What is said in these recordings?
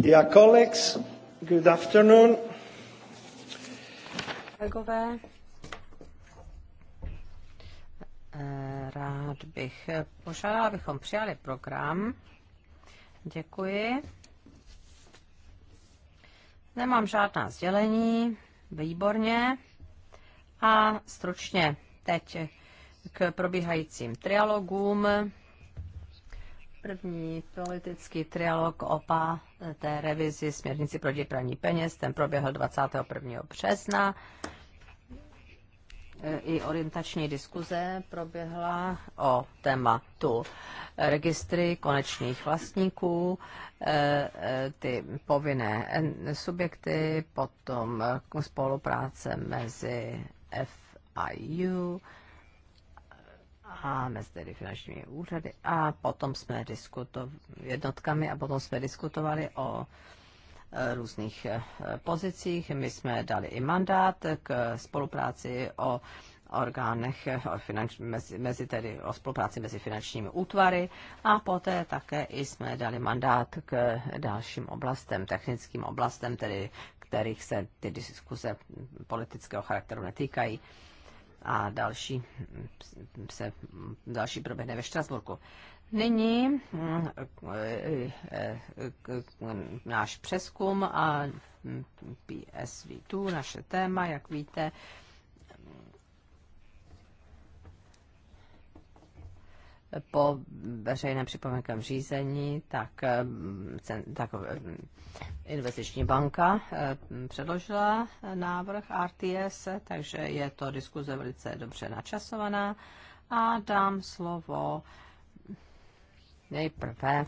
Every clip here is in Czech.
Dear colleagues, good afternoon. Kolegové, eh, rád bych požádal, abychom přijali program. Děkuji. Nemám žádná sdělení, výborně. A stručně teď k probíhajícím trialogům. První politický trialog OPA eh, té revizi směrnici proti praní peněz, ten proběhl 21. března. Eh, I orientační diskuze proběhla o tématu registry konečných vlastníků, eh, ty povinné subjekty, potom spolupráce mezi FIU, a mezi tedy finančními úřady a potom jsme diskutovali jednotkami a potom jsme diskutovali o e, různých e, pozicích. My jsme dali i mandát k spolupráci o orgánech e, o finanč, mezi, mezi tedy o spolupráci mezi finančními útvary a poté také i jsme dali mandát k dalším oblastem, technickým oblastem, tedy kterých se ty diskuse politického charakteru netýkají a další, se, další proběhne ve Štrasburku. Nyní eh, eh, eh, náš přeskum a PSV2, naše téma, jak víte, po veřejném připomínkovém řízení, tak, eh, tak eh, investiční banka eh, předložila návrh RTS, takže je to diskuze velice dobře načasovaná. A dám slovo nejprve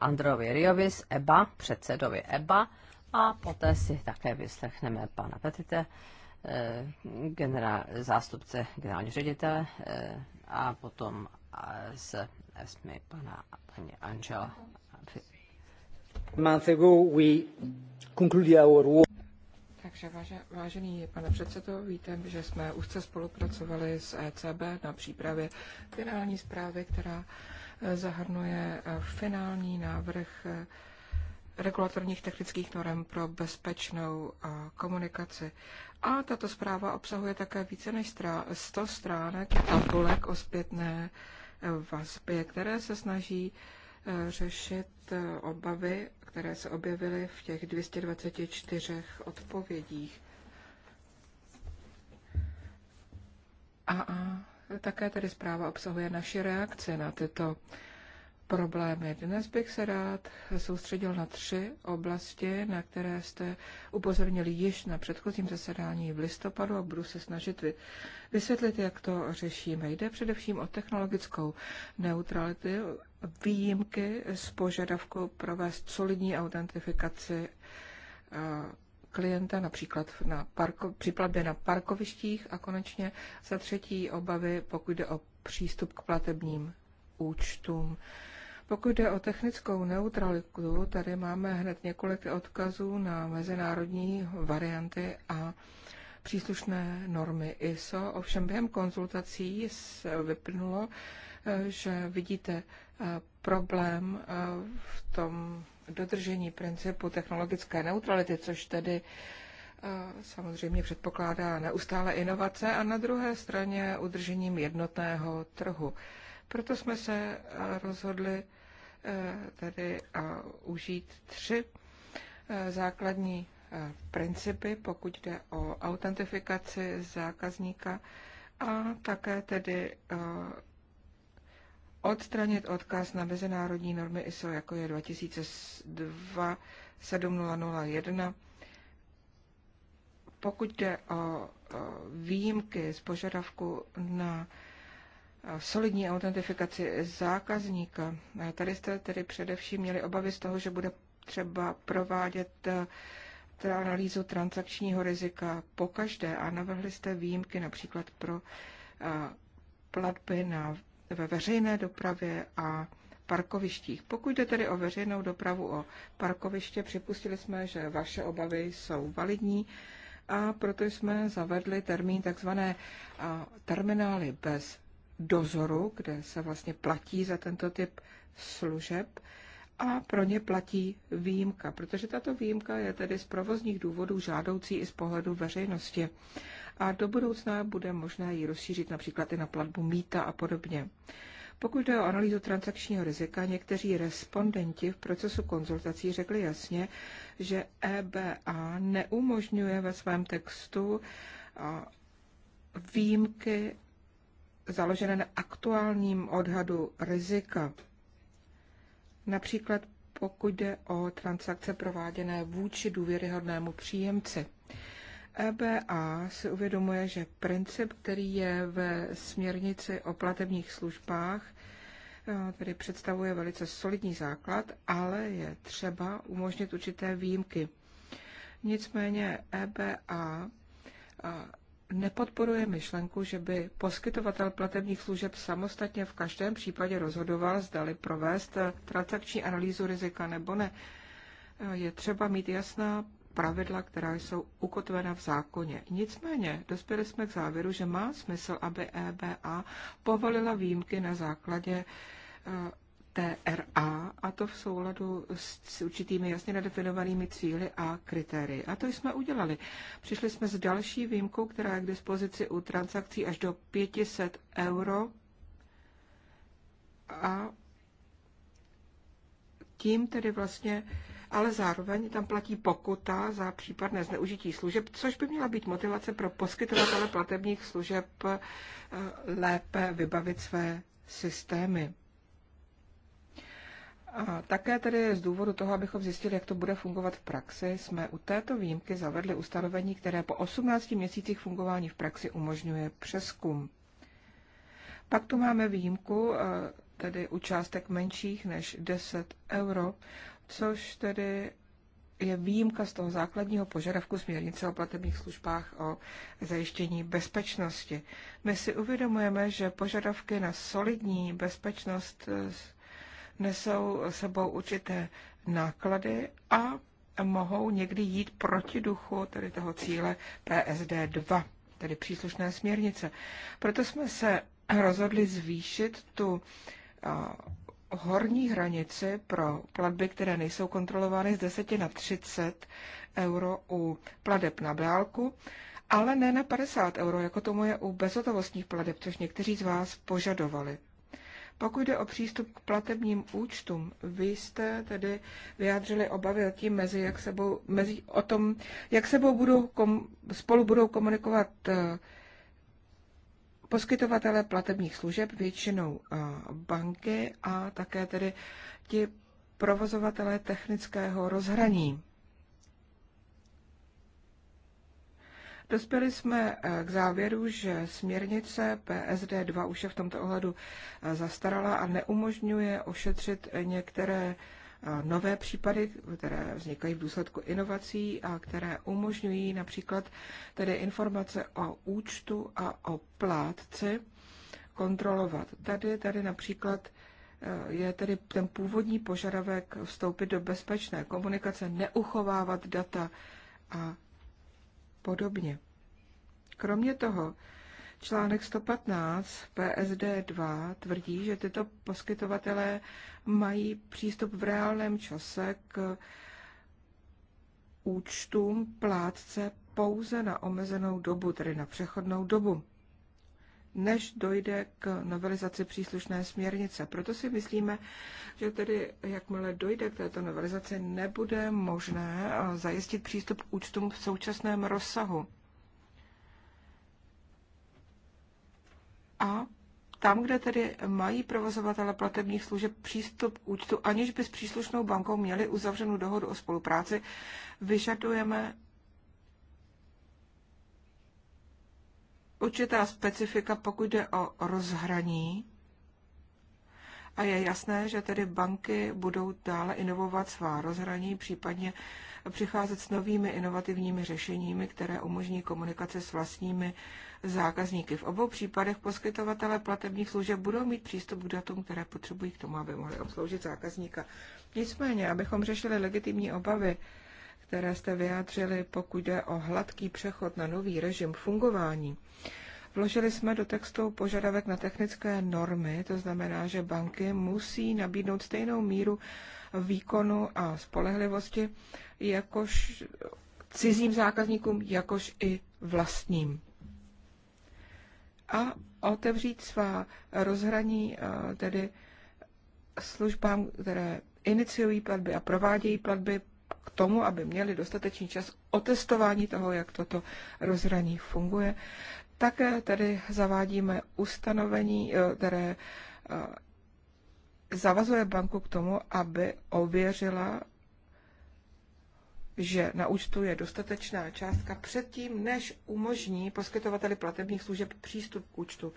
Androvi Riovi z EBA, předsedovi EBA, a poté si také vyslechneme pana Petite, Eh, generál, zástupce generálního ředitele eh, a potom s eh, ESMI pana paní Angela. ago we concluded our work. Takže vážený pane předsedo, víte, že jsme úzce spolupracovali s ECB na přípravě finální zprávy, která zahrnuje finální návrh regulatorních technických norm pro bezpečnou komunikaci. A tato zpráva obsahuje také více než 100 stránek tabulek o zpětné e, vazbě, které se snaží e, řešit e, obavy, které se objevily v těch 224 odpovědích. A, a také tedy zpráva obsahuje naši reakce na tyto problémy. Dnes bych se rád soustředil na tři oblasti, na které jste upozornili již na předchozím zasedání v listopadu a budu se snažit vysvětlit, jak to řešíme. Jde především o technologickou neutralitu, výjimky z požadavku provést solidní autentifikaci klienta, například na parko, při platbě na parkovištích a konečně za třetí obavy, pokud jde o přístup k platebním účtům. Pokud jde o technickou neutralitu, tady máme hned několik odkazů na mezinárodní varianty a příslušné normy ISO. Ovšem během konzultací vyplnulo, eh, že vidíte eh, problém eh, v tom dodržení principu technologické neutrality, což tedy samozřejmě předpokládá neustále inovace a na druhé straně udržením jednotného trhu. Proto jsme se eh, rozhodli eh, tedy eh, užít tři základní principy, pokud jde o autentifikaci zákazníka a také tedy odstranit odkaz na mezinárodní normy ISO, jako je 2002 7001. Pokud jde o výjimky z požadavku na solidní autentifikaci zákazníka. Tady jste tedy především měli obavy z toho, že bude třeba provádět eh, analýzu transakčního rizika po každé a navrhli jste výjimky například pro eh, platby na, ve veřejné dopravě a parkovištích. Pokud jde tedy o veřejnou dopravu, o parkoviště, připustili jsme, že vaše obavy jsou validní a proto jsme zavedli termín tzv. Eh, terminály bez dozoru, kde se vlastně platí za tento typ služeb a pro ně platí výjimka, protože tato výjimka je tedy z provozních důvodů žádoucí i z pohledu veřejnosti. A do budoucna bude možné ji rozšířit například i na platbu mýta a podobně. Pokud jde o analýzu transakčního rizika, někteří respondenti v procesu konzultací řekli jasně, že EBA neumožňuje ve svém textu výjimky založené na aktuálním odhadu rizika. Například pokud jde o transakce prováděné vůči důvěryhodnému příjemci. EBA si uvědomuje, že princip, který je ve směrnici o platebních službách, e, tedy představuje velice solidní základ, ale je třeba umožnit určité výjimky. Nicméně EBA nepodporuje myšlenku, že by poskytovatel platebních služeb samostatně v každém případě rozhodoval, zdali provést eh, transakční analýzu rizika nebo ne. Eh, je třeba mít jasná pravidla, která jsou ukotvena v zákoně. Nicméně dospěli jsme k závěru, že má smysl, aby EBA povolila výjimky na základě eh, TRA, a to v souladu s, s určitými jasně nadefinovanými cíly a kritérii. A to jsme udělali. Přišli jsme s další výjimkou, která je k dispozici u transakcí až do 500 euro a tím tedy vlastně, ale zároveň tam platí pokuta za případné zneužití služeb, což by měla být motivace pro poskytovatele platebních služeb eh, lépe vybavit své systémy. A také tedy z důvodu toho, abychom zjistili, jak to bude fungovat v praxi, jsme u této výjimky zavedli ustanovení, které po 18 měsících fungování v praxi umožňuje přeskum. Pak tu máme výjimku, eh, tedy u částek menších než 10 euro, což tedy je výjimka z toho základního požadavku směrnice o platebních službách o zajištění bezpečnosti. My si uvědomujeme, že požadavky na solidní bezpečnost eh, nesou sebou určité náklady a mohou někdy jít proti duchu tedy toho cíle PSD 2, tedy příslušné směrnice. Proto jsme se rozhodli zvýšit tu horní hranici pro platby, které nejsou kontrolovány z 10 na 30 euro u plateb na dálku, ale ne na 50 euro, jako tomu je u bezhotovostních plateb, což někteří z vás požadovali. Pokud jde o přístup k platebním účtům, vy jste tedy vyjádřili obavy o, tím mezi, jak sebou, mezi, o tom, jak sebou budou kom, spolu budou komunikovat eh, poskytovatele platebních služeb, většinou eh, banky a také tedy ti provozovatelé technického rozhraní. Dospěli jsme eh, k závěru, že směrnice PSD 2 už je v tomto ohledu eh, zastarala a neumožňuje ošetřit některé eh, nové případy, které vznikají v důsledku inovací a které umožňují například tedy informace o účtu a o plátci kontrolovat. Tady, tady například je tedy ten původní požadavek vstoupit do bezpečné komunikace, neuchovávat data a podobně. Kromě toho, článek 115 PSD 2 tvrdí, že tyto poskytovatelé mají přístup v reálném čase k účtům plátce pouze na omezenou dobu, tedy na přechodnou dobu než dojde k novelizaci příslušné směrnice. Proto si myslíme, že tedy jakmile dojde k této novelizaci, nebude možné eh, zajistit přístup k účtům v současném rozsahu. A tam, kde tedy mají provozovatele platebních služeb přístup k účtu, aniž by s příslušnou bankou měli uzavřenou dohodu o spolupráci, vyžadujeme určitá specifika, pokud jde o rozhraní. A je jasné, že tedy banky budou dále inovovat svá rozhraní, případně přicházet s novými inovativními řešeními, které umožní komunikaci s vlastními zákazníky. V obou případech poskytovatele platebních služeb budou mít přístup k datům, které potřebují k tomu, aby mohli obsloužit zákazníka. Nicméně, abychom řešili legitimní obavy které jste vyjádřili, pokud jde o hladký přechod na nový režim fungování. Vložili jsme do textu požadavek na technické normy, to znamená, že banky musí nabídnout stejnou míru výkonu a spolehlivosti jakož cizím zákazníkům, jakož i vlastním. A otevřít svá rozhraní eh, tedy službám, které iniciují platby a provádějí platby tomu, aby měli dostatečný čas otestování toho, jak toto rozhraní funguje. Také tady zavádíme ustanovení, eh, které eh, zavazuje banku k tomu, aby ověřila, že na účtu je dostatečná částka předtím, než umožní poskytovateli platebních služeb přístup k účtu.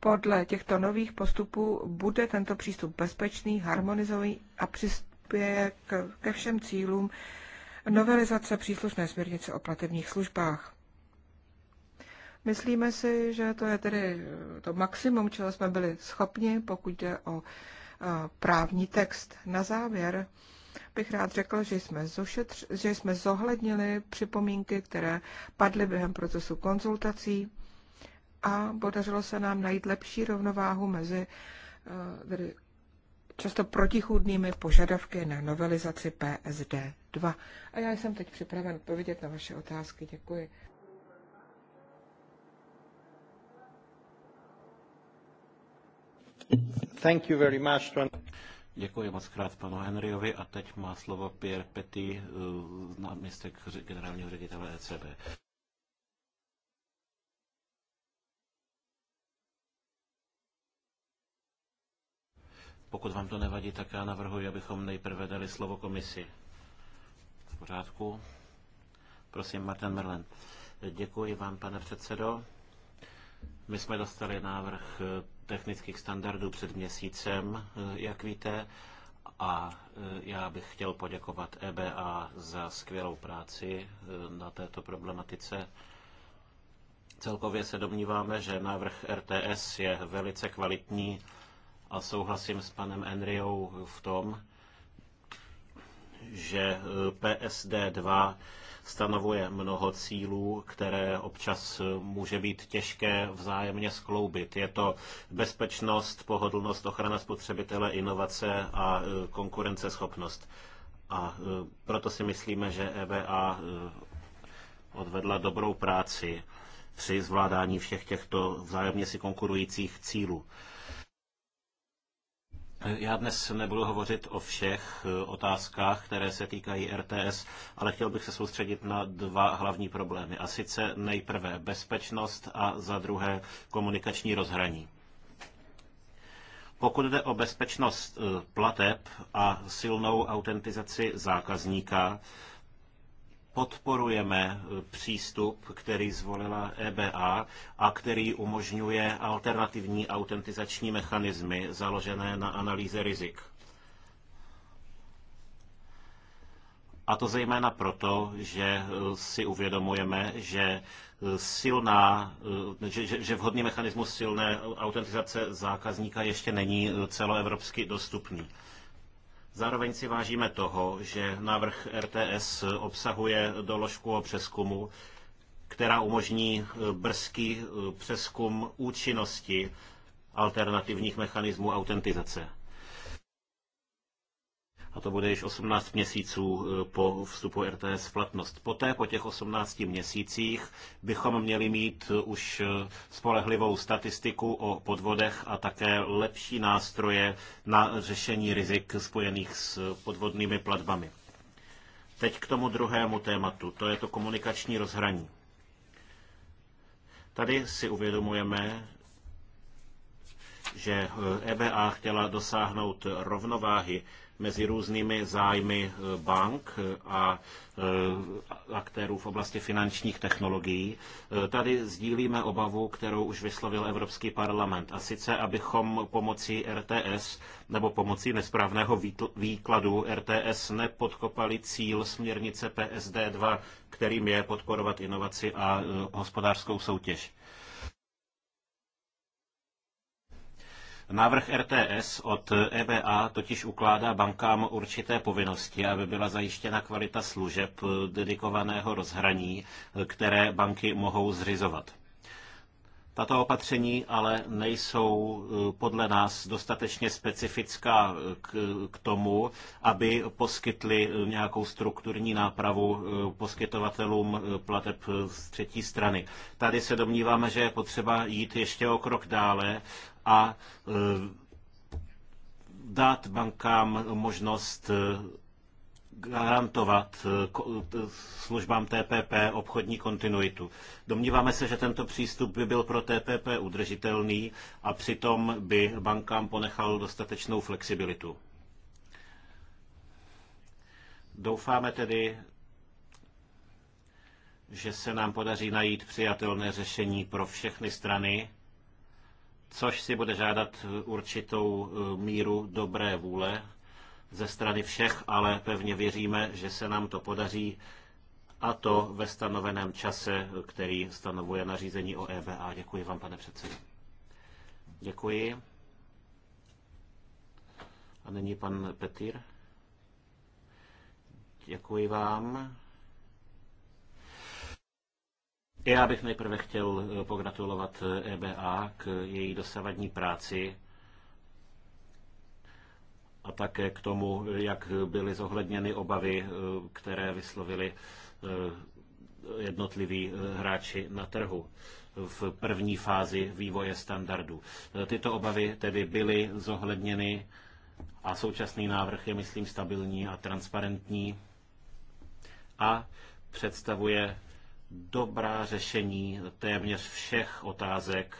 Podle těchto nových postupů bude tento přístup bezpečný, harmonizovaný a přistupný přispěje k, ke všem cílům novelizace příslušné směrnice o platebních službách. Myslíme si, že to je tedy to maximum, čeho jsme byli schopni, pokud jde o právní text. Na závěr bych rád řekl, že jsme, zošetř, že jsme zohlednili připomínky, které padly během procesu konzultací a podařilo se nám najít lepší rovnováhu mezi tedy často protichůdnými požadavky na novelizaci PSD 2. A já jsem teď připraven odpovědět na vaše otázky. Děkuji. Thank you very much. Děkuji moc krát panu Henryovi a teď má slovo Pierre Petit, eh, náměstek generálního ředitele ECB. Pokud vám to nevadí, tak já navrhuji, abychom nejprve dali slovo komisi. V pořádku. Prosím, Martin Merlen. Děkuji vám, pane předsedo. My jsme dostali návrh eh, technických standardů před měsícem, eh, jak víte, a eh, já bych chtěl poděkovat EBA za skvělou práci na této problematice. Celkově se domníváme, že návrh RTS je velice kvalitní a souhlasím s panem Enriou v tom, že e, PSD 2 stanovuje mnoho cílů, které občas e, může být těžké vzájemně skloubit. Je to bezpečnost, pohodlnost, ochrana spotřebitele, inovace a e, konkurenceschopnost. A proto si myslíme, že EBA odvedla dobrou práci při zvládání všech těchto vzájemně si konkurujících cílů. Já dnes nebudu hovořit o všech eh, otázkách, které se týkají RTS, ale chtěl bych se soustředit na dva hlavní problémy. A sice nejprve bezpečnost a za druhé komunikační rozhraní. Pokud jde o bezpečnost eh, plateb a silnou autentizaci zákazníka, podporujeme eh, přístup, který zvolila EBA a který umožňuje alternativní autentizační mechanismy založené na analýze rizik. A to zejména proto, že eh, si uvědomujeme, že eh, silná, že, že vhodný mechanismus silné autentizace zákazníka ještě není celoevropsky dostupný. Zároveň si vážíme toho, že návrh RTS obsahuje doložku o přeskumu, která umožní e, brzký e, přeskum účinnosti alternativních mechanismů autentizace a to bude již 18 měsíců e, po vstupu RTS v platnost. Poté, po těch 18 měsících, bychom měli mít e, už e, spolehlivou statistiku o podvodech a také lepší nástroje na řešení rizik spojených s podvodnými platbami. Teď k tomu druhému tématu, to je to komunikační rozhraní. Tady si uvědomujeme, že EBA chtěla dosáhnout rovnováhy mezi různými zájmy eh, bank eh, a eh, aktérů v oblasti finančních technologií. Tady sdílíme obavu, kterou už vyslovil Evropský parlament, a sice, abychom pomocí RTS nebo pomocí nesprávného výkladu RTS nepodkopali cíl směrnice PSD2, kterým je podporovat inovaci a hospodářskou soutěž. Návrh RTS od EBA totiž ukládá bankám určité povinnosti, aby byla zajištěna kvalita služeb dedikovaného rozhraní, které banky mohou zřizovat. Tato opatření ale nejsou eh, podle nás dostatečně specifická k, k tomu, aby poskytly eh, nějakou strukturní nápravu eh, poskytovatelům plateb z třetí strany. Tady se domníváme, že je potřeba jít ještě o krok dále a e, dát bankám možnost e, garantovat e, službám TPP obchodní kontinuitu. Domníváme se, že tento přístup by byl pro TPP udržitelný a přitom by bankám ponechal dostatečnou flexibilitu. Doufáme tedy, že se nám podaří najít přijatelné řešení pro všechny strany což si bude žádat eh, určitou eh, míru dobré vůle ze strany všech, ale pevně věříme, že se nám to podaří a to ve stanoveném čase, který stanovuje nařízení o EBA. Děkuji vám, pane předsedo. Děkuji. A nyní pan Petýr. Děkuji vám. Já bych nejprve chtěl eh, pogratulovat EBA eh, e k eh, její dosavadní práci a také k tomu, jak byly zohledněny obavy, které vyslovili jednotliví hráči na trhu v první fázi vývoje standardu. Tyto obavy tedy byly zohledněny a současný návrh je, myslím, stabilní a transparentní a představuje dobrá řešení téměř všech otázek,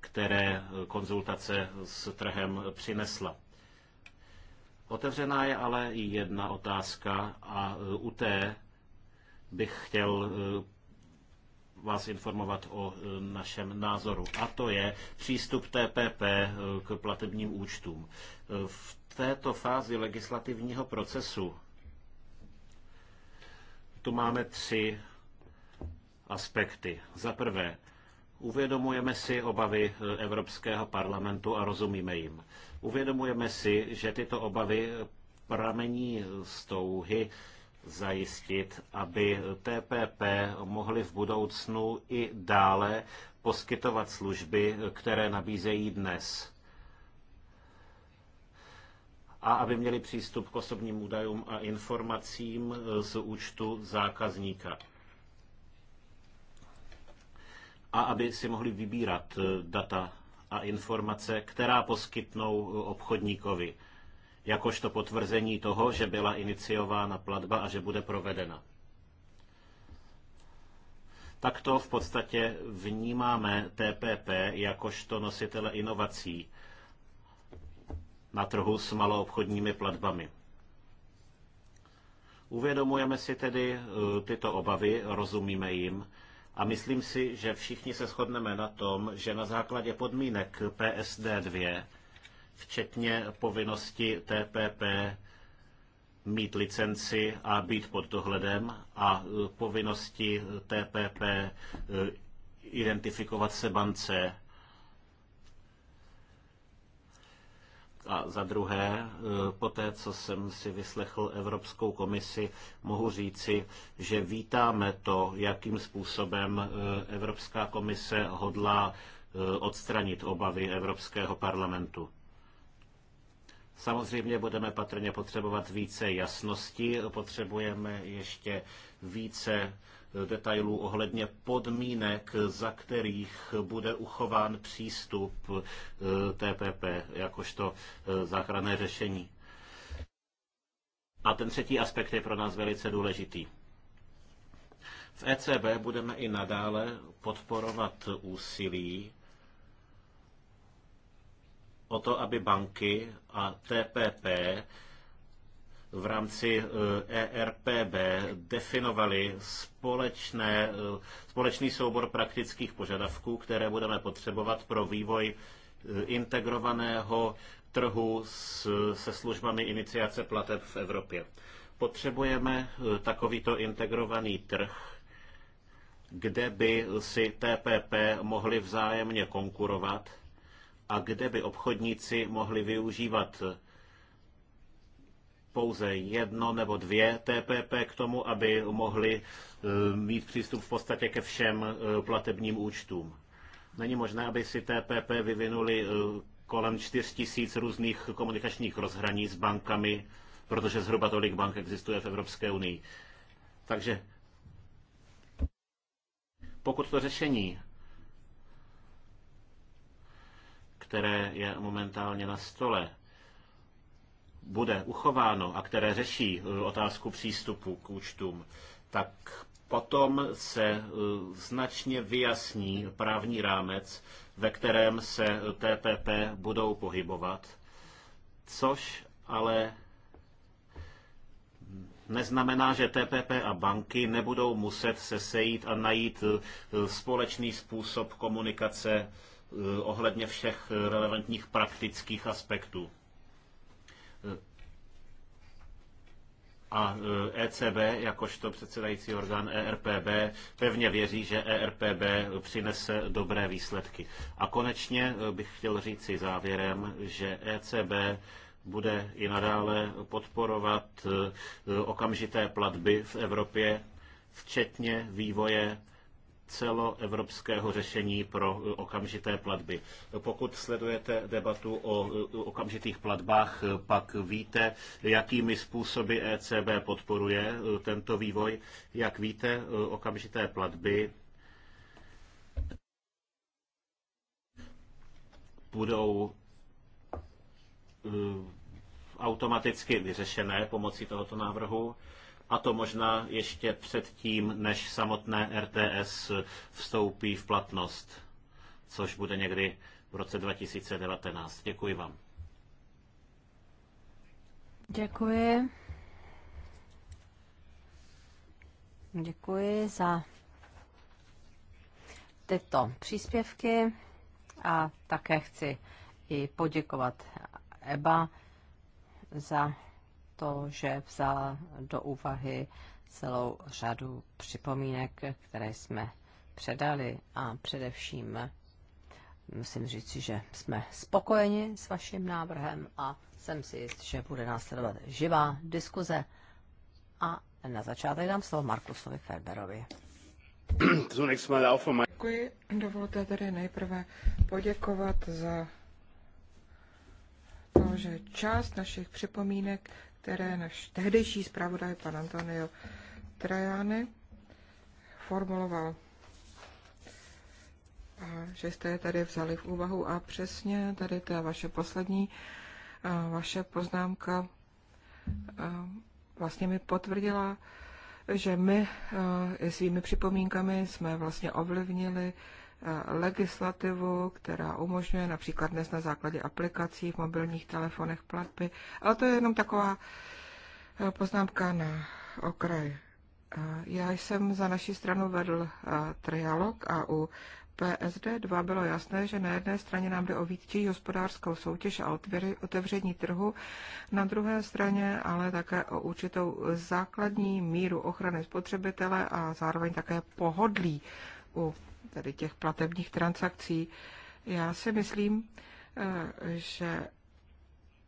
které konzultace s trhem přinesla. Otevřená je ale i jedna otázka a u té bych chtěl eh, vás informovat o eh, našem názoru. A to je přístup TPP eh, k platebním účtům. V této fázi legislativního procesu tu máme tři aspekty. Za prvé, Uvědomujeme si obavy eh, Evropského parlamentu a rozumíme jim. Uvědomujeme si, že tyto obavy pramení z touhy zajistit, aby TPP mohly v budoucnu i dále poskytovat služby, které nabízejí dnes. A aby měli přístup k osobním údajům a informacím eh, z účtu zákazníka a aby si mohli vybírat eh, data a informace, která poskytnou eh, obchodníkovi, jakožto potvrzení toho, že byla iniciována platba a že bude provedena. Takto v podstatě vnímáme TPP jakožto nositele inovací na trhu s maloobchodními platbami. Uvědomujeme si tedy eh, tyto obavy, rozumíme jim a myslím si, že všichni se shodneme na tom, že na základě podmínek PSD2, včetně povinnosti TPP mít licenci a být pod dohledem a e, povinnosti TPP e, identifikovat se bance, A za druhé, e, po té, co jsem si vyslechl Evropskou komisi, mohu říci, že vítáme to, jakým způsobem e, Evropská komise hodlá e, odstranit obavy Evropského parlamentu. Samozřejmě budeme patrně potřebovat více jasnosti, potřebujeme ještě více detailů ohledně podmínek, za kterých bude uchován přístup eh, TPP jakožto eh, záchranné řešení. A ten třetí aspekt je pro nás velice důležitý. V ECB budeme i nadále podporovat úsilí o to, aby banky a TPP v rámci ERPB eh, e definovali společné, eh, společný soubor praktických požadavků, které budeme potřebovat pro vývoj eh, integrovaného trhu s, se službami iniciace plateb v Evropě. Potřebujeme takovýto integrovaný trh, kde by si TPP mohli vzájemně konkurovat a kde by obchodníci mohli využívat pouze jedno nebo dvě TPP k tomu, aby mohli eh, mít přístup v podstatě ke všem eh, platebním účtům. Není možné, aby si TPP vyvinuli eh, kolem 4 tisíc různých komunikačních rozhraní s bankami, protože zhruba tolik bank existuje v Evropské unii. Takže pokud to řešení, které je momentálně na stole, bude uchováno a které řeší eh, otázku přístupu k účtům, tak potom se eh, značně vyjasní právní rámec, ve kterém se TPP budou pohybovat, což ale neznamená, že TPP a banky nebudou muset se sejít a najít eh, společný způsob komunikace ohledně všech relevantních praktických aspektů. A ECB, e jakožto předsedající orgán ERPB, pevně věří, že ERPB přinese dobré výsledky. A konečně e, bych chtěl říci závěrem, že ECB bude i nadále podporovat e, okamžité platby v Evropě, včetně vývoje celoevropského řešení pro okamžité platby. Pokud sledujete debatu o okamžitých platbách, pak víte, jakými způsoby ECB podporuje tento vývoj. Jak víte, okamžité platby budou eh, automaticky vyřešené pomocí tohoto návrhu a to možná ještě předtím, než samotné RTS vstoupí v platnost, což bude někdy v roce 2019. Děkuji vám. Děkuji. Děkuji za tyto příspěvky a také chci i poděkovat EBA za to, že vzala do úvahy celou řadu připomínek, které jsme předali a především musím říct, že jsme spokojeni s vaším návrhem a jsem si jist, že bude následovat živá diskuze. A na začátek dám slovo Markusovi Ferberovi. Děkuji. Dovolte tedy nejprve poděkovat za to, že část našich připomínek které naš tehdejší zpravodaj pan Antonio Trajane formuloval. A že jste je tady vzali v úvahu a přesně tady ta vaše poslední vaše poznámka vlastně mi potvrdila, že my svými připomínkami jsme vlastně ovlivnili legislativu, která umožňuje například dnes na základě aplikací v mobilních telefonech platby. Ale to je jenom taková eh, poznámka na okraj. Eh, já jsem za naši stranu vedl eh, trialog a u PSD2 bylo jasné, že na jedné straně nám jde o větší hospodářskou soutěž a otevření trhu, na druhé straně ale také o určitou základní míru ochrany spotřebitele a zároveň také pohodlí u tady těch platebních transakcí. Já si myslím, eh, že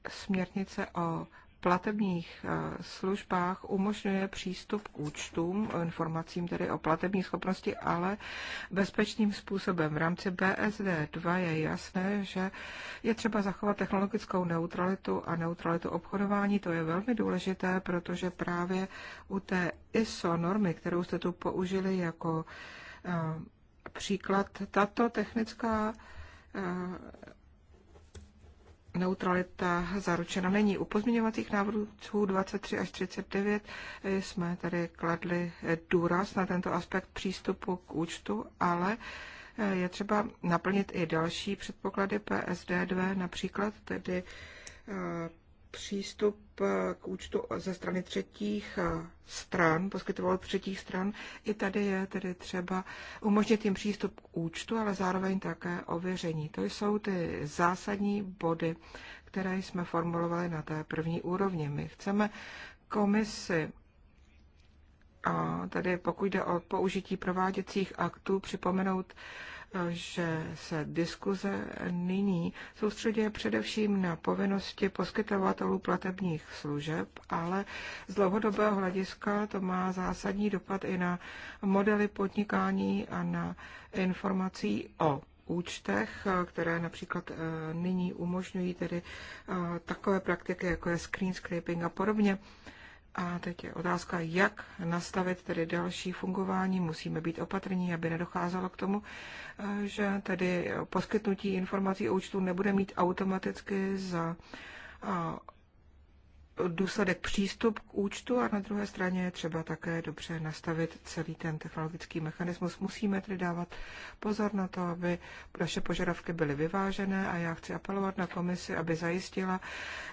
směrnice o platebních eh, službách umožňuje přístup k účtům, informacím tedy o platební schopnosti, ale bezpečným způsobem. V rámci BSD2 je jasné, že je třeba zachovat technologickou neutralitu a neutralitu obchodování. To je velmi důležité, protože právě u té ISO normy, kterou jste tu použili jako Eh, příklad. Tato technická eh, neutralita zaručena není. U pozměňovacích návrhů 23 až 39 eh, jsme tady kladli důraz na tento aspekt přístupu k účtu, ale je třeba naplnit i další předpoklady PSD2, například tedy přístup eh, k účtu ze strany třetích eh, stran, poskytoval třetích stran. I tady je tedy třeba umožnit jim přístup k účtu, ale zároveň také ověření. To jsou ty zásadní body, které jsme formulovali na té první úrovni. My chceme komisi a tady pokud jde o použití prováděcích aktů, připomenout že se diskuze nyní soustředuje především na povinnosti poskytovatelů platebních služeb, ale z dlouhodobého hlediska to má zásadní dopad i na modely podnikání a na informací o účtech, které například eh, nyní umožňují tedy eh, takové praktiky, jako je screen scraping a podobně. A teď je otázka, jak nastavit tedy další fungování. Musíme být opatrní, aby nedocházelo k tomu, že tedy poskytnutí informací o účtu nebude mít automaticky za důsledek přístup k účtu a na druhé straně je třeba také dobře nastavit celý ten technologický mechanismus. Musíme tedy dávat pozor na to, aby naše požadavky byly vyvážené a já chci apelovat na komisi, aby zajistila,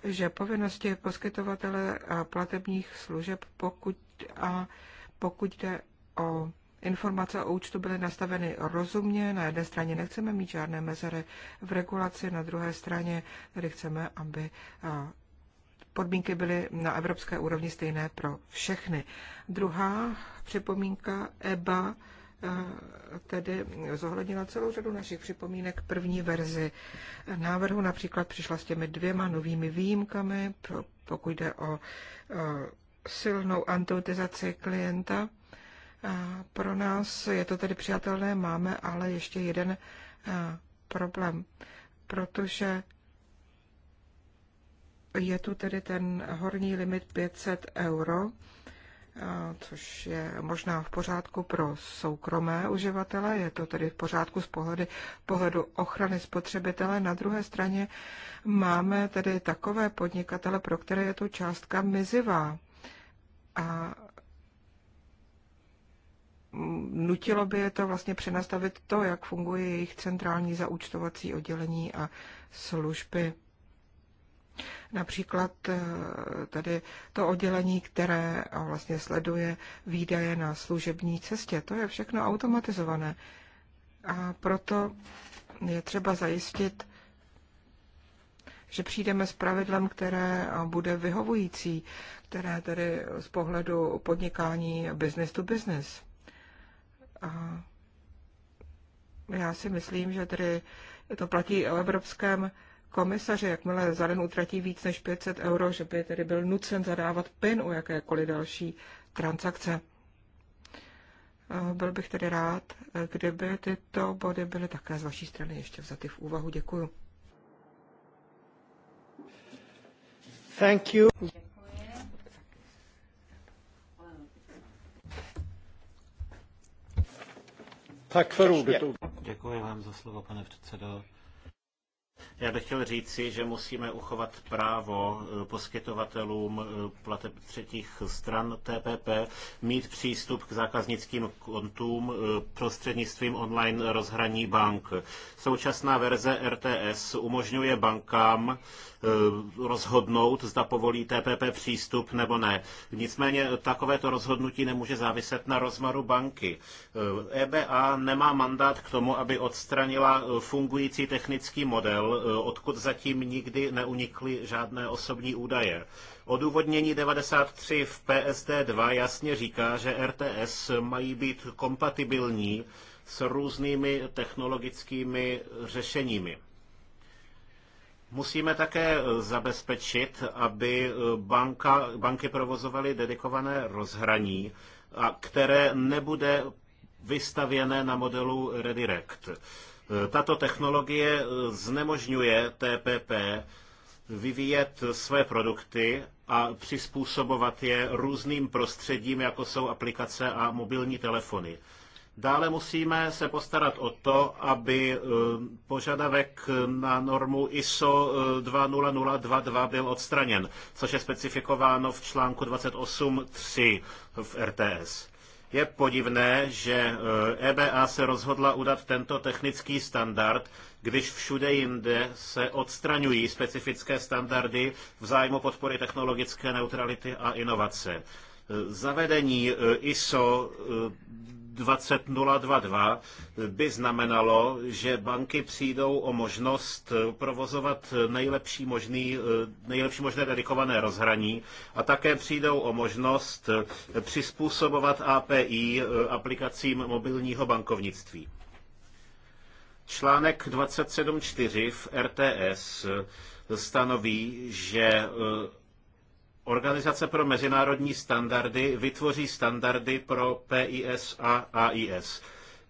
že povinnosti poskytovatele platebních služeb, pokud, a pokud jde o Informace o účtu byly nastaveny rozumně. Na jedné straně nechceme mít žádné mezery v regulaci, na druhé straně tedy chceme, aby podmínky byly na evropské úrovni stejné pro všechny. Druhá připomínka EBA eh, tedy zohlednila celou řadu našich připomínek první verzi návrhu. Například přišla s těmi dvěma novými výjimkami, pokud jde o eh, silnou antiotizaci klienta. Eh, pro nás je to tedy přijatelné, máme ale ještě jeden problém, protože je tu tedy ten horní limit 500 euro, což je možná v pořádku pro soukromé uživatele, je to tedy v pořádku z pohledu, pohledu ochrany spotřebitele. Na druhé straně máme tedy takové podnikatele, pro které je to částka mizivá. A nutilo by je to vlastně přenastavit to, jak funguje jejich centrální zaúčtovací oddělení a služby. Například eh, tady to oddělení, které vlastně sleduje výdaje na služební cestě. To je všechno automatizované. A proto je třeba zajistit, že přijdeme s pravidlem, které bude vyhovující, které tedy z pohledu podnikání business to business. A já si myslím, že tedy to platí o evropském komisaře, jakmile za den utratí víc než 500 euro, že by tedy byl nucen zadávat PIN u jakékoliv další transakce. Byl bych tedy rád, kdyby tyto body byly také z vaší strany ještě vzaty v úvahu. Děkuju. Thank you. Tak, Děkuji vám za slovo, pane předsedo. Já bych chtěl říci, že musíme uchovat právo eh, poskytovatelům eh, plateb třetích stran TPP mít přístup k zákaznickým kontům eh, prostřednictvím online rozhraní bank. Současná verze RTS umožňuje bankám rozhodnout, zda povolí TPP přístup nebo ne. Nicméně takovéto rozhodnutí nemůže záviset na rozmaru banky. EBA e nemá mandát k tomu, aby odstranila fungující technický model Eh, odkud zatím nikdy neunikly žádné osobní údaje. Odůvodnění 93 v PSD 2 jasně říká, že RTS mají být kompatibilní s různými technologickými řešeními. Musíme také eh, zabezpečit, aby eh, banka, banky provozovaly dedikované rozhraní, a které nebude vystavěné na modelu Redirect. Tato technologie eh, znemožňuje TPP vyvíjet své produkty a přizpůsobovat je různým prostředím, jako jsou aplikace a mobilní telefony. Dále musíme se postarat o to, aby eh, požadavek na normu ISO 20022 eh, byl odstraněn, což je specifikováno v článku 28.3 v RTS. Je podivné, že EBA eh, e se rozhodla udat tento technický standard, když všude jinde se odstraňují specifické standardy v zájmu podpory technologické neutrality a inovace. Eh, zavedení eh, ISO 20022 by znamenalo, že banky přijdou o možnost provozovat nejlepší, možný, nejlepší možné dedikované rozhraní a také přijdou o možnost přizpůsobovat API aplikacím mobilního bankovnictví. Článek 27.4 v RTS stanoví, že Organizace pro mezinárodní standardy vytvoří standardy pro PIS a AIS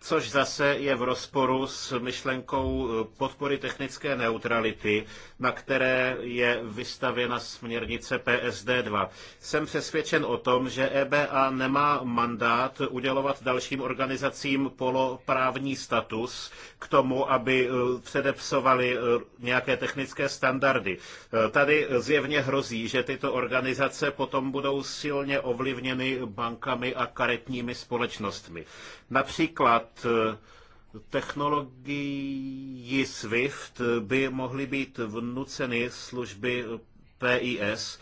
což zase je v rozporu s myšlenkou podpory technické neutrality, na které je vystavěna směrnice PSD2. Jsem přesvědčen o tom, že EBA nemá mandát udělovat dalším organizacím poloprávní status k tomu, aby eh, předepsovali eh, nějaké technické standardy. Eh, tady zjevně hrozí, že tyto organizace potom budou silně ovlivněny bankami a karetními společnostmi. Například eh, technologii SWIFT eh, by mohly být vnuceny služby PIS,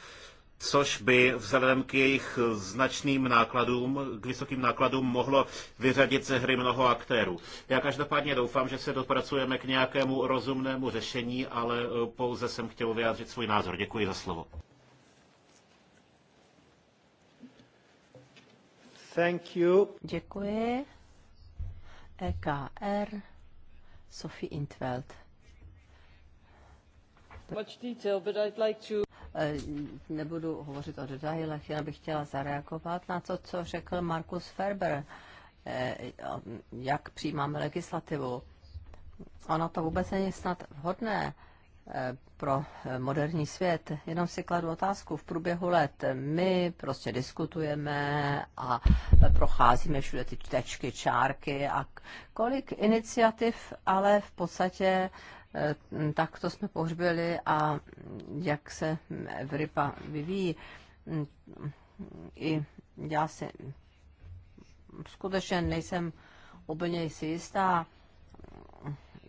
což by vzhledem k jejich značným nákladům, k vysokým nákladům, mohlo vyřadit ze hry mnoho aktérů. Já každopádně doufám, že se dopracujeme k nějakému rozumnému řešení, ale eh, pouze jsem chtěl vyjádřit svůj názor. Děkuji za slovo. Thank you. Děkuji. EKR, Sophie Intveld. Much detail, but I'd like to... E, nebudu hovořit o detailech, ale bych chtěla zareagovat na to, co řekl Markus Ferber, e, jak přijímáme legislativu. Ono to vůbec není snad vhodné e, pro eh, moderní svět. Jenom si kladu otázku. V průběhu let my prostě diskutujeme a procházíme všude ty tečky, čárky a kolik iniciativ, ale v podstatě eh, tak to jsme pohřbili a jak se Evropa vyvíjí. I já si skutečně nejsem úplně si jistá,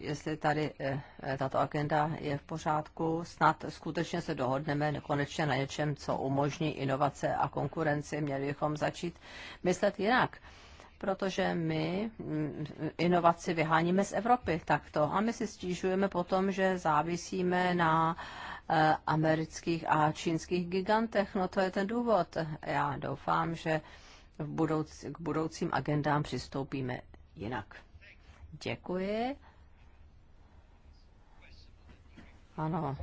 jestli tady eh, eh, tato agenda je v pořádku. Snad skutečně se dohodneme konečně na něčem, co umožní inovace a konkurenci. Měli bychom začít myslet jinak protože my mm, inovaci vyháníme z Evropy takto a my si stížujeme potom, že závisíme na eh, amerických a čínských gigantech. No to je ten důvod. Já doufám, že v k budoucím agendám přistoupíme jinak. Děkuji. Ano,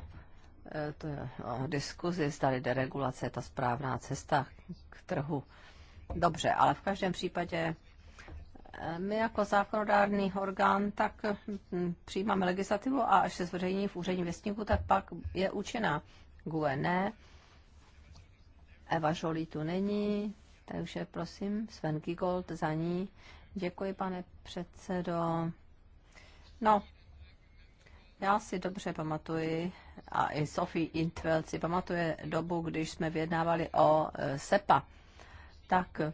e, to je o diskuzi, zdali deregulace je ta správná cesta k trhu. Dobře, ale v každém případě e, my jako zákonodárný orgán tak hm, přijímáme legislativu a až se zveřejní v úřední věstníku, tak pak je účinná. GUE ne, Eva Žolí tu není, takže prosím, Sven Gigold za ní. Děkuji, pane předsedo. No, já si dobře pamatuji, a i Sophie Intveld si pamatuje dobu, když jsme vyjednávali o e, SEPA, tak e,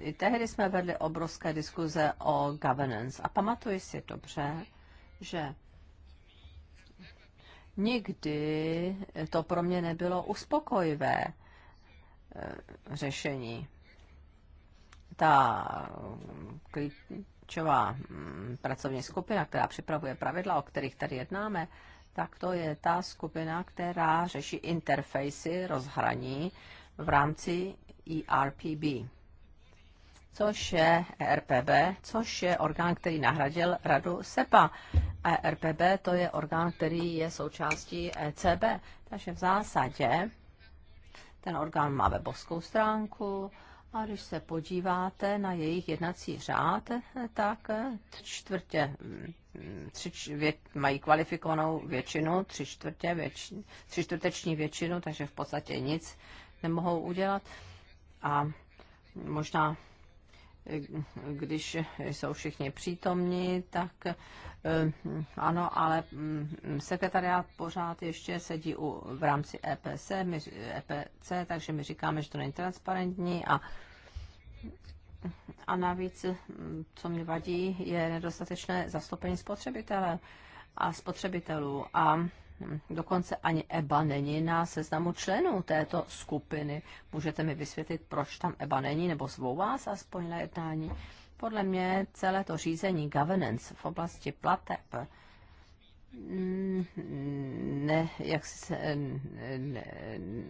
i tehdy jsme vedli obrovské diskuze o governance. A pamatuji si dobře, že nikdy to pro mě nebylo uspokojivé e, řešení. Ta klíčová mm, pracovní skupina, která připravuje pravidla, o kterých tady jednáme, tak to je ta skupina, která řeší interfejsy rozhraní v rámci ERPB, což je ERPB, což je orgán, který nahradil radu SEPA. ERPB to je orgán, který je součástí ECB. Takže v zásadě ten orgán má webovskou stránku, a když se podíváte na jejich jednací řád, tak čtvrtě tři, vě, mají kvalifikovanou většinu, tři, čtvrtě věč, tři čtvrteční většinu, takže v podstatě nic nemohou udělat. A možná když jsou všichni přítomní, tak eh, ano, ale mm, sekretariát pořád ještě sedí u, v rámci EPC, my, EPC, takže my říkáme, že to není transparentní a a navíc, co mi vadí, je nedostatečné zastoupení spotřebitele a spotřebitelů. A dokonce ani EBA není na seznamu členů této skupiny. Můžete mi vysvětlit, proč tam EBA není, nebo zvou vás aspoň na jednání? Podle mě celé to řízení governance v oblasti plateb Mm, ne, jak se eh, ne,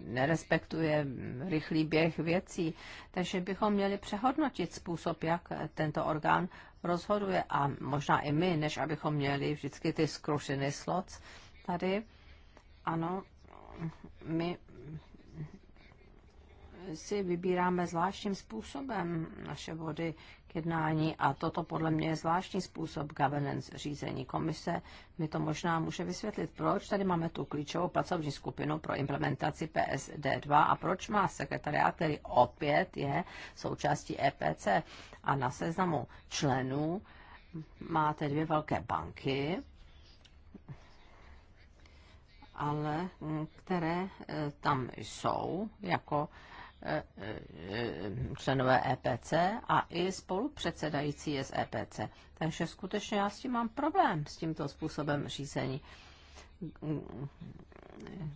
nerespektuje rychlý běh věcí. Takže bychom měli přehodnotit způsob, jak tento orgán rozhoduje a možná i my, než abychom měli vždycky ty skrušiny sloc tady. Ano, my si vybíráme zvláštním způsobem naše vody, k jednání a toto podle mě je zvláštní způsob governance řízení komise. Mi to možná může vysvětlit, proč tady máme tu klíčovou pracovní skupinu pro implementaci PSD2 a proč má sekretariát, který opět je součástí EPC a na seznamu členů máte dvě velké banky, ale mm, které e, tam jsou jako členové EPC a i spolupředsedající je z EPC. Takže skutečně já s tím mám problém, s tímto způsobem řízení.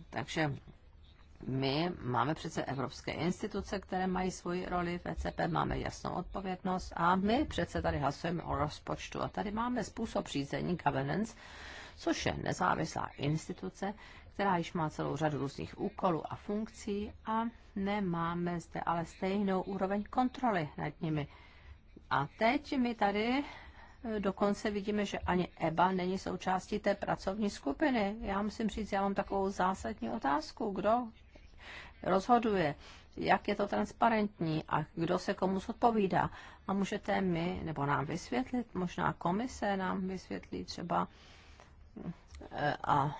Takže my máme přece evropské instituce, které mají svoji roli v ECP, máme jasnou odpovědnost a my přece tady hlasujeme o rozpočtu a tady máme způsob řízení governance, což je nezávislá instituce, která již má celou řadu různých úkolů a funkcí a nemáme zde ale stejnou úroveň kontroly nad nimi. A teď my tady eh, dokonce vidíme, že ani EBA není součástí té pracovní skupiny. Já musím říct, já mám takovou zásadní otázku, kdo rozhoduje, jak je to transparentní a kdo se komu zodpovídá. A můžete mi, nebo nám vysvětlit, možná komise nám vysvětlí třeba, a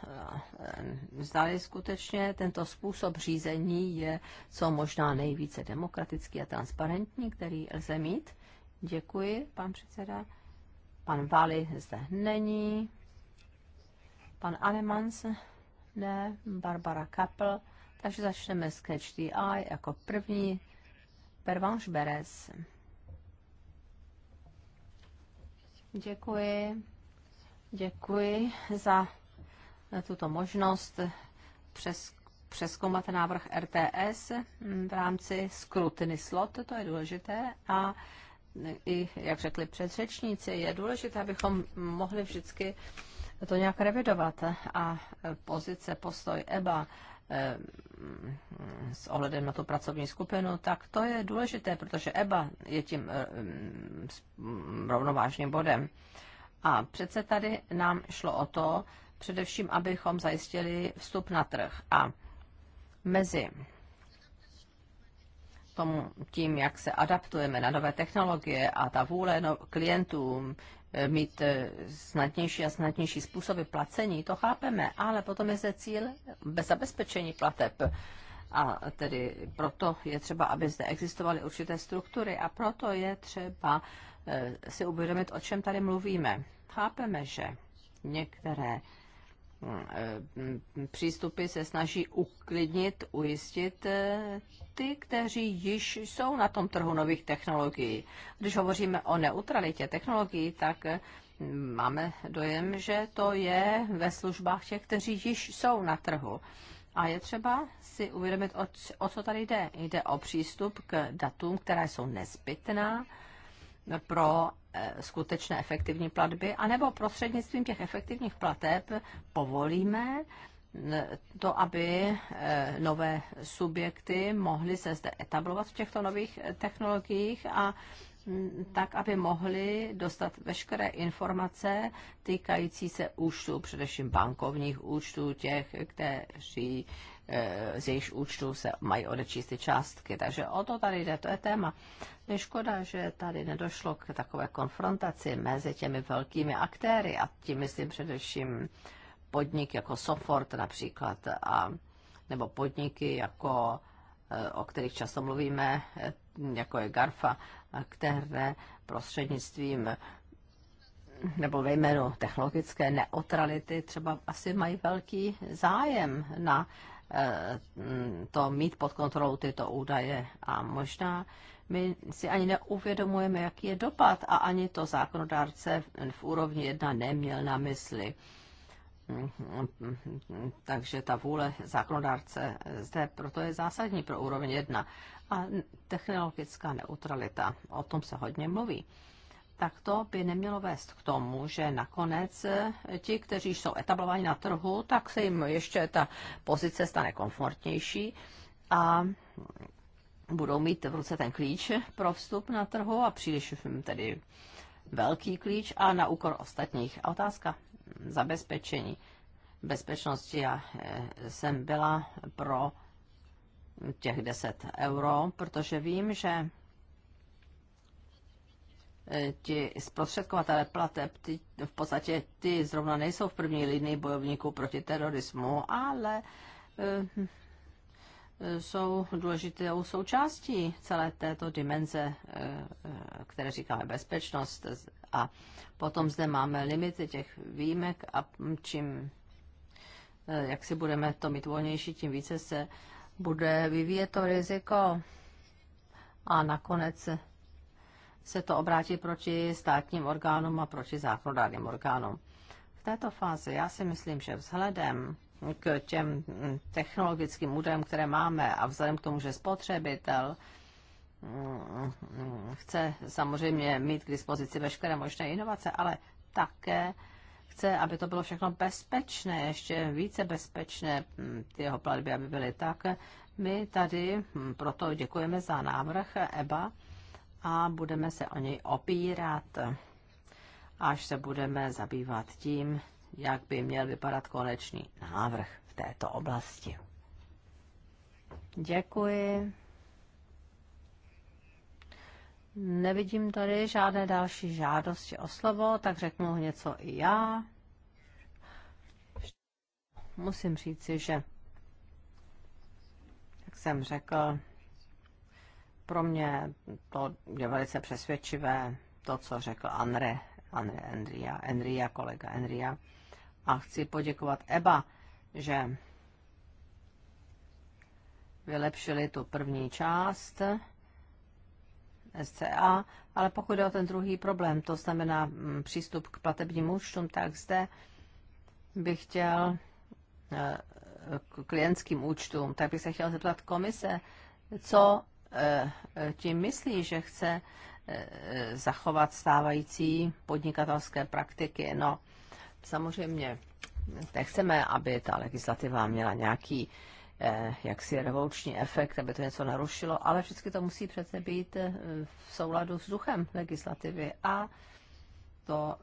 zdali skutečně tento způsob řízení je co možná nejvíce demokratický a transparentní, který lze mít. Děkuji, pan předseda. Pan Vali zde není. Pan Alemans ne. Barbara Kapl. Takže začneme s Catch the Eye jako první. Pervanche Beres. Děkuji. Děkuji za tuto možnost přes, přeskoumat návrh RTS v rámci skrutiny slot, to je důležité, a i, jak řekli předřečníci, je důležité, abychom mohli vždycky to nějak revidovat a pozice, postoj EBA eh, s ohledem na tu pracovní skupinu, tak to je důležité, protože EBA je tím eh, rovnovážným bodem. A přece tady nám šlo o to, především abychom zajistili vstup na trh. A mezi tomu, tím, jak se adaptujeme na nové technologie a ta vůle no, klientům eh, mít eh, snadnější a snadnější způsoby placení, to chápeme, ale potom je zde cíl bez zabezpečení plateb. A tedy proto je třeba, aby zde existovaly určité struktury a proto je třeba Eh, si uvědomit, o čem tady mluvíme. Chápeme, že některé mm, eh, přístupy se snaží uklidnit, ujistit eh, ty, kteří již jsou na tom trhu nových technologií. Když hovoříme o neutralitě technologií, tak máme dojem, že to je ve službách těch, kteří již jsou na trhu. A je třeba si uvědomit, o co tady jde. Jde o přístup k datům, která jsou nezbytná pro eh, skutečné efektivní platby, anebo prostřednictvím těch efektivních plateb povolíme to, aby eh, nové subjekty mohly se zde etablovat v těchto nových eh, technologiích a mm, tak, aby mohli dostat veškeré informace týkající se účtů, především bankovních účtů těch, kteří Eh, z jejich účtu se mají odečíst ty částky. Takže o to tady jde, to je téma. Je škoda, že tady nedošlo k takové konfrontaci mezi těmi velkými aktéry a tím myslím především podnik jako Sofort například a nebo podniky jako eh, o kterých často mluvíme, eh, jako je Garfa, které prostřednictvím nebo ve jménu technologické neutrality třeba asi mají velký zájem na Eh, to mít pod kontrolou tyto údaje. A možná my si ani neuvědomujeme, jaký je dopad a ani to zákonodárce v úrovni jedna neměl na mysli. Takže ta vůle zákonodárce zde proto je zásadní pro úroveň jedna A technologická neutralita, o tom se hodně mluví tak to by nemělo vést k tomu, že nakonec eh, ti, kteří jsou etablováni na trhu, tak se jim ještě ta pozice stane komfortnější a budou mít v ruce ten klíč pro vstup na trhu a příliš hm, tedy velký klíč a na úkor ostatních. A otázka zabezpečení bezpečnosti. Já eh, jsem byla pro těch 10 euro, protože vím, že Eh, ti zprostředkovatele plateb, ty, v podstatě ty zrovna nejsou v první linii bojovníků proti terorismu, ale eh, jsou důležitou součástí celé této dimenze, eh, které říkáme bezpečnost. A potom zde máme limity těch výjimek a čím, jak si budeme to mít volnější, tím více se bude vyvíjet to riziko. A nakonec se to obrátí proti státním orgánům a proti zákonodárným orgánům. V této fázi já si myslím, že vzhledem k těm technologickým údajům, které máme a vzhledem k tomu, že spotřebitel mm, chce samozřejmě mít k dispozici veškeré možné inovace, ale také chce, aby to bylo všechno bezpečné, ještě více bezpečné, mm, ty jeho platby, aby byly tak. My tady mm, proto děkujeme za návrh EBA a budeme se o něj opírat, až se budeme zabývat tím, jak by měl vypadat konečný návrh v této oblasti. Děkuji. Nevidím tady žádné další žádosti o slovo, tak řeknu něco i já. Musím říci, že, jak jsem řekl, pro mě to je velice přesvědčivé, to, co řekl Andre, Andre Enria, Enria, kolega Enria. A chci poděkovat EBA, že vylepšili tu první část SCA, ale pokud je o ten druhý problém, to znamená mm, přístup k platebním účtům, tak zde bych chtěl eh, k klientským účtům, tak bych se chtěl zeptat komise, co Eh, tím myslí, že chce eh, zachovat stávající podnikatelské praktiky. No, samozřejmě nechceme, aby ta legislativa měla nějaký eh, jaksi revoluční efekt, aby to něco narušilo, ale vždycky to musí přece být v souladu s duchem legislativy a to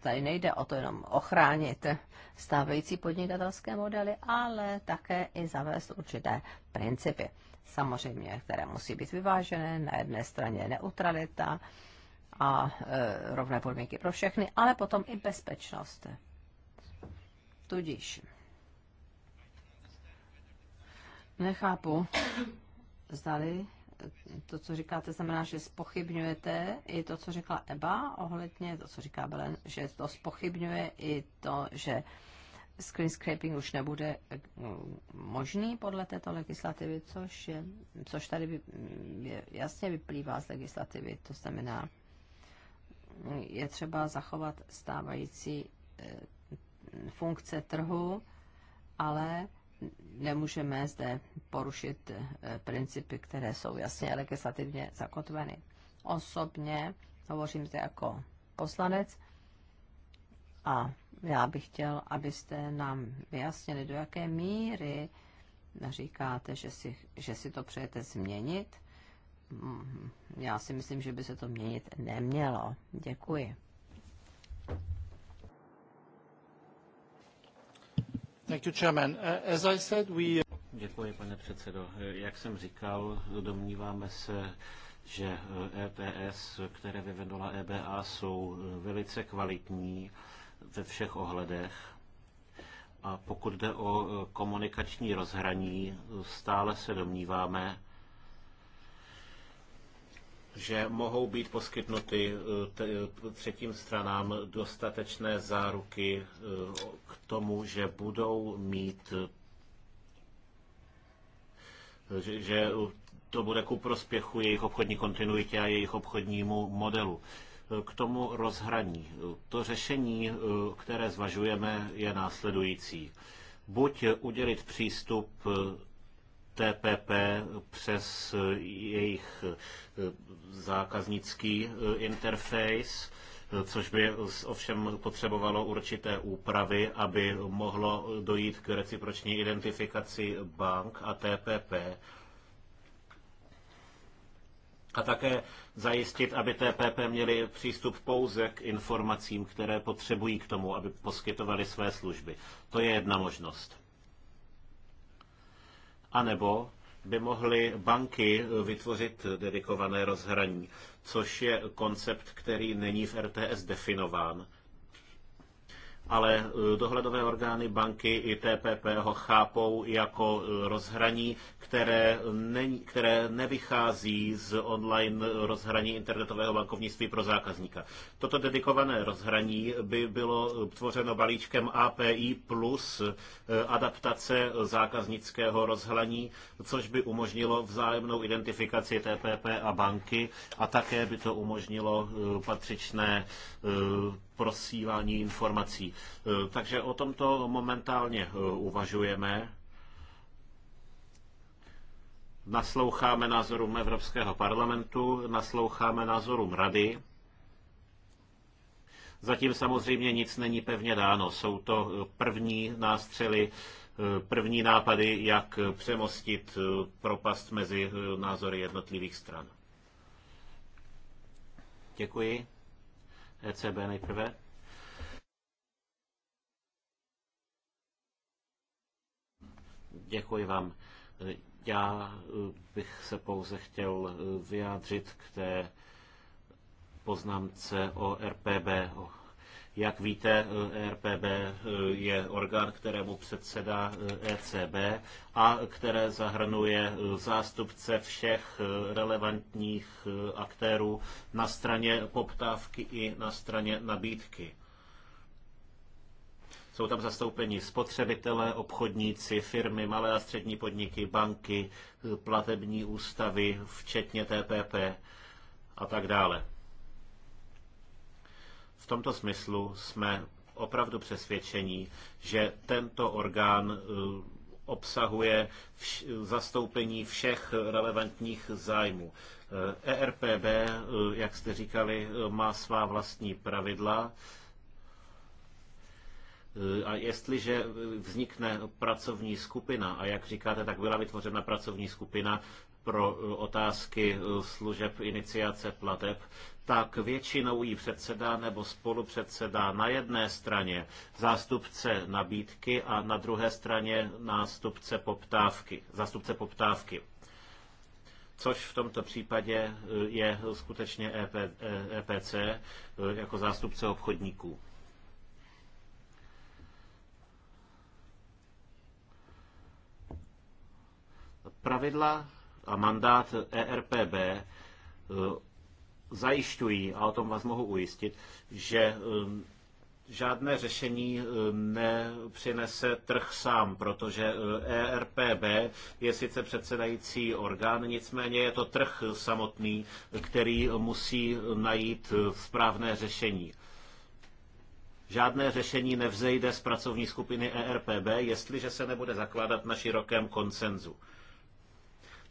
tady nejde o to jenom ochránit stávající podnikatelské modely, ale také i zavést určité principy samozřejmě, které musí být vyvážené. Na jedné straně neutralita a e, rovné podmínky pro všechny, ale potom i bezpečnost. Tudíž nechápu, zdali to, co říkáte, znamená, že spochybňujete i to, co řekla Eba ohledně, to, co říká Belen, že to spochybňuje i to, že screen scraping už nebude eh, no, možný podle této legislativy, což, je, což tady mm, jasně vyplývá z legislativy. To znamená, mm, je třeba zachovat stávající eh, funkce trhu, ale nemůžeme zde porušit eh, principy, které jsou jasně legislativně zakotveny. Osobně hovořím zde jako poslanec a já bych chtěl, abyste nám vyjasnili, do jaké míry říkáte, že si, že si to přejete změnit. Mm, já si myslím, že by se to měnit nemělo. Děkuji. Thank you, Chairman. Uh, as I said, we... Uh, Děkuji, pane předsedo. Jak jsem říkal, domníváme se, že uh, EPS, které vyvedla EBA, jsou velice kvalitní ve všech ohledech. A pokud jde o e, komunikační rozhraní, stále se domníváme, že mohou být poskytnuty e, e, třetím stranám dostatečné záruky k tomu, že budou mít že to bude ku prospěchu jejich obchodní kontinuitě a jejich obchodnímu modelu k tomu rozhraní. To řešení, eh, které zvažujeme, je následující. Buď udělit přístup eh, TPP přes eh, jejich zákaznický interface, což by ovšem potřebovalo určité úpravy, aby mohlo dojít k reciproční identifikaci bank a TPP a také zajistit, aby TPP měli přístup pouze k informacím, které potřebují k tomu, aby poskytovali své služby. To je jedna možnost. A nebo by mohly banky vytvořit dedikované rozhraní, což je koncept, který není v RTS definován, ale eh, dohledové orgány banky i TPP ho chápou jako eh, rozhraní, které, ne, které nevychází z online rozhraní internetového bankovnictví pro zákazníka. Toto dedikované rozhraní by bylo eh, tvořeno balíčkem API plus adaptace zákaznického rozhraní, což by umožnilo vzájemnou identifikaci TPP a banky a také by to umožnilo patřičné prosílání informací. E, takže o tomto momentálně e, uvažujeme. Nasloucháme názorům Evropského parlamentu, nasloucháme názorům Rady. Zatím samozřejmě nic není pevně dáno. Jsou to e, první nástřely, první nápady, jak přemostit propast mezi názory jednotlivých stran. Děkuji. ECB nejprve. Děkuji vám. Já eh, bych se pouze chtěl eh, vyjádřit k té poznámce o RPB, o jak víte, ERPB eh, eh, je orgán, kterému předsedá ECB eh, e a které zahrnuje zástupce všech relevantních aktérů na straně poptávky i na straně nabídky. Jsou tam zastoupeni spotřebitelé, obchodníci, firmy, malé a střední podniky, banky, platební ústavy, včetně TPP a tak dále. V tomto smyslu jsme opravdu přesvědčení, že tento orgán eh, obsahuje vš- zastoupení všech relevantních zájmů. ERPB, eh, e eh, jak jste říkali, má svá vlastní pravidla. A jestliže vznikne pracovní skupina, a jak říkáte, tak byla vytvořena pracovní skupina pro otázky služeb iniciace plateb, tak většinou jí předsedá nebo spolupředsedá na jedné straně zástupce nabídky a na druhé straně nástupce poptávky, zástupce poptávky. Což v tomto případě eh, je skutečně EP, EPC eh, e eh, jako zástupce obchodníků. Pravidla a mandát ERPB zajišťují, a o tom vás mohu ujistit, že um, žádné řešení um, nepřinese trh sám, protože uh, ERPB je sice předsedající orgán, nicméně je to trh samotný, který musí najít uh, správné řešení. Žádné řešení nevzejde z pracovní skupiny ERPB, jestliže se nebude zakládat na širokém konsenzu.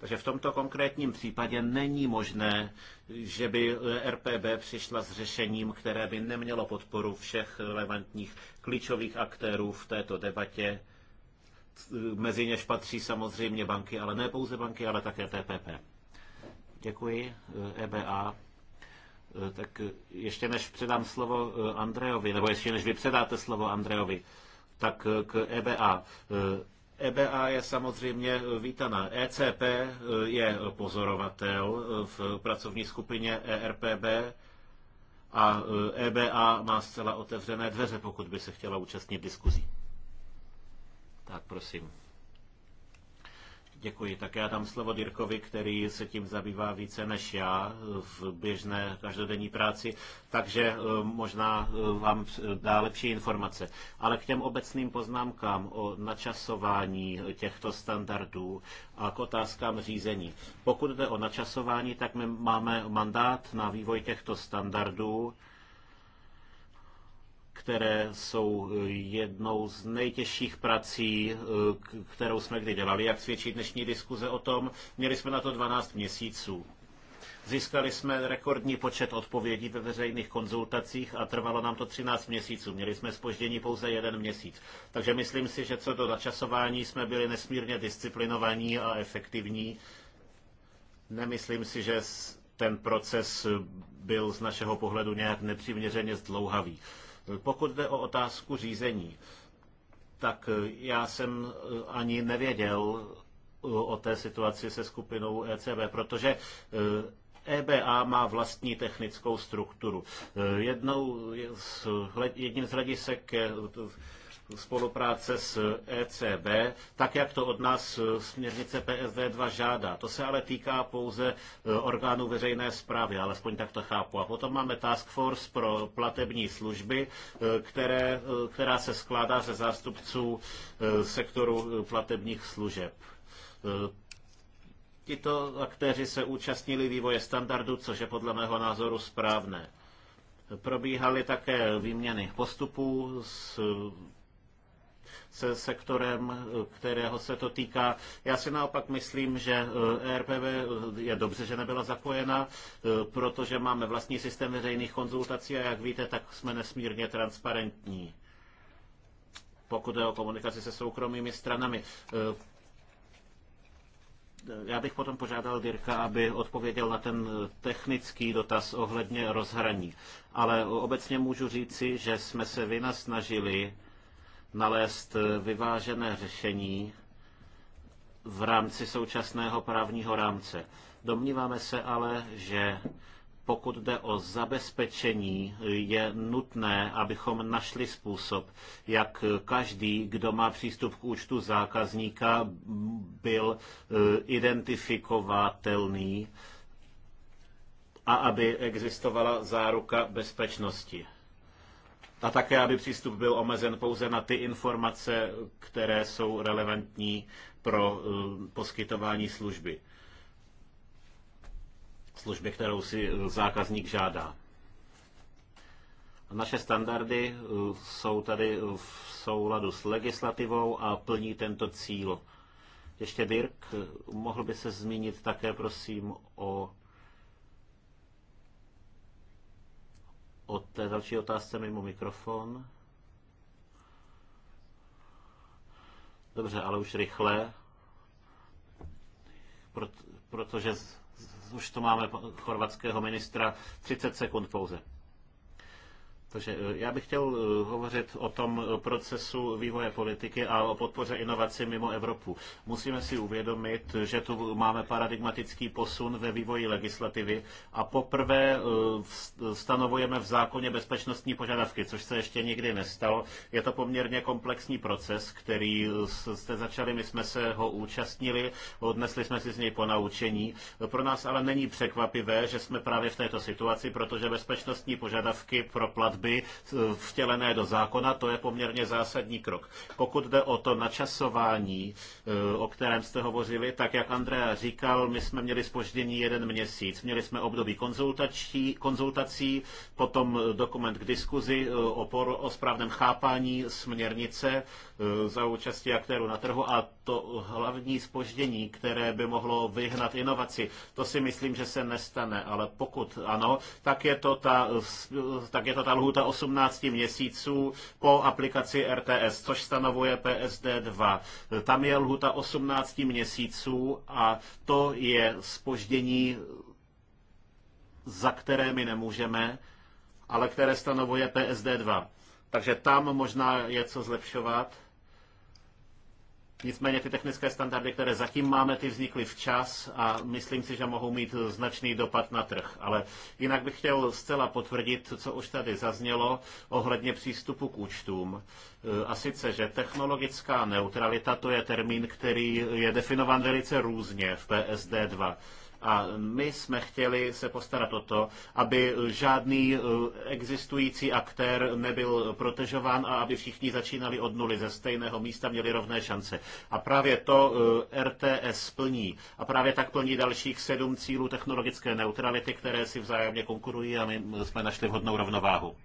Takže v tomto konkrétním případě není možné, že by RPB přišla s řešením, které by nemělo podporu všech relevantních klíčových aktérů v této debatě. Mezi něž patří samozřejmě banky, ale ne pouze banky, ale také TPP. Děkuji, EBA. Tak ještě než předám slovo eh, Andrejovi, nebo ještě než vy předáte slovo Andrejovi, tak eh, k EBA. Eh, EBA je samozřejmě vítaná. ECP je pozorovatel v pracovní skupině ERPB a EBA má zcela otevřené dveře, pokud by se chtěla účastnit diskuzí. Tak prosím. Děkuji. Tak já dám slovo Dirkovi, který se tím zabývá více než já v běžné každodenní práci, takže eh, možná eh, vám dá lepší informace. Ale k těm obecným poznámkám o načasování těchto standardů a k otázkám řízení. Pokud jde o načasování, tak my máme mandát na vývoj těchto standardů které jsou eh, jednou z nejtěžších prací, eh, kterou jsme kdy dělali, jak svědčí dnešní diskuze o tom. Měli jsme na to 12 měsíců. Získali jsme rekordní počet odpovědí ve veřejných konzultacích a trvalo nám to 13 měsíců. Měli jsme spoždění pouze jeden měsíc. Takže myslím si, že co do načasování jsme byli nesmírně disciplinovaní a efektivní. Nemyslím si, že ten proces eh, byl z našeho pohledu nějak nepřiměřeně zdlouhavý. Pokud jde o otázku řízení, tak já jsem eh, ani nevěděl eh, o té situaci se skupinou ECB, protože EBA eh, e má vlastní technickou strukturu. Jednou z, jedním z hledisek spolupráce s ECB, tak jak to od nás eh, směrnice PSD2 žádá. To se ale týká pouze eh, orgánů veřejné zprávy, alespoň tak to chápu. A potom máme Task Force pro platební služby, eh, které, která se skládá ze zástupců sektoru platebních služeb. Tito aktéři se účastnili vývoje standardu, což je podle mého názoru správné. Probíhaly také výměny postupů s se sektorem, kterého se to týká. Já si naopak myslím, že ERPV eh, eh, je dobře, že nebyla zapojena, eh, protože máme vlastní systém veřejných konzultací a jak víte, tak jsme nesmírně transparentní pokud je o komunikaci se soukromými stranami. Já bych potom požádal Dirka, aby odpověděl na ten technický dotaz ohledně rozhraní. Ale obecně můžu říci, že jsme se vynasnažili snažili nalézt eh, vyvážené řešení v rámci současného právního rámce. Domníváme se ale, že pokud jde o zabezpečení, je nutné, abychom našli způsob, jak každý, kdo má přístup k účtu zákazníka, byl eh, identifikovatelný a aby existovala záruka bezpečnosti a také, aby přístup byl omezen pouze na ty informace, které jsou relevantní pro eh, poskytování služby. Služby, kterou si eh, zákazník žádá. Naše standardy eh, jsou tady v souladu s legislativou a plní tento cíl. Ještě Dirk, mohl by se zmínit také, prosím, o o té další otázce mimo mikrofon. Dobře, ale už rychle, protože už to máme chorvatského ministra 30 sekund pouze. Takže e, já bych chtěl e, hovořit o tom procesu vývoje politiky a o podpoře inovací mimo Evropu. Musíme si uvědomit, že tu máme paradigmatický posun ve vývoji legislativy a poprvé e, stanovujeme v zákoně bezpečnostní požadavky, což se ještě nikdy nestalo. Je to poměrně komplexní proces, který jste začali, my jsme se ho účastnili, odnesli jsme si z něj ponaučení. Pro nás ale není překvapivé, že jsme právě v této situaci, protože bezpečnostní požadavky pro platby vazby eh, vtělené do zákona, to je poměrně zásadní krok. Pokud jde o to načasování, eh, o kterém jste hovořili, tak jak Andrea říkal, my jsme měli spoždění jeden měsíc. Měli jsme období konzultací, konzultací potom dokument k diskuzi eh, o, por, o správném chápání směrnice, Eh, za účasti aktérů na trhu a to hlavní spoždění, které by mohlo vyhnat inovaci, to si myslím, že se nestane, ale pokud ano, tak je to ta, tak je to ta lhůta 18 měsíců po aplikaci RTS, což stanovuje PSD 2. Tam je lhůta 18 měsíců a to je spoždění, za které my nemůžeme, ale které stanovuje PSD 2. Takže tam možná je co zlepšovat. Nicméně ty technické standardy, které zatím máme, ty vznikly včas a myslím si, že mohou mít značný dopad na trh. Ale jinak bych chtěl zcela potvrdit, co už tady zaznělo ohledně přístupu k účtům. E, a sice, že technologická neutralita, to je termín, který je definován velice různě v PSD 2. A my jsme chtěli se postarat o to, aby žádný eh, existující aktér nebyl protežován a aby všichni začínali od nuly ze stejného místa, měli rovné šance. A právě to eh, RTS plní. A právě tak plní dalších sedm cílů technologické neutrality, které si vzájemně konkurují a my eh, jsme našli vhodnou rovnováhu.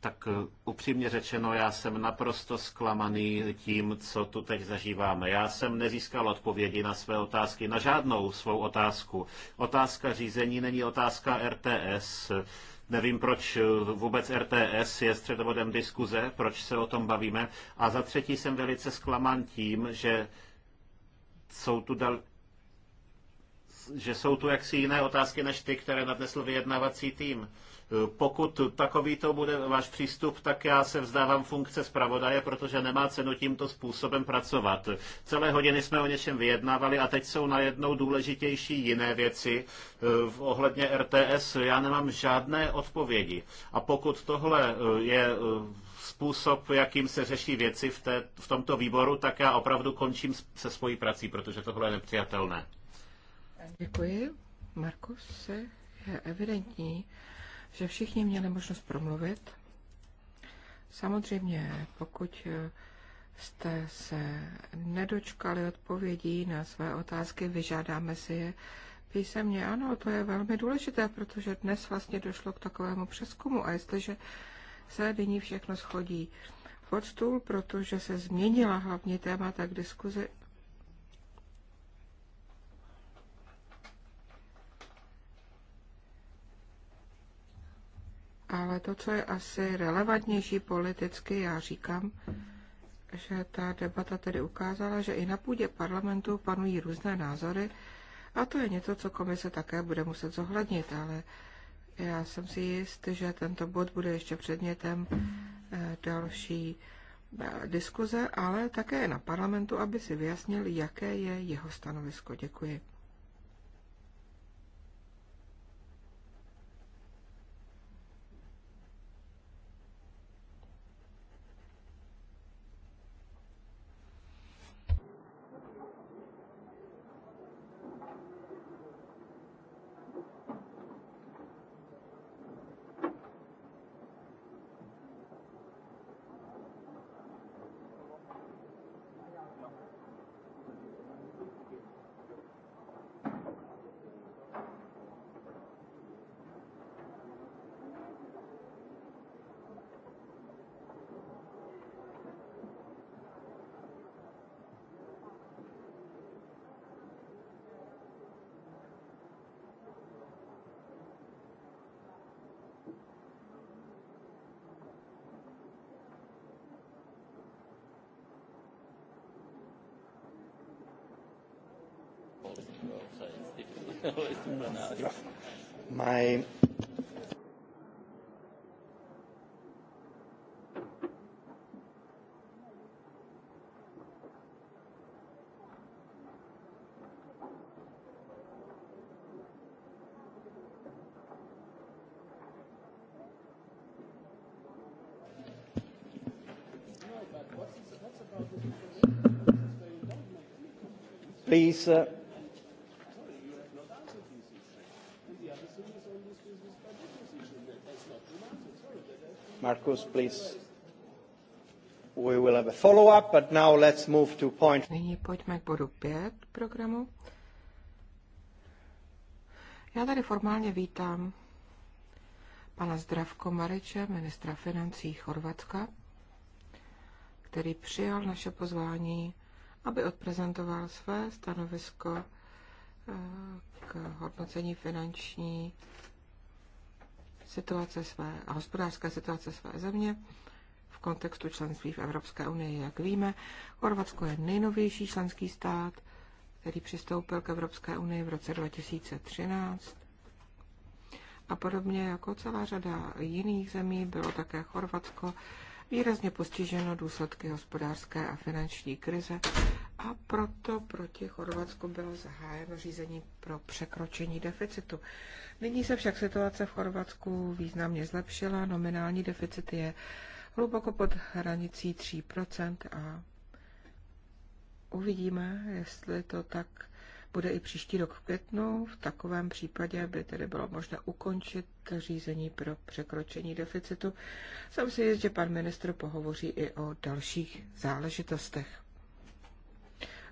Tak eh, upřímně řečeno, já jsem naprosto zklamaný tím, co tu teď zažíváme. Já jsem nezískal odpovědi na své otázky, na žádnou svou otázku. Otázka řízení není otázka RTS. Nevím, proč eh, vůbec RTS je středovodem diskuze, proč se o tom bavíme. A za třetí jsem velice zklamán tím, že jsou tu dal, že jsou tu jaksi jiné otázky než ty, které nadnesl vyjednávací tým. Pokud takový to bude váš přístup, tak já se vzdávám funkce zpravodaje, protože nemá cenu tímto způsobem pracovat. Celé hodiny jsme o něčem vyjednávali a teď jsou najednou důležitější jiné věci eh, v ohledně RTS. Já nemám žádné odpovědi. A pokud tohle eh, je eh, způsob, jakým se řeší věci v, té, v tomto výboru, tak já opravdu končím se svojí prací, protože tohle je nepřijatelné. Děkuji. Markus, je evidentní, že všichni měli možnost promluvit. Samozřejmě, pokud eh, jste se nedočkali odpovědí na své otázky, vyžádáme si je písemně. Ano, to je velmi důležité, protože dnes vlastně došlo k takovému přeskumu a jestliže se nyní všechno schodí pod stůl, protože se změnila hlavní témata k diskuzi, ale to, co je asi relevantnější politicky, já říkám, že ta debata tedy ukázala, že i na půdě parlamentu panují různé názory a to je něco, co komise také bude muset zohlednit, ale já jsem si jist, že tento bod bude ještě předmětem eh, další eh, diskuze, ale také na parlamentu, aby si vyjasnil, jaké je jeho stanovisko. Děkuji. My Please, uh, Markus, please. We will have a follow-up, but now let's move to point. Nyní pojďme k bodu 5 programu. Já tady formálně vítám pana Zdravko Mariče, ministra financí Chorvatska, který přijal naše pozvání, aby odprezentoval své stanovisko eh, k hodnocení finanční situace své a hospodářské situace své země v kontextu členství v Evropské unii. Jak víme, Chorvatsko je nejnovější členský stát, který přistoupil k Evropské unii v roce 2013. A podobně jako celá řada jiných zemí bylo také Chorvatsko výrazně postiženo důsledky hospodářské a finanční krize, a proto proti Chorvatsku bylo zahájeno řízení pro překročení deficitu. Nyní se však situace v Chorvatsku významně zlepšila, nominální deficit je hluboko pod hranicí 3% a uvidíme, jestli to tak bude i příští rok v květnu. V takovém případě by tedy bylo možné ukončit řízení pro překročení deficitu. Jsem si jist, že pan ministr pohovoří i o dalších záležitostech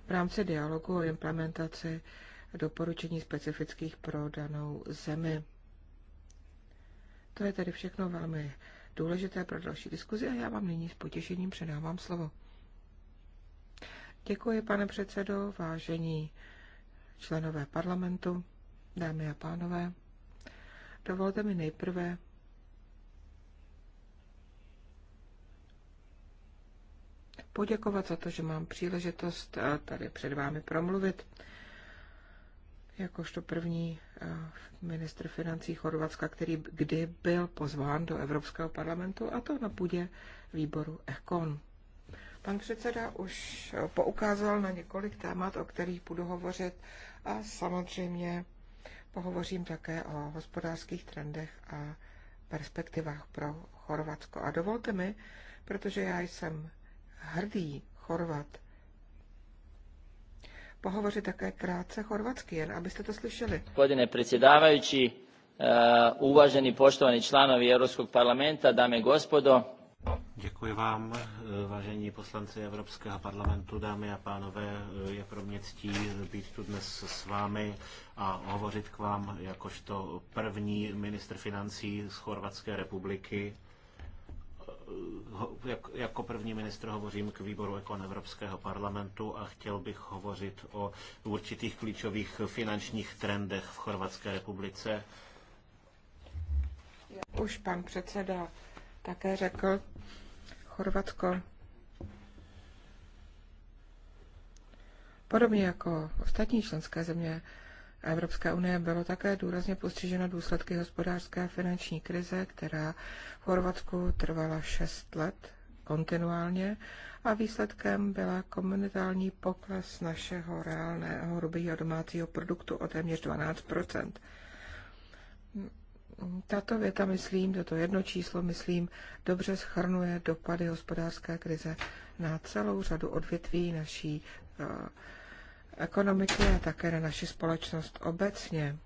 v rámci dialogu o implementaci doporučení specifických pro danou zemi. To je tedy všechno velmi důležité pro další diskuzi a já vám nyní s potěšením předávám slovo. Děkuji, pane předsedo, vážení členové parlamentu, dámy a pánové. Dovolte mi nejprve poděkovat za to, že mám příležitost eh, tady před vámi promluvit. Jakožto první eh, ministr financí Chorvatska, který kdy byl pozván do Evropského parlamentu, a to na půdě výboru ECON. Pan předseda už eh, poukázal na několik témat, o kterých budu hovořit a samozřejmě pohovořím také o hospodářských trendech a perspektivách pro Chorvatsko. A dovolte mi, protože já jsem hrdý Chorvat. Pohovořit také krátce chorvatsky, jen abyste to slyšeli. Gospodine předsedávající, eh, uvažený poštovani članovi Evropského parlamenta, dámy gospodo. Děkuji vám, eh, vážení poslanci Evropského parlamentu, dámy a pánové. Eh, je pro mě ctí být tu dnes s vámi a hovořit k vám jakožto první ministr financí z Chorvatské republiky jak, jako první ministr hovořím k výboru Ekon Evropského parlamentu a chtěl bych hovořit o určitých klíčových finančních trendech v Chorvatské republice. Jak už pan předseda také řekl, Chorvatsko podobně jako ostatní členské země Evropská unie bylo také důrazně postiženo důsledky hospodářské a finanční krize, která v Chorvatsku trvala 6 let kontinuálně a výsledkem byla komunitální pokles našeho reálného hrubého domácího produktu o téměř 12 Tato věta, myslím, toto jedno číslo, myslím, dobře schrnuje dopady hospodářské krize na celou řadu odvětví naší eh, ekonomiky a také na naši společnost obecně.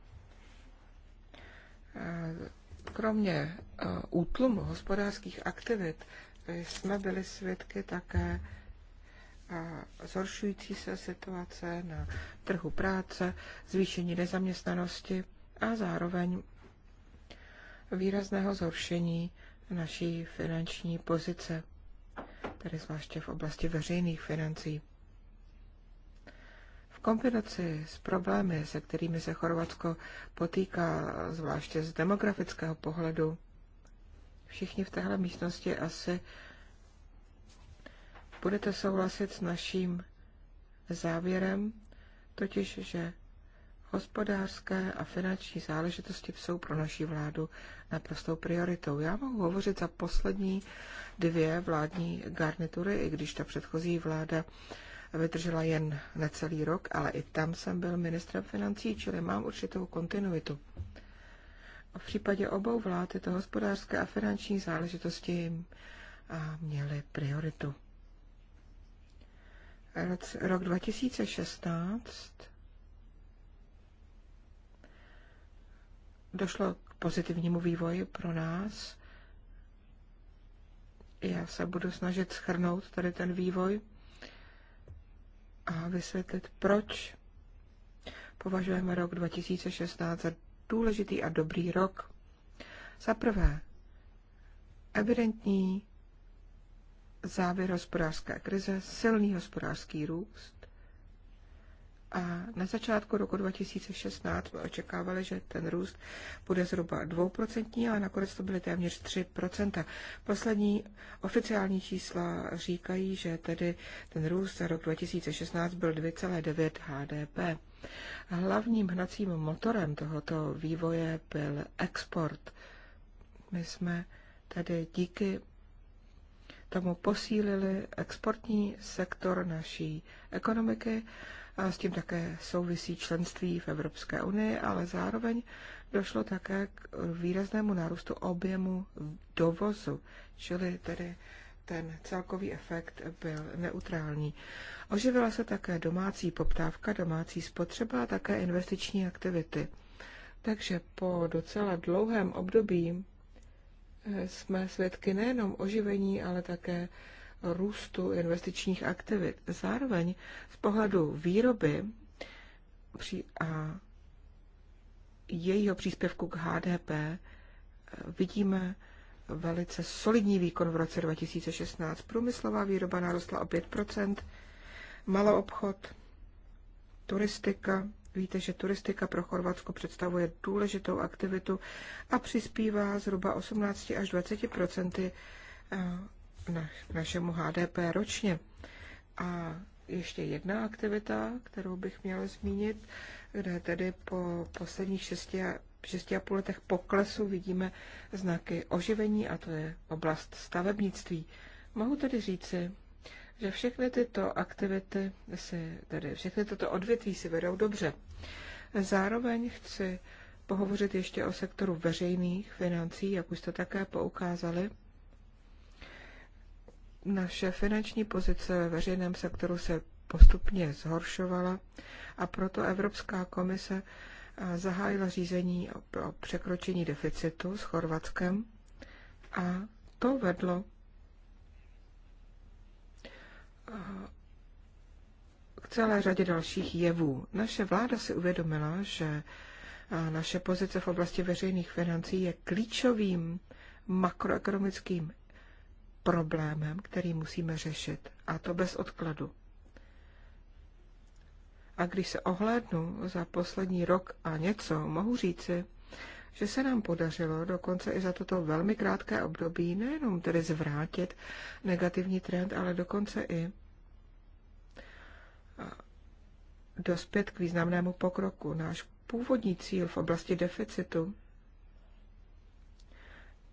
Kromě e, útlumu hospodářských aktivit jsme byli svědky také e, zhoršující se situace na trhu práce, zvýšení nezaměstnanosti a zároveň výrazného zhoršení naší finanční pozice, tedy zvláště v oblasti veřejných financí kombinaci s problémy, se kterými se Chorvatsko potýká, zvláště z demografického pohledu, všichni v téhle místnosti asi budete souhlasit s naším závěrem, totiž, že hospodářské a finanční záležitosti jsou pro naši vládu naprostou prioritou. Já mohu hovořit za poslední dvě vládní garnitury, i když ta předchozí vláda vydržela jen necelý rok, ale i tam jsem byl ministrem financí, čili mám určitou kontinuitu. V případě obou vlád tyto hospodářské a finanční záležitosti měly prioritu. Rok 2016 došlo k pozitivnímu vývoji pro nás. Já se budu snažit schrnout tady ten vývoj a vysvětlit, proč považujeme rok 2016 za důležitý a dobrý rok. Za prvé, evidentní závěr hospodářské krize, silný hospodářský růst, a na začátku roku 2016 jsme očekávali, že ten růst bude zhruba 2%, ale nakonec to byly téměř 3%. Poslední oficiální čísla říkají, že tedy ten růst za rok 2016 byl 2,9 HDP. Hlavním hnacím motorem tohoto vývoje byl export. My jsme tedy díky tomu posílili exportní sektor naší ekonomiky a s tím také souvisí členství v Evropské unii, ale zároveň došlo také k výraznému nárůstu objemu dovozu, čili tedy ten celkový efekt byl neutrální. Oživila se také domácí poptávka, domácí spotřeba a také investiční aktivity. Takže po docela dlouhém období eh, jsme svědky nejenom oživení, ale také růstu investičních aktivit. Zároveň z pohledu výroby a jejího příspěvku k HDP eh, vidíme velice solidní výkon v roce 2016. Průmyslová výroba narostla o 5%, maloobchod, turistika, Víte, že turistika pro Chorvatsko představuje důležitou aktivitu a přispívá zhruba 18 až 20 na, našemu HDP ročně. A ještě jedna aktivita, kterou bych měla zmínit, kde tedy po posledních šesti a, šesti a půl letech poklesu vidíme znaky oživení, a to je oblast stavebnictví. Mohu tedy říci, že všechny tyto aktivity, si, tedy všechny tyto odvětví si vedou dobře. Zároveň chci pohovořit ještě o sektoru veřejných financí, jak už jste také poukázali. Naše finanční pozice ve veřejném sektoru se postupně zhoršovala a proto Evropská komise eh, zahájila řízení o překročení deficitu s Chorvatskem a to vedlo eh, k celé řadě dalších jevů. Naše vláda si uvědomila, že eh, naše pozice v oblasti veřejných financí je klíčovým makroekonomickým problémem, který musíme řešit, a to bez odkladu. A když se ohlédnu za poslední rok a něco, mohu říci, že se nám podařilo dokonce i za toto velmi krátké období nejenom tedy zvrátit negativní trend, ale dokonce i dospět k významnému pokroku. Náš původní cíl v oblasti deficitu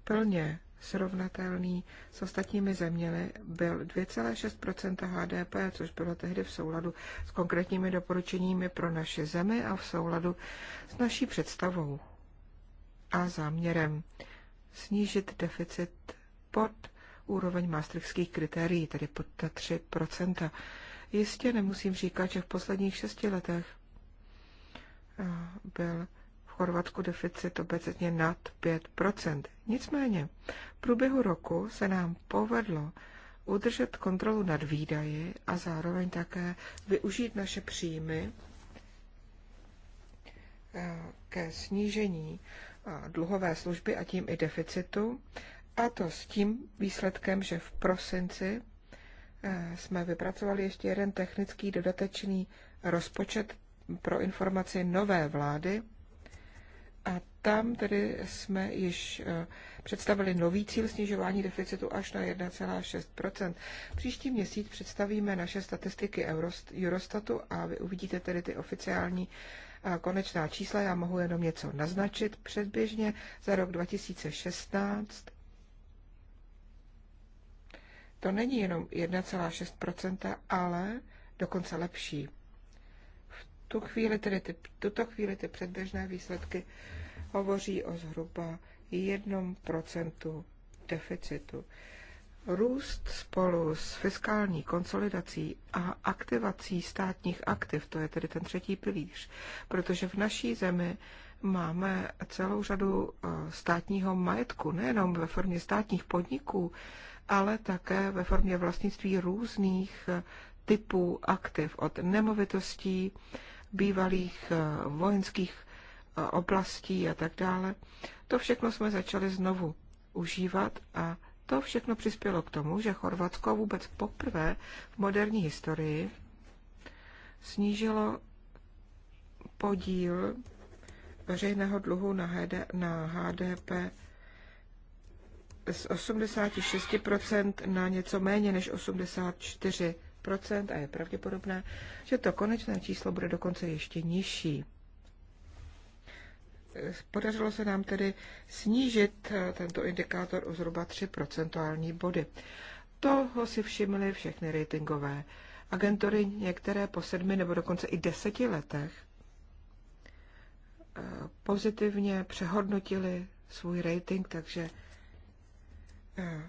plně srovnatelný s ostatními zeměmi, byl 2,6 HDP, což bylo tehdy v souladu s konkrétními doporučeními pro naše zemi a v souladu s naší představou a záměrem snížit deficit pod úroveň maastrichtských kritérií, tedy pod ta 3 Jistě nemusím říkat, že v posledních šesti letech eh, byl Chorvatsku deficit obecně nad 5 Nicméně v průběhu roku se nám povedlo udržet kontrolu nad výdaji a zároveň také využít naše příjmy eh, ke snížení eh, dluhové služby a tím i deficitu. A to s tím výsledkem, že v prosinci eh, jsme vypracovali ještě jeden technický dodatečný rozpočet pro informaci nové vlády, tam tedy jsme již eh, představili nový cíl snižování deficitu až na 1,6 Příští měsíc představíme naše statistiky Eurostatu a vy uvidíte tedy ty oficiální eh, konečná čísla. Já mohu jenom něco naznačit předběžně za rok 2016. To není jenom 1,6 ale dokonce lepší. V tu chvíli tedy ty, tuto chvíli ty předběžné výsledky uh, hovoří o zhruba 1% deficitu. Růst spolu s fiskální konsolidací a aktivací státních aktiv, to je tedy ten třetí pilíř, protože v naší zemi máme celou řadu eh, státního majetku, nejenom ve formě státních podniků, ale také ve formě vlastnictví různých eh, typů aktiv, od nemovitostí, bývalých eh, vojenských oblastí a tak dále. To všechno jsme začali znovu užívat a to všechno přispělo k tomu, že Chorvatsko vůbec poprvé v moderní historii snížilo podíl veřejného dluhu na, HD, na HDP z 86% na něco méně než 84% a je pravděpodobné, že to konečné číslo bude dokonce ještě nižší podařilo se nám tedy snížit eh, tento indikátor o zhruba 3 procentuální body. Toho si všimly všechny ratingové agentury, některé po sedmi nebo dokonce i deseti letech eh, pozitivně přehodnotili svůj rating, takže eh,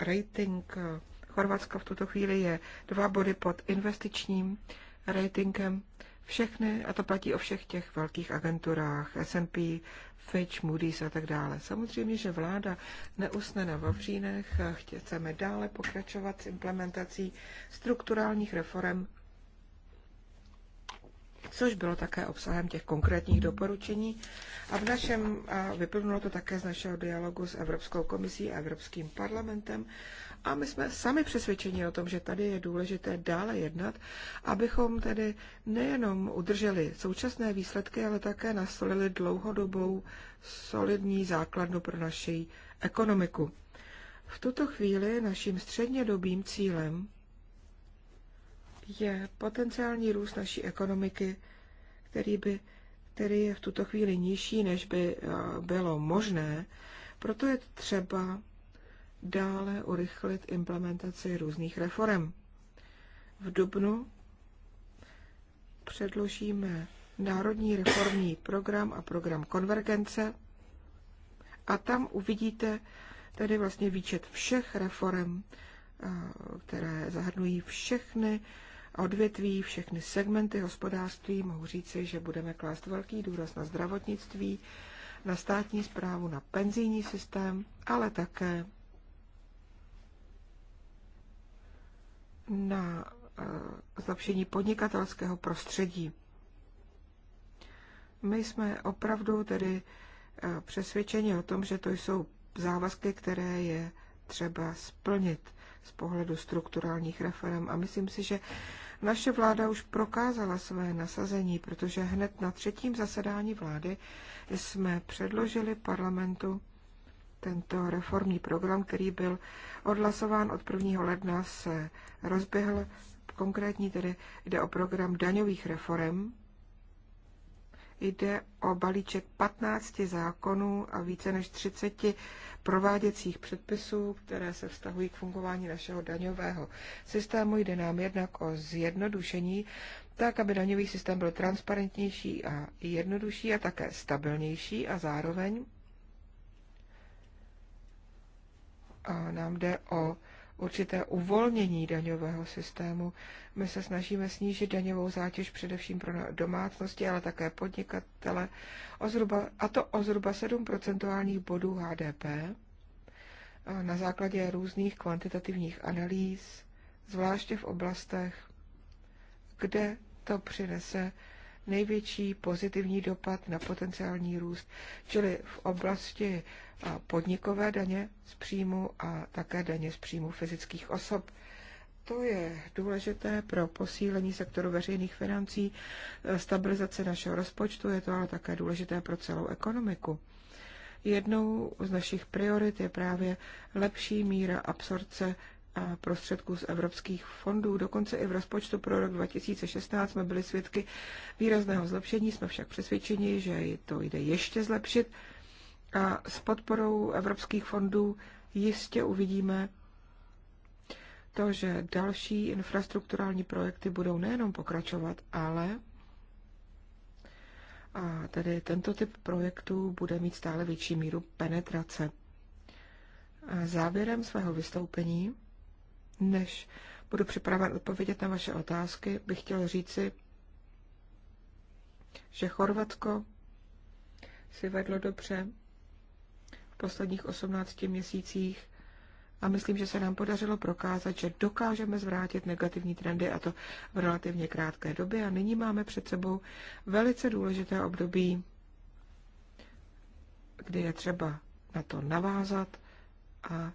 rating Chorvatska v tuto chvíli je dva body pod investičním ratingem všechny, a to platí o všech těch velkých agenturách, S&P, Fitch, Moody's a tak dále. Samozřejmě, že vláda neusne na Vavřínech, chceme dále pokračovat s implementací strukturálních reform, což bylo také obsahem těch konkrétních doporučení. A v našem, a vyplnulo to také z našeho dialogu s Evropskou komisí a Evropským parlamentem a my jsme sami přesvědčeni o tom, že tady je důležité dále jednat, abychom tedy nejenom udrželi současné výsledky, ale také nastolili dlouhodobou solidní základnu pro naši ekonomiku. V tuto chvíli naším střednědobým cílem je potenciální růst naší ekonomiky, který, by, který je v tuto chvíli nižší, než by eh, bylo možné. Proto je třeba dále urychlit implementaci různých reform. V dubnu předložíme Národní reformní program a program konvergence a tam uvidíte tedy vlastně výčet všech reform, které zahrnují všechny odvětví, všechny segmenty hospodářství. Mohu říci, že budeme klást velký důraz na zdravotnictví, na státní zprávu, na penzijní systém, ale také na eh, zlepšení podnikatelského prostředí. My jsme opravdu tedy eh, přesvědčeni o tom, že to jsou závazky, které je třeba splnit z pohledu strukturálních reform. A myslím si, že naše vláda už prokázala své nasazení, protože hned na třetím zasedání vlády jsme předložili parlamentu tento reformní program, který byl odhlasován od 1. ledna, se rozběhl. Konkrétní tedy jde o program daňových reform. Jde o balíček 15 zákonů a více než 30 prováděcích předpisů, které se vztahují k fungování našeho daňového systému. Jde nám jednak o zjednodušení, tak aby daňový systém byl transparentnější a jednodušší a také stabilnější a zároveň a nám jde o určité uvolnění daňového systému. My se snažíme snížit daňovou zátěž především pro domácnosti, ale také podnikatele, o zhruba, a to o zhruba 7 procentuálních bodů HDP na základě různých kvantitativních analýz, zvláště v oblastech, kde to přinese největší pozitivní dopad na potenciální růst, čili v oblasti podnikové daně z příjmu a také daně z příjmu fyzických osob. To je důležité pro posílení sektoru veřejných financí, e, stabilizace našeho rozpočtu, je to ale také důležité pro celou ekonomiku. Jednou z našich priorit je právě lepší míra absorce prostředků z evropských fondů. Dokonce i v rozpočtu pro rok 2016 jsme byli svědky výrazného zlepšení, jsme však přesvědčeni, že to jde ještě zlepšit. A s podporou evropských fondů jistě uvidíme to, že další infrastrukturální projekty budou nejenom pokračovat, ale a tedy tento typ projektů bude mít stále větší míru penetrace. A závěrem svého vystoupení než budu připraven odpovědět na vaše otázky, bych chtěl říci, že Chorvatsko si vedlo dobře v posledních 18 měsících a myslím, že se nám podařilo prokázat, že dokážeme zvrátit negativní trendy a to v relativně krátké době. A nyní máme před sebou velice důležité období, kdy je třeba na to navázat a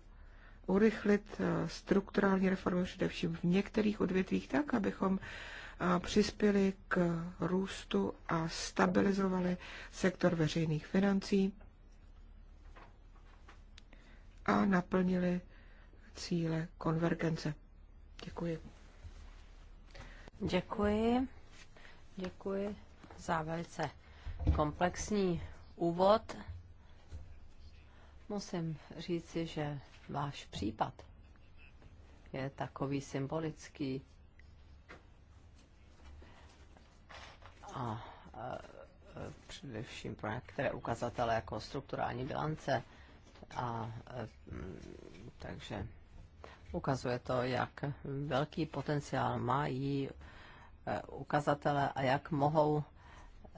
urychlit eh, strukturální reformy především v některých odvětvích tak, abychom eh, přispěli k růstu a stabilizovali sektor veřejných financí a naplnili cíle konvergence. Děkuji. Děkuji. Děkuji za velice komplexní úvod. Musím říci, že váš případ je takový symbolický. A e, především pro některé ukazatele jako strukturální bilance. A e, takže ukazuje to, jak velký potenciál mají e, ukazatele a jak mohou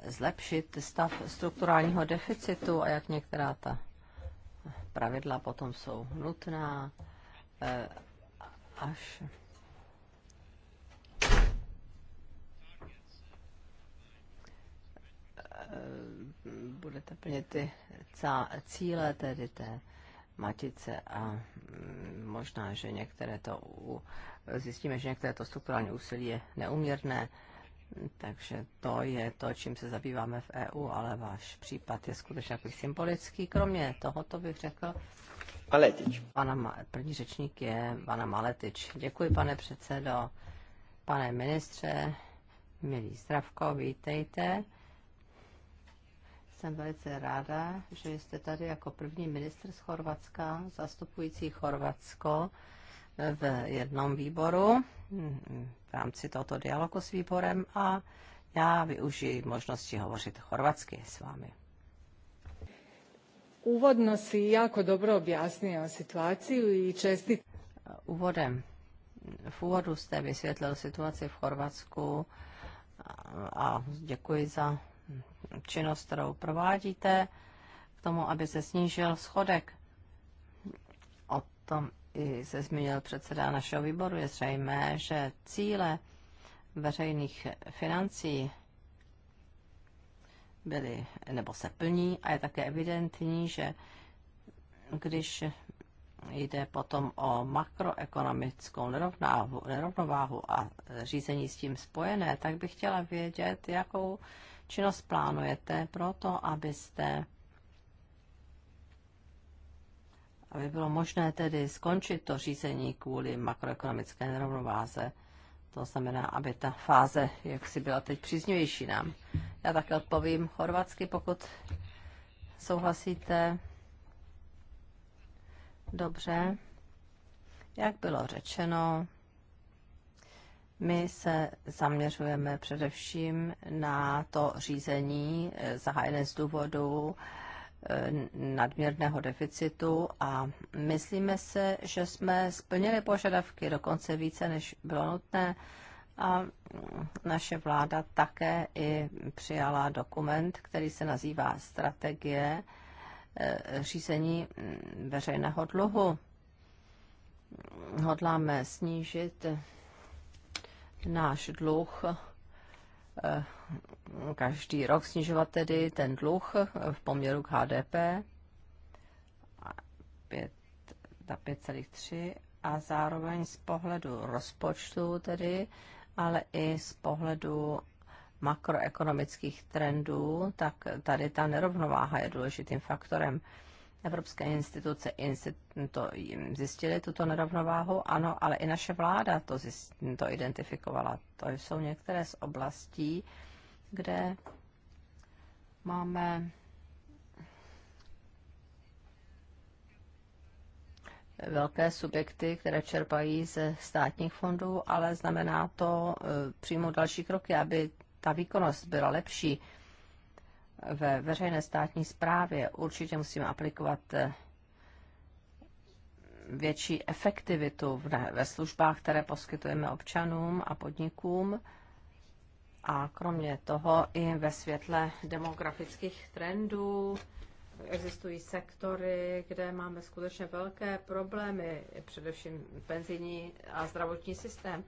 zlepšit stav strukturálního deficitu a jak některá ta pravidla potom jsou nutná eh, až eh, budete plnit ty cíle, tedy té matice a mm, možná, že některé to u, zjistíme, že některé to strukturální úsilí je neuměrné takže to je to, čím se zabýváme v EU, ale váš případ je skutečně takový symbolický. Kromě tohoto bych řekl... Maletič. Pana, Ma první řečník je pana Maletič. Děkuji, pane předsedo. Pane ministře, milý Zdravko, vítejte. Jsem velice ráda, že jste tady jako první ministr z Chorvatska, zastupující Chorvatsko v jednom výboru v rámci tohoto dialogu s výborem a já využiji možnosti hovořit chorvatsky s vámi. Úvodno si jako dobro objasnil situaci i česti... Úvodem. V úvodu jste vysvětlil situaci v Chorvatsku a děkuji za činnost, kterou provádíte k tomu, aby se snížil schodek. O tom i se zmínil předseda našeho výboru, je zřejmé, že cíle veřejných financí byly nebo se plní a je také evidentní, že když jde potom o makroekonomickou nerovnáhu, nerovnováhu a řízení s tím spojené, tak bych chtěla vědět, jakou činnost plánujete pro to, abyste aby bylo možné tedy skončit to řízení kvůli makroekonomické nerovnováze. To znamená, aby ta fáze jaksi byla teď příznivější nám. Já také odpovím chorvatsky, pokud souhlasíte. Dobře. Jak bylo řečeno, my se zaměřujeme především na to řízení eh, zahájené z důvodu Eh, nadměrného deficitu a myslíme se, že jsme splnili požadavky dokonce více, než bylo nutné a naše vláda také i přijala dokument, který se nazývá Strategie eh, řízení mm, veřejného dluhu. Hodláme snížit náš dluh eh, každý rok snižovat tedy ten dluh v poměru k HDP na 5,3 a zároveň z pohledu rozpočtu tedy, ale i z pohledu makroekonomických trendů, tak tady ta nerovnováha je důležitým faktorem. Evropské instituce to zjistily tuto nerovnováhu, ano, ale i naše vláda to, zjist, to identifikovala. To jsou některé z oblastí, kde máme velké subjekty, které čerpají ze státních fondů, ale znamená to e, přímo další kroky, aby ta výkonnost byla lepší ve veřejné státní správě. Určitě musíme aplikovat e, větší efektivitu ve službách, které poskytujeme občanům a podnikům. A kromě toho i ve světle demografických trendů existují sektory, kde máme skutečně velké problémy, především penzijní a zdravotní systém.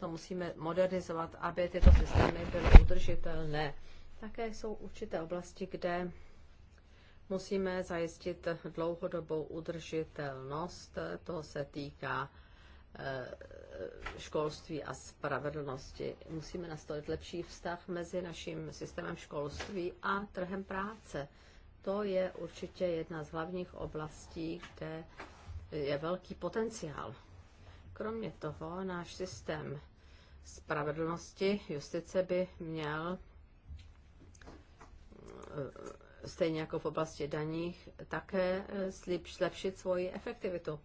To musíme modernizovat, aby tyto systémy byly udržitelné. Také jsou určité oblasti, kde musíme zajistit dlouhodobou udržitelnost. To se týká Eh, školství a spravedlnosti. Musíme nastavit lepší vztah mezi naším systémem školství a trhem práce. To je určitě jedna z hlavních oblastí, kde je velký potenciál. Kromě toho náš systém spravedlnosti justice by měl eh, stejně jako v oblasti daních také eh, zlepšit svoji efektivitu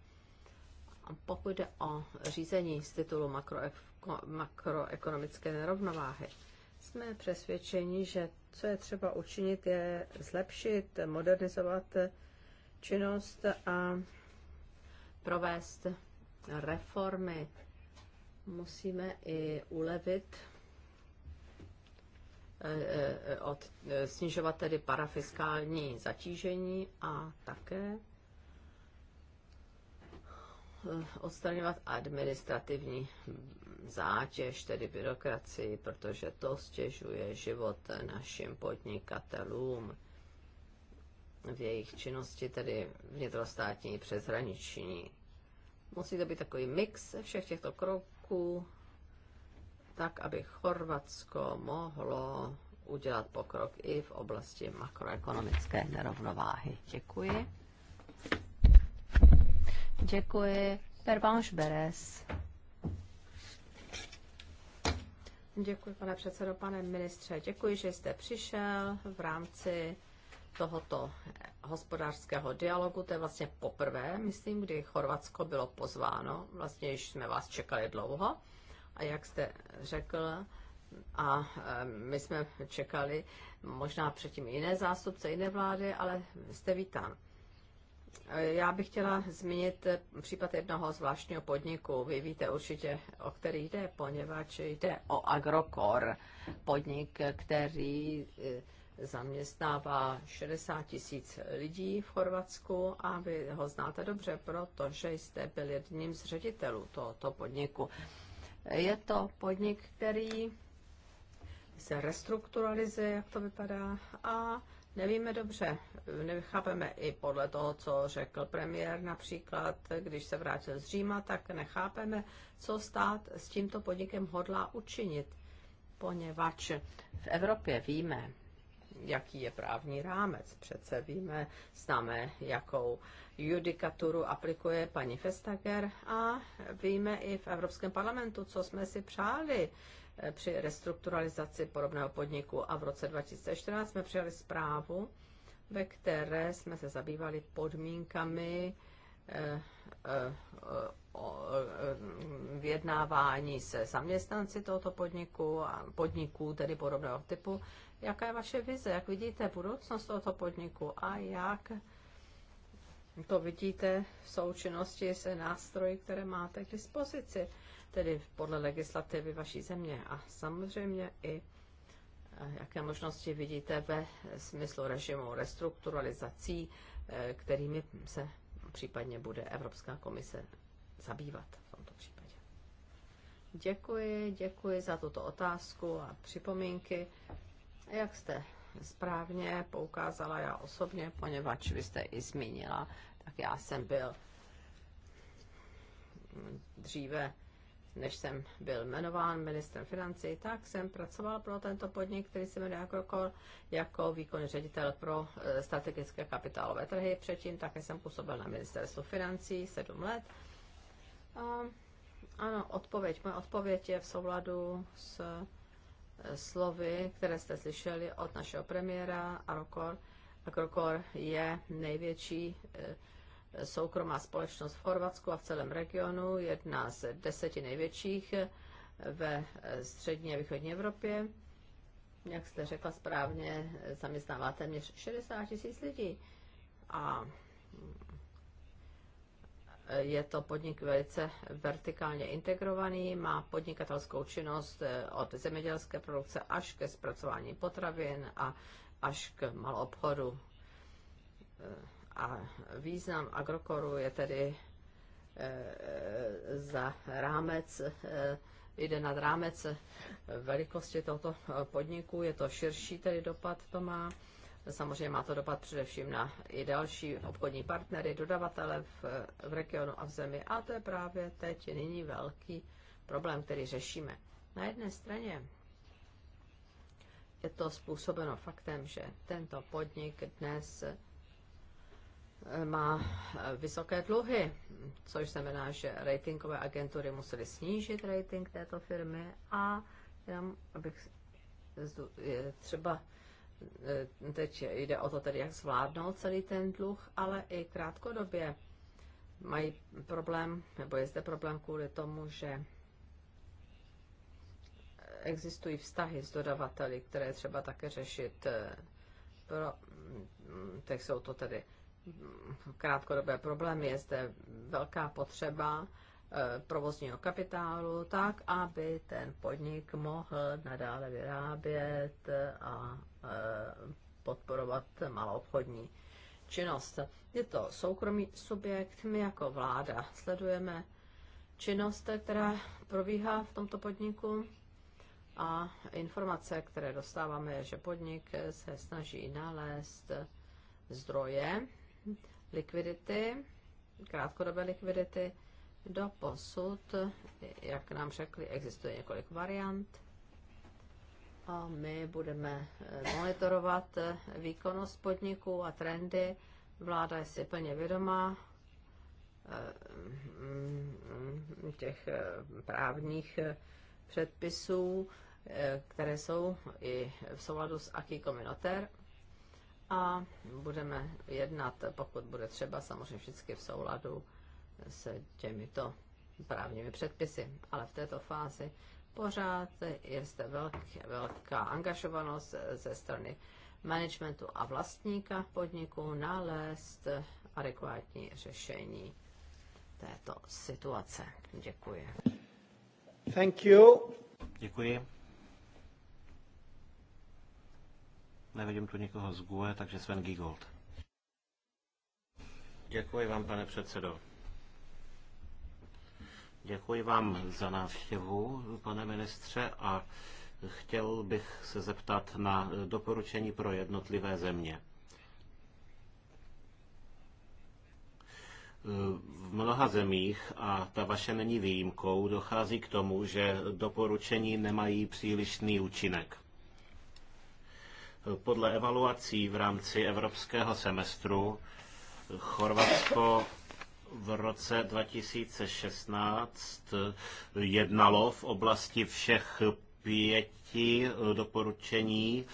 pokud jde o řízení z titulu makroekonomické nerovnováhy, jsme přesvědčeni, že co je třeba učinit, je zlepšit, modernizovat činnost a provést reformy. Musíme i ulevit eh, eh, od, snižovat tedy parafiskální zatížení a také Eh, odstraňovat administrativní zátěž, tedy byrokracii, protože to stěžuje život našim podnikatelům v jejich činnosti, tedy vnitrostátní přeshraniční. Musí to být takový mix všech těchto kroků, tak, aby Chorvatsko mohlo udělat pokrok i v oblasti makroekonomické nerovnováhy. Děkuji. Děkuji. Pervanš Beres. Děkuji, pane předsedo, pane ministře. Děkuji, že jste přišel v rámci tohoto hospodářského dialogu. To je vlastně poprvé, myslím, kdy Chorvatsko bylo pozváno. Vlastně již jsme vás čekali dlouho. A jak jste řekl, a my jsme čekali možná předtím jiné zástupce, jiné vlády, ale jste vítán. Já bych chtěla zmínit případ jednoho zvláštního podniku. Vy víte určitě, o který jde, poněvadž jde o Agrokor, podnik, který eh, zaměstnává 60 tisíc lidí v Chorvatsku a vy ho znáte dobře, protože jste byl jedním z ředitelů tohoto podniku. Je to podnik, který se restrukturalizuje, jak to vypadá, a Nevíme dobře, nechápeme i podle toho, co řekl premiér například, když se vrátil z Říma, tak nechápeme, co stát s tímto podnikem hodlá učinit, poněvadž v Evropě víme, jaký je právní rámec. Přece víme, známe, jakou judikaturu aplikuje paní Vestager a víme i v Evropském parlamentu, co jsme si přáli při restrukturalizaci podobného podniku. A v roce 2014 jsme přijali zprávu, ve které jsme se zabývali podmínkami eh, eh, eh, vyjednávání se zaměstnanci tohoto podniku a podniků tedy podobného typu. Jaká je vaše vize? Jak vidíte budoucnost tohoto podniku a jak to vidíte v součinnosti se nástroji, které máte k dispozici? tedy podle legislativy vaší země a samozřejmě i eh, jaké možnosti vidíte ve smyslu režimu restrukturalizací, eh, kterými se případně bude Evropská komise zabývat v tomto případě. Děkuji, děkuji za tuto otázku a připomínky. Jak jste správně poukázala já osobně, poněvadž vy jste i zmínila, tak já jsem byl dříve než jsem byl jmenován ministrem financí, tak jsem pracoval pro tento podnik, který se jmenuje Agrokor, jako výkonný ředitel pro eh, strategické kapitálové trhy. Předtím také jsem působil na ministerstvu financí sedm let. A, ano, odpověď. Moje odpověď je v souladu s eh, slovy, které jste slyšeli od našeho premiéra Agrokor. Agrokor je největší eh, soukromá společnost v Chorvatsku a v celém regionu, jedna z deseti největších ve střední a východní Evropě. Jak jste řekla správně, zaměstnává téměř 60 tisíc lidí. A je to podnik velice vertikálně integrovaný, má podnikatelskou činnost od zemědělské produkce až ke zpracování potravin a až k malou obchodu a význam agrokoru je tedy eh, eh, za rámec, eh, jde nad rámec velikosti tohoto podniku, je to širší tedy dopad to má. Samozřejmě má to dopad především na i další obchodní partnery, dodavatele v, v regionu a v zemi. A to je právě teď nyní velký problém, který řešíme. Na jedné straně je to způsobeno faktem, že tento podnik dnes má eh, vysoké dluhy, což znamená, že ratingové agentury musely snížit rating této firmy a jenom abych je třeba eh, teď jde o to tedy, jak zvládnout celý ten dluh, ale i krátkodobě mají problém, nebo je zde problém kvůli tomu, že existují vztahy s dodavateli, které třeba také řešit. Eh, pro, teď jsou to tedy krátkodobé problémy. Je zde velká potřeba eh, provozního kapitálu, tak aby ten podnik mohl nadále vyrábět a eh, podporovat maloobchodní činnost. Je to soukromý subjekt, my jako vláda sledujeme činnost, která probíhá v tomto podniku a informace, které dostáváme, je, že podnik se snaží nalézt zdroje likvidity, krátkodobé likvidity. Do posud, jak nám řekli, existuje několik variant a my budeme eh, monitorovat eh, výkonnost podniků a trendy. Vláda je si plně vědomá eh, mm, těch právních předpisů, které jsou i v souladu s Aki Communautaire a budeme jednat, pokud bude třeba, samozřejmě vždycky v souladu s těmito právními předpisy. Ale v této fázi pořád je zde velk, velká angažovanost ze strany managementu a vlastníka podniku nalézt adekvátní řešení této situace. Děkuji. Thank you. Děkuji. Nevidím tu nikoho z GUE, takže Sven Gigold. Děkuji vám, pane předsedo. Děkuji vám za návštěvu, pane ministře, a chtěl bych se zeptat na doporučení pro jednotlivé země. V mnoha zemích, a ta vaše není výjimkou, dochází k tomu, že doporučení nemají přílišný účinek. Podle evaluací v rámci evropského semestru Chorvatsko v roce 2016 jednalo v oblasti všech pěti doporučení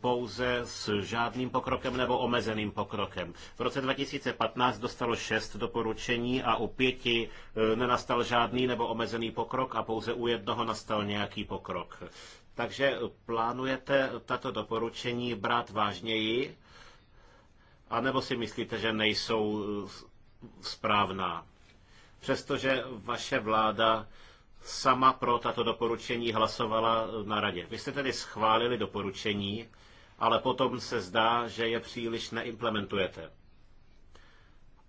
pouze s žádným pokrokem nebo omezeným pokrokem. V roce 2015 dostalo šest doporučení a u pěti nenastal žádný nebo omezený pokrok a pouze u jednoho nastal nějaký pokrok. Takže plánujete tato doporučení brát vážněji, nebo si myslíte, že nejsou správná? Přestože vaše vláda sama pro tato doporučení hlasovala na radě. Vy jste tedy schválili doporučení, ale potom se zdá, že je příliš neimplementujete.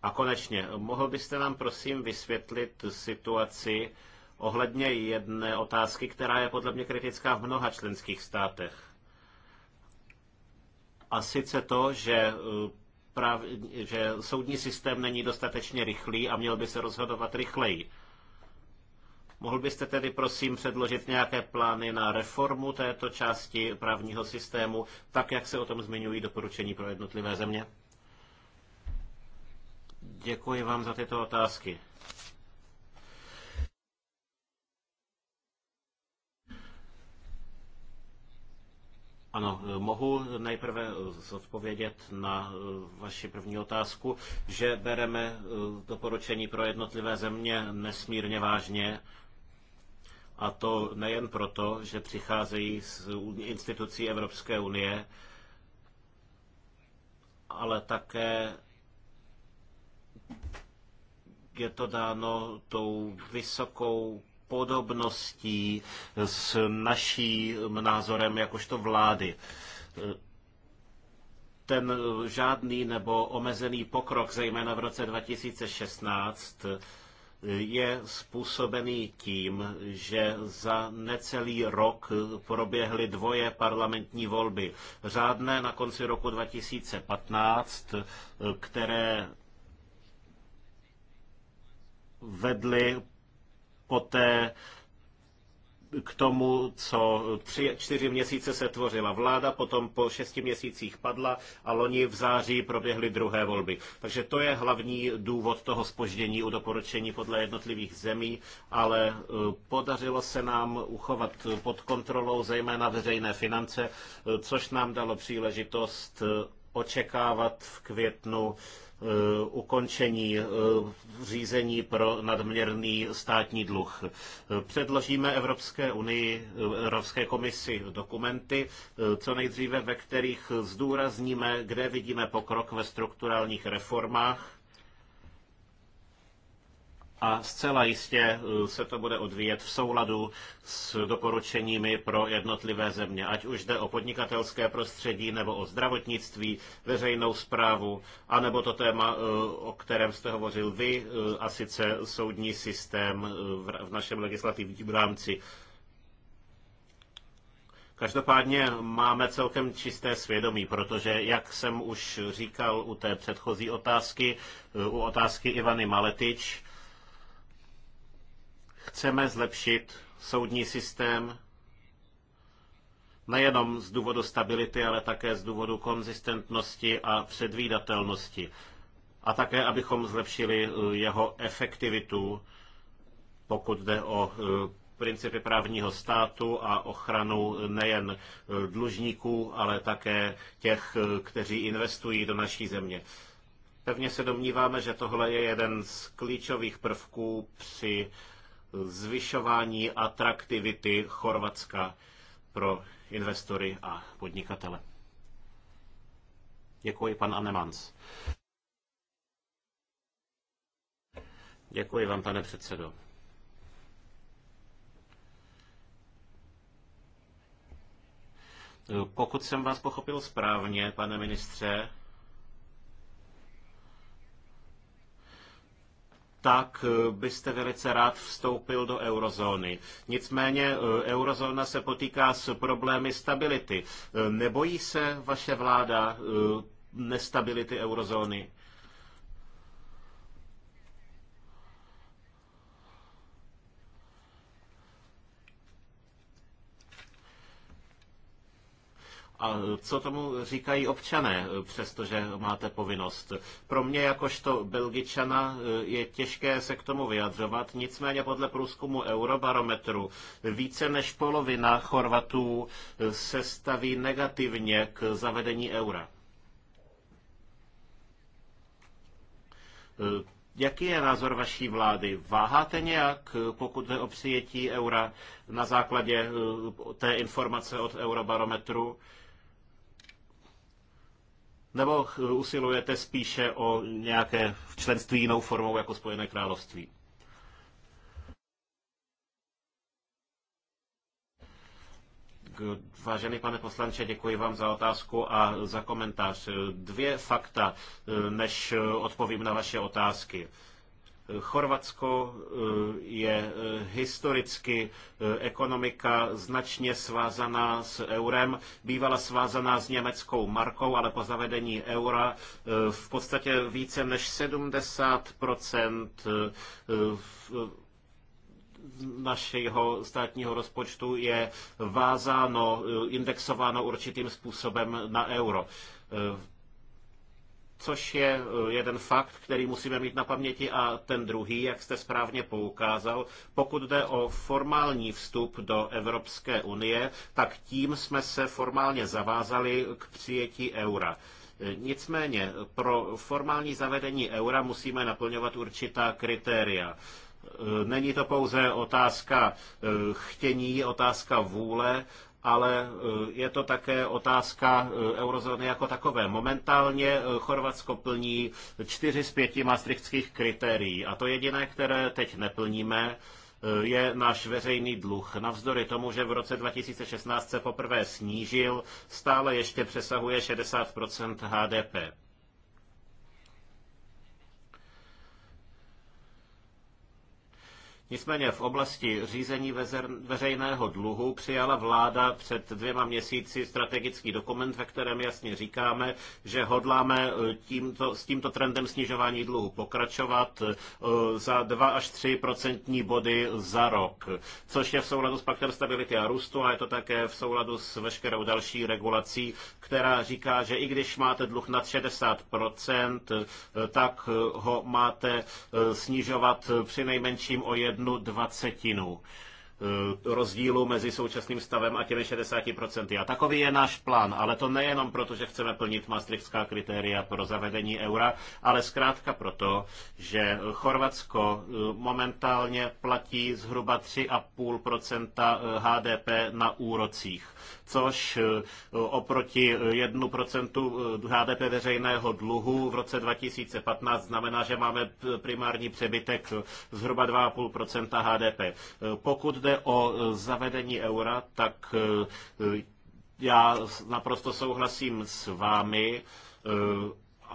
A konečně, mohl byste nám prosím vysvětlit situaci, ohledně jedné otázky, která je podle mě kritická v mnoha členských státech. A sice to, že, eh, prav, že soudní systém není dostatečně rychlý a měl by se rozhodovat rychleji. Mohl byste tedy prosím předložit nějaké plány na reformu této části právního systému, tak jak se o tom zmiňují doporučení pro jednotlivé země? Děkuji vám za tyto otázky. Ano, mohu nejprve eh, zodpovědět na eh, vaši první otázku, že bereme eh, doporučení pro jednotlivé země nesmírně vážně. A to nejen proto, že přicházejí z institucí Evropské unie, ale také je to dáno tou vysokou podobností s naším názorem jakožto vlády ten žádný nebo omezený pokrok, zejména v roce 2016, je způsobený tím, že za necelý rok proběhly dvoje parlamentní volby. Řádné na konci roku 2015, které vedly poté k tomu, co tři, čtyři měsíce se tvořila vláda, potom po šesti měsících padla a loni v září proběhly druhé volby. Takže to je hlavní důvod toho spoždění u doporučení podle jednotlivých zemí, ale e, podařilo se nám uchovat pod kontrolou zejména veřejné finance, e, což nám dalo příležitost e, očekávat v květnu Eh, ukončení eh, řízení pro nadměrný státní dluh. Předložíme Evropské unii, eh, Evropské komisi dokumenty, co nejdříve, ve kterých zdůrazníme, kde vidíme pokrok ve strukturálních reformách a zcela jistě eh, se to bude odvíjet v souladu s doporučeními pro jednotlivé země, ať už jde o podnikatelské prostředí nebo o zdravotnictví, veřejnou správu, anebo to téma, eh, o kterém jste hovořil vy, eh, a sice soudní systém v našem legislativním rámci. Každopádně máme celkem čisté svědomí, protože, jak jsem už říkal u té předchozí otázky, u otázky Ivany Maletič, Chceme zlepšit soudní systém nejenom z důvodu stability, ale také z důvodu konzistentnosti a předvídatelnosti. A také, abychom zlepšili eh, jeho efektivitu, pokud jde o eh, principy právního státu a ochranu nejen eh, dlužníků, ale také těch, kteří investují do naší země. Pevně se domníváme, že tohle je jeden z klíčových prvků při zvyšování atraktivity Chorvatska pro investory a podnikatele. Děkuji, pan Anemans. Děkuji vám, pane předsedo. Pokud jsem vás pochopil správně, pane ministře, tak eh, byste velice rád vstoupil do eurozóny. Nicméně eh, eurozóna se potýká s problémy stability. Eh, nebojí se vaše vláda nestability eurozóny? A co tomu říkají občané, přestože máte povinnost? Pro mě jakožto Belgičana eh, je těžké se k tomu vyjadřovat, nicméně podle průzkumu Eurobarometru více než polovina Chorvatů eh, se staví negativně k zavedení eura. Eh, jaký je názor vaší vlády? Váháte nějak, pokud jde o přijetí eura na základě té informace od Eurobarometru? Nebo usilujete spíše o nějaké členství jinou formou jako Spojené království? Vážený pane poslanče, děkuji vám za otázku a za komentář. Dvě fakta, e, než e, odpovím na vaše otázky. Chorvatsko eh, je eh, historicky eh, ekonomika značně svázaná s eurem, bývala svázaná s německou markou, ale po zavedení eura v podstatě více než 70 našeho státního rozpočtu je vázáno, indexováno určitým způsobem na euro což je eh, jeden fakt, který musíme mít na paměti a ten druhý, jak jste správně poukázal, pokud jde o formální vstup do Evropské unie, tak tím jsme se formálně zavázali k přijetí eura. Nicméně pro formální zavedení eura musíme naplňovat určitá kritéria. Eh, není to pouze otázka eh, chtění, otázka vůle, ale eh, je to také otázka eh, eurozóny jako takové. Momentálně eh, Chorvatsko plní čtyři z pěti maastrichtských kritérií a to jediné, které teď neplníme, je náš veřejný dluh. Navzdory tomu, že v roce 2016 se poprvé snížil, stále ještě přesahuje 60 HDP. Nicméně v oblasti řízení veřejného dluhu přijala vláda před dvěma měsíci strategický dokument, ve kterém jasně říkáme, že hodláme e, tímto, s tímto trendem snižování dluhu pokračovat e, za 2 až 3 procentní body za rok, což je v souladu s paktem stability a růstu a je to také v souladu s veškerou další regulací, která říká, že i když máte dluh nad 60 e, tak ho máte snižovat při nejmenším o 1 jednu dvacetinu eh, rozdílu mezi současným stavem a těmi 60%. A takový je náš plán, ale to nejenom proto, že chceme plnit maastrichtská kritéria pro zavedení eura, ale zkrátka proto, že Chorvatsko eh, momentálně platí zhruba 3,5% eh, HDP na úrocích což eh, oproti 1% eh, eh, HDP veřejného dluhu v roce 2015 znamená, že máme primární přebytek zhruba 2,5% HDP. Pokud jde o zavedení eura, tak já naprosto souhlasím s vámi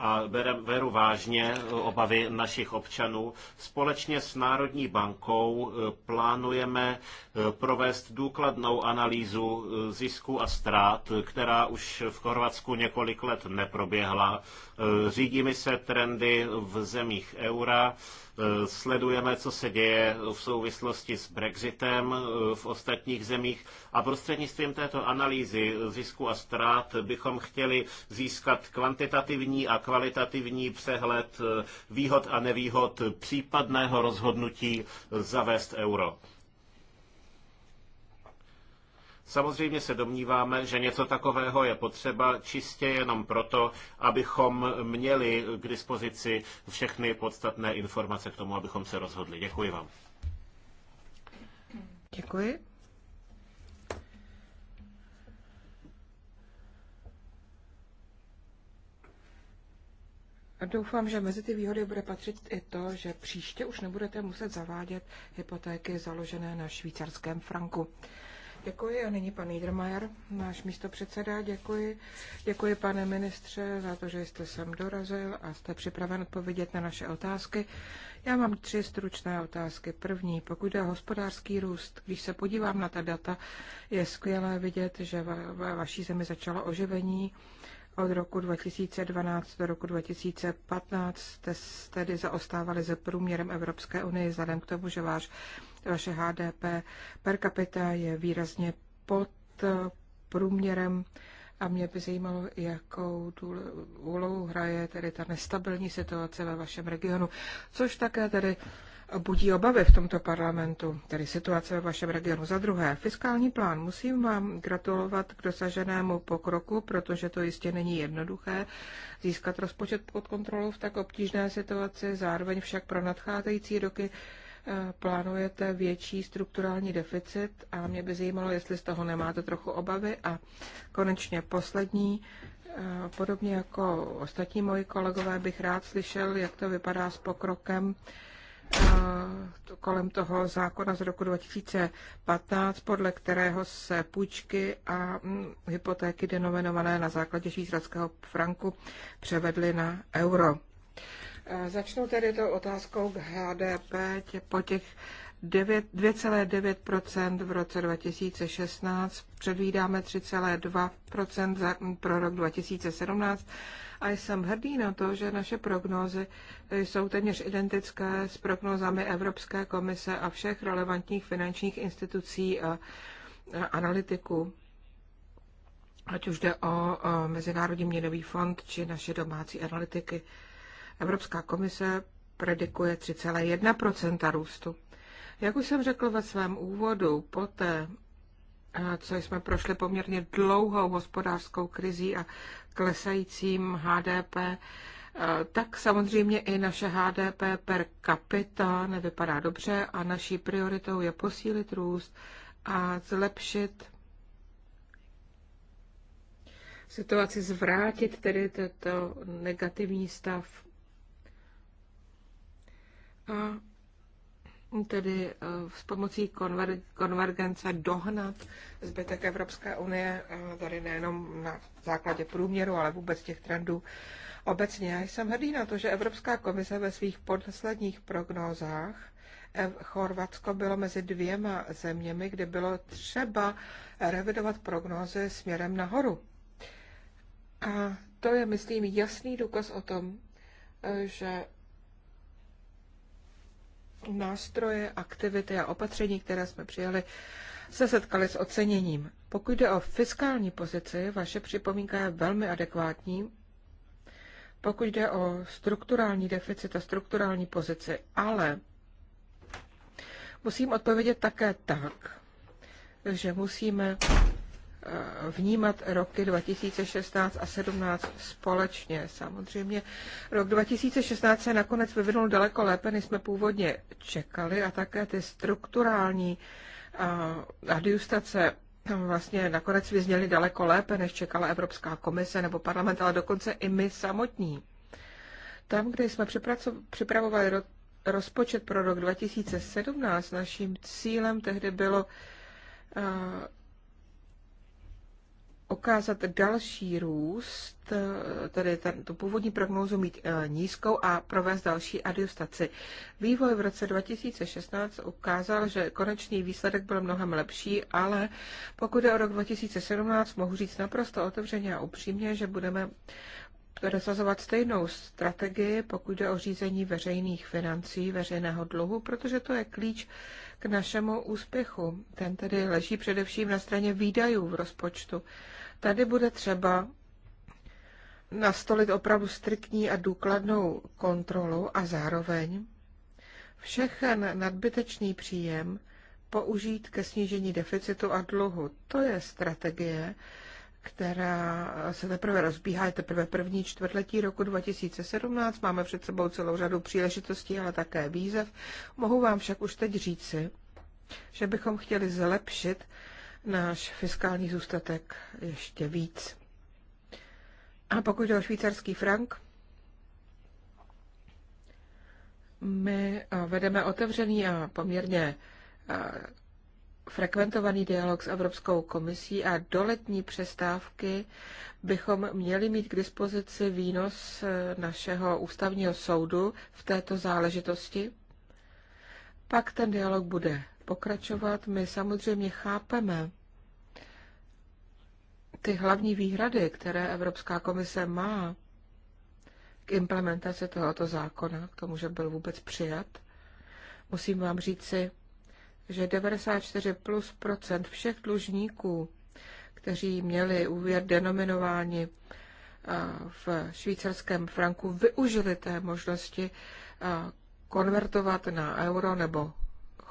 a beru vážně obavy našich občanů. Společně s Národní bankou eh, plánujeme eh, provést důkladnou analýzu eh, zisku a ztrát, která už v Chorvatsku několik let neproběhla Eh, řídíme se trendy v zemích eura, eh, sledujeme, co se děje v souvislosti s Brexitem eh, v ostatních zemích a prostřednictvím této analýzy zisku a ztrát bychom chtěli získat kvantitativní a kvalitativní přehled výhod a nevýhod případného rozhodnutí zavést euro. Samozřejmě se domníváme, že něco takového je potřeba čistě jenom proto, abychom měli k dispozici všechny podstatné informace k tomu, abychom se rozhodli. Děkuji vám. Děkuji. Doufám, že mezi ty výhody bude patřit i to, že příště už nebudete muset zavádět hypotéky založené na švýcarském franku. Děkuji a nyní pan Jidermajer, náš místopředseda. Děkuji. Děkuji, pane ministře, za to, že jste sem dorazil a jste připraven odpovědět na naše otázky. Já mám tři stručné otázky. První, pokud je hospodářský růst, když se podívám na ta data, je skvělé vidět, že ve vaší zemi začalo oživení od roku 2012 do roku 2015 jste tedy zaostávali ze průměrem Evropské unie, vzhledem k tomu, že váš vaše HDP per capita je výrazně pod eh, průměrem a mě by zajímalo, jakou úlohu hraje tedy ta nestabilní situace ve vašem regionu, což také tedy budí obavy v tomto parlamentu, tedy situace ve vašem regionu. Za druhé, fiskální plán. Musím vám gratulovat k dosaženému pokroku, protože to jistě není jednoduché získat rozpočet pod kontrolou v tak obtížné situaci, zároveň však pro nadcházející roky plánujete větší strukturální deficit a mě by zajímalo, jestli z toho nemáte trochu obavy. A konečně poslední, eh, podobně jako ostatní moji kolegové, bych rád slyšel, jak to vypadá s pokrokem eh, kolem toho zákona z roku 2015, podle kterého se půjčky a hm, hypotéky denominované na základě švýcarského franku převedly na euro. Eh, začnu tedy tou otázkou k HDP tě po těch 2,9 v roce 2016, předvídáme 3,2 pro rok 2017 a jsem hrdý na to, že naše prognózy eh, jsou téměř identické s prognózami Evropské komise a všech relevantních finančních institucí a, a analytiků, ať už jde o, o Mezinárodní měnový fond či naše domácí analytiky. Evropská komise predikuje 3,1 růstu. Jak už jsem řekl ve svém úvodu, poté, eh, co jsme prošli poměrně dlouhou hospodářskou krizí a klesajícím HDP, eh, tak samozřejmě i naše HDP per capita nevypadá dobře a naší prioritou je posílit růst a zlepšit situaci, zvrátit tedy tento negativní stav tedy eh, s pomocí konver- konvergence dohnat zbytek Evropské unie, tady nejenom na základě průměru, ale vůbec těch trendů obecně. Já jsem hrdý na to, že Evropská komise ve svých posledních prognózách eh, Chorvatsko bylo mezi dvěma zeměmi, kde bylo třeba revidovat prognózy směrem nahoru. A to je, myslím, jasný důkaz o tom, eh, že nástroje, aktivity a opatření, které jsme přijali, se setkali s oceněním. Pokud jde o fiskální pozici, vaše připomínka je velmi adekvátní. Pokud jde o strukturální deficit a strukturální pozici, ale musím odpovědět také tak, že musíme Eh, vnímat roky 2016 a 17 společně. Samozřejmě rok 2016 se nakonec vyvinul daleko lépe, než jsme původně čekali a také ty strukturální eh, adjustace vlastně nakonec vyzněly daleko lépe, než čekala Evropská komise nebo parlament, ale dokonce i my samotní. Tam, kde jsme připravovali rozpočet pro rok 2017, naším cílem tehdy bylo eh, ukázat další růst, tedy ten, tu původní prognózu mít eh, nízkou a provést další adjustaci. Vývoj v roce 2016 ukázal, že konečný výsledek byl mnohem lepší, ale pokud je o rok 2017, mohu říct naprosto otevřeně a upřímně, že budeme dosazovat stejnou strategii, pokud jde o řízení veřejných financí, veřejného dluhu, protože to je klíč k našemu úspěchu. Ten tedy leží především na straně výdajů v rozpočtu. Tady bude třeba nastolit opravdu striktní a důkladnou kontrolu a zároveň všechen nadbytečný příjem použít ke snížení deficitu a dluhu. To je strategie, která se teprve rozbíhá, je teprve první čtvrtletí roku 2017. Máme před sebou celou řadu příležitostí, ale také výzev. Mohu vám však už teď říci, že bychom chtěli zlepšit náš fiskální zůstatek ještě víc. A pokud jde o švýcarský frank, my eh, vedeme otevřený a poměrně eh, frekventovaný dialog s Evropskou komisí a do letní přestávky bychom měli mít k dispozici výnos eh, našeho ústavního soudu v této záležitosti. Pak ten dialog bude pokračovat. My samozřejmě chápeme ty hlavní výhrady, které Evropská komise má k implementaci tohoto zákona, k tomu, že byl vůbec přijat. Musím vám říci, že 94 plus procent všech dlužníků, kteří měli úvěr denominováni v švýcarském franku, využili té možnosti konvertovat na euro nebo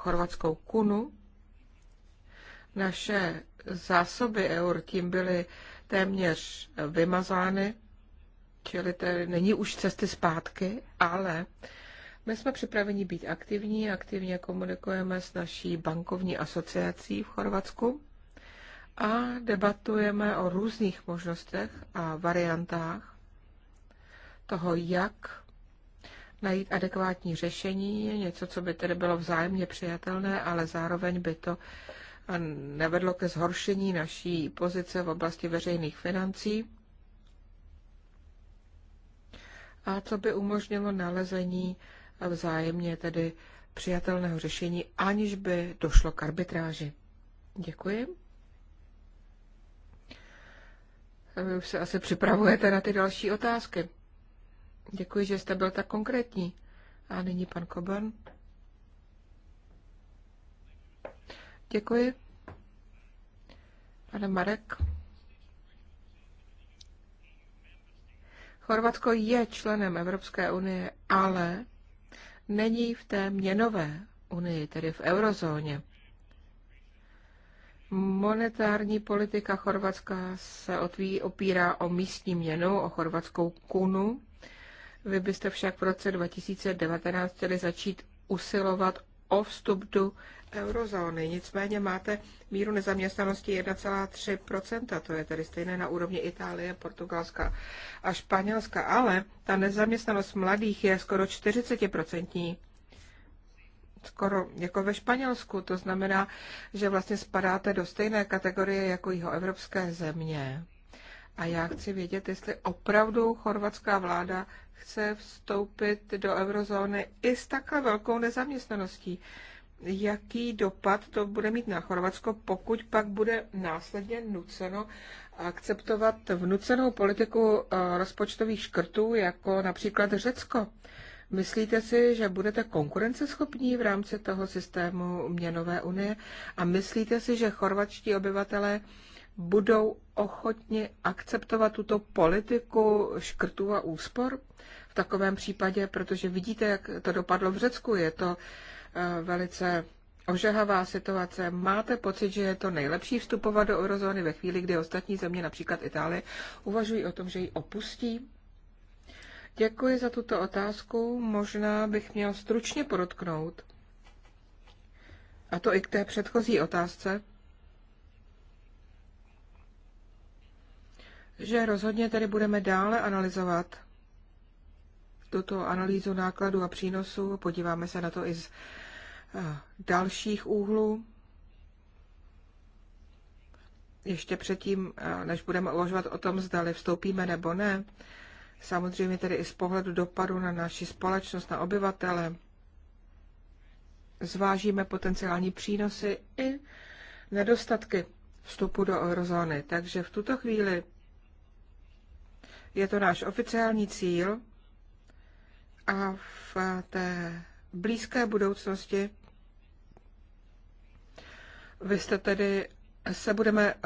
chorvatskou kunu. Naše zásoby eur tím byly téměř vymazány, čili tedy není už cesty zpátky, ale my jsme připraveni být aktivní, aktivně komunikujeme s naší bankovní asociací v Chorvatsku a debatujeme o různých možnostech a variantách toho, jak najít adekvátní řešení, něco, co by tedy bylo vzájemně přijatelné, ale zároveň by to nevedlo ke zhoršení naší pozice v oblasti veřejných financí a co by umožnilo nalezení vzájemně tedy přijatelného řešení, aniž by došlo k arbitráži. Děkuji. Vy už se asi připravujete na ty další otázky. Děkuji, že jste byl tak konkrétní. A nyní pan Koban. Děkuji. Pane Marek. Chorvatsko je členem Evropské unie, ale není v té měnové unii, tedy v eurozóně. Monetární politika Chorvatska se otví, opírá o místní měnu, o chorvatskou kunu. Vy byste však v roce 2019 chtěli začít usilovat o vstup do eurozóny. Nicméně máte míru nezaměstnanosti 1,3%, to je tedy stejné na úrovni Itálie, Portugalska a Španělska, ale ta nezaměstnanost mladých je skoro 40% skoro jako ve Španělsku. To znamená, že vlastně spadáte do stejné kategorie jako jeho evropské země. A já chci vědět, jestli opravdu chorvatská vláda chce vstoupit do eurozóny i s takhle velkou nezaměstnaností. Jaký dopad to bude mít na Chorvatsko, pokud pak bude následně nuceno akceptovat vnucenou politiku eh, rozpočtových škrtů, jako například Řecko? Myslíte si, že budete konkurenceschopní v rámci toho systému měnové unie a myslíte si, že chorvatští obyvatelé budou ochotni akceptovat tuto politiku škrtů a úspor v takovém případě, protože vidíte, jak to dopadlo v Řecku. Je to eh, velice ožahavá situace. Máte pocit, že je to nejlepší vstupovat do eurozóny ve chvíli, kdy ostatní země, například Itálie, uvažují o tom, že ji opustí? Děkuji za tuto otázku. Možná bych měl stručně podotknout, a to i k té předchozí otázce, že rozhodně tedy budeme dále analyzovat tuto analýzu nákladu a přínosu. Podíváme se na to i z eh, dalších úhlů. Ještě předtím, eh, než budeme uvažovat o tom, zdali vstoupíme nebo ne, samozřejmě tedy i z pohledu dopadu na naši společnost, na obyvatele, zvážíme potenciální přínosy i nedostatky vstupu do eurozóny. Takže v tuto chvíli je to náš oficiální cíl a v té blízké budoucnosti vy jste tedy se budeme eh,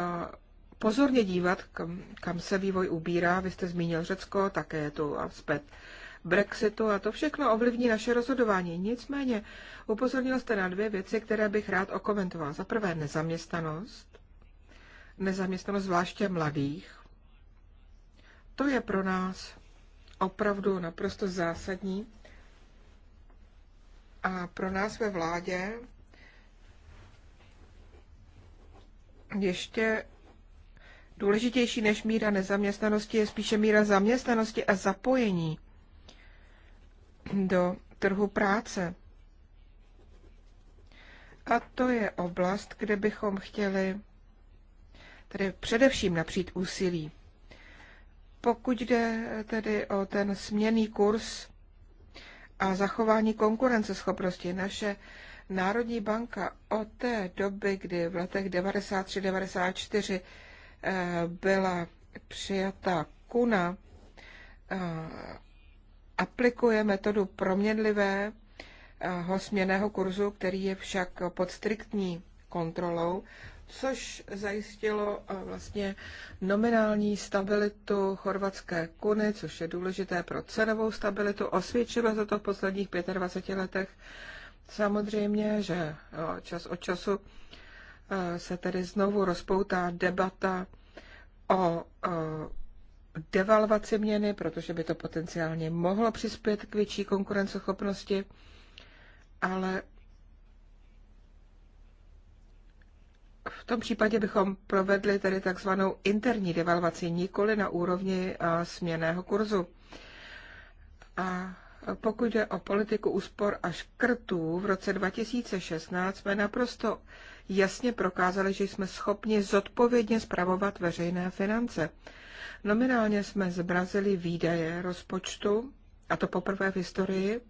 pozorně dívat, kam, kam se vývoj ubírá. Vy jste zmínil Řecko, také je tu aspekt Brexitu a to všechno ovlivní naše rozhodování. Nicméně upozornil jste na dvě věci, které bych rád okomentoval. Za prvé nezaměstnanost, nezaměstnanost zvláště mladých. To je pro nás opravdu naprosto zásadní. A pro nás ve vládě ještě důležitější než míra nezaměstnanosti je spíše míra zaměstnanosti a zapojení do trhu práce. A to je oblast, kde bychom chtěli tedy především napřít úsilí. Pokud jde tedy o ten směný kurz a zachování konkurenceschopnosti, naše Národní banka od té doby, kdy v letech 93-94 eh, byla přijata kuna, eh, aplikuje metodu proměnlivé eh, směného kurzu, který je však pod striktní kontrolou což zajistilo eh, vlastně nominální stabilitu chorvatské kuny, což je důležité pro cenovou stabilitu. Osvědčilo se to v posledních 25 letech. Samozřejmě, že eh, čas od času eh, se tedy znovu rozpoutá debata o devalvaci měny, protože by to potenciálně mohlo přispět k větší konkurenceschopnosti, ale v tom případě bychom provedli tedy takzvanou interní devalvaci, nikoli na úrovni směného kurzu. A pokud jde o politiku úspor a škrtů, v roce 2016 jsme naprosto jasně prokázali, že jsme schopni zodpovědně spravovat veřejné finance. Nominálně jsme zbrazili výdaje rozpočtu, a to poprvé v historii,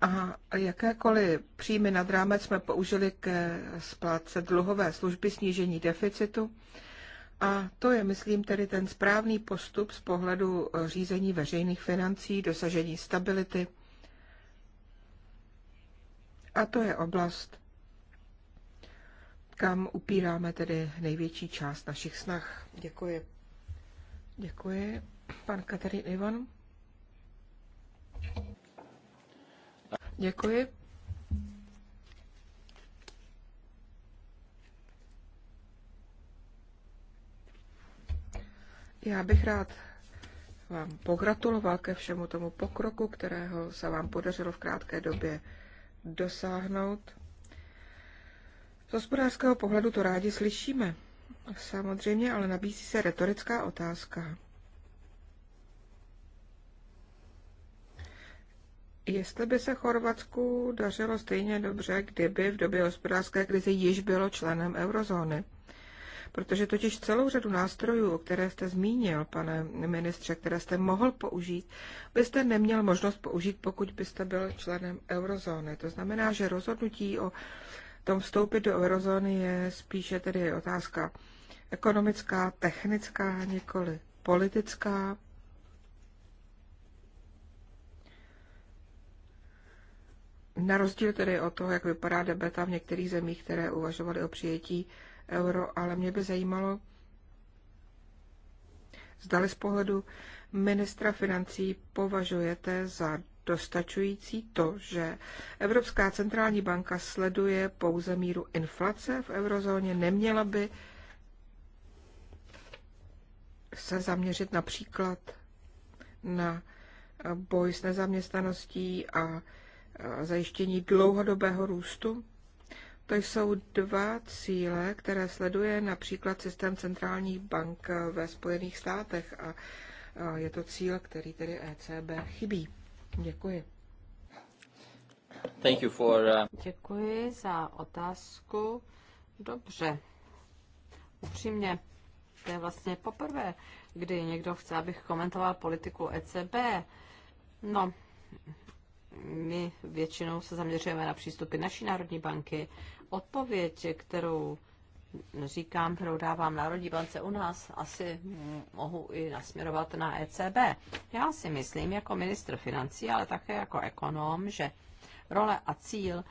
a jakékoliv příjmy nad rámec jsme použili ke splátce dluhové služby snížení deficitu. A to je, myslím, tedy ten správný postup z pohledu řízení veřejných financí, dosažení stability. A to je oblast, kam upíráme tedy největší část našich snah. Děkuji. Děkuji. Pan Katarín Ivan. Děkuji. Já bych rád vám pogratuloval ke všemu tomu pokroku, kterého se vám podařilo v krátké době dosáhnout. Z hospodářského pohledu to rádi slyšíme. Samozřejmě, ale nabízí se retorická otázka. Jestli by se Chorvatsku dařilo stejně dobře, kdyby v době hospodářské krize již bylo členem eurozóny. Protože totiž celou řadu nástrojů, o které jste zmínil, pane ministře, které jste mohl použít, byste neměl možnost použít, pokud byste byl členem eurozóny. To znamená, že rozhodnutí o tom vstoupit do eurozóny je spíše tedy otázka ekonomická, technická, nikoli politická. Na rozdíl tedy od toho, jak vypadá debata v některých zemích, které uvažovaly o přijetí euro, ale mě by zajímalo, zdali z pohledu ministra financí považujete za dostačující to, že Evropská centrální banka sleduje pouze míru inflace v eurozóně, neměla by se zaměřit například na boj s nezaměstnaností a Eh, zajištění dlouhodobého růstu. To jsou dva cíle, které sleduje například systém centrálních bank eh, ve Spojených státech a eh, je to cíl, který tedy ECB chybí. Děkuji. Thank you for, uh... Děkuji za otázku. Dobře. Upřímně, to je vlastně poprvé, kdy někdo chce, abych komentoval politiku ECB. No, my většinou se zaměřujeme na přístupy naší Národní banky. Odpověď, kterou říkám, kterou dávám Národní bance u nás, asi mohu i nasměrovat na ECB. Já si myslím jako ministr financí, ale také jako ekonom, že role a cíl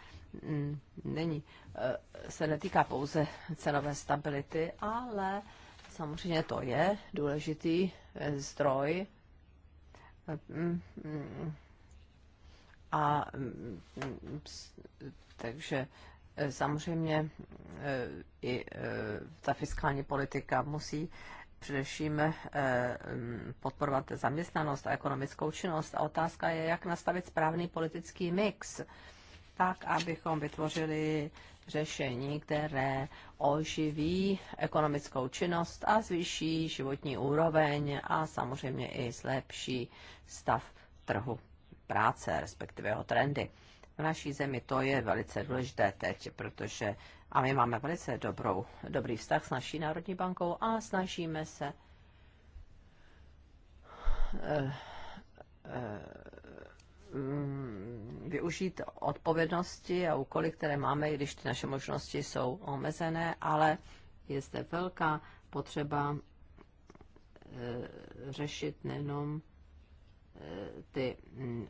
mm, není, eh, se netýká pouze cenové stability, ale samozřejmě to je důležitý eh, zdroj eh, mm, a mm, mm, takže e, samozřejmě e, i e, ta fiskální politika musí především mm, podporovat zaměstnanost a ekonomickou činnost. A otázka je, jak nastavit správný politický mix, tak, abychom vytvořili řešení, které oživí ekonomickou činnost a zvýší životní úroveň a samozřejmě i zlepší stav trhu práce, respektive jeho trendy. V naší zemi to je velice důležité teď, protože a my máme velice dobrou, dobrý vztah s naší Národní bankou a snažíme se eh, eh, využít odpovědnosti a úkoly, které máme, i když ty naše možnosti jsou omezené, ale je zde velká potřeba eh, řešit nejenom ty mm,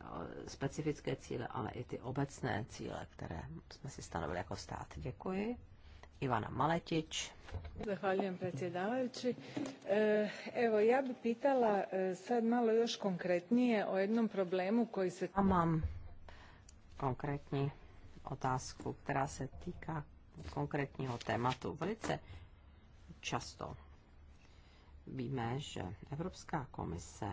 specifické cíle, ale i ty obecné cíle, které jsme si stanovili jako stát. Děkuji. Ivana Maletič. Zahvaljujem predsjedavajući. E, evo, ja bi pitala e, sad malo još konkretnije o jednom problemu koji se... A mám konkrétní otázku, která se týká konkrétního tématu. Velice často víme, že Evropská komise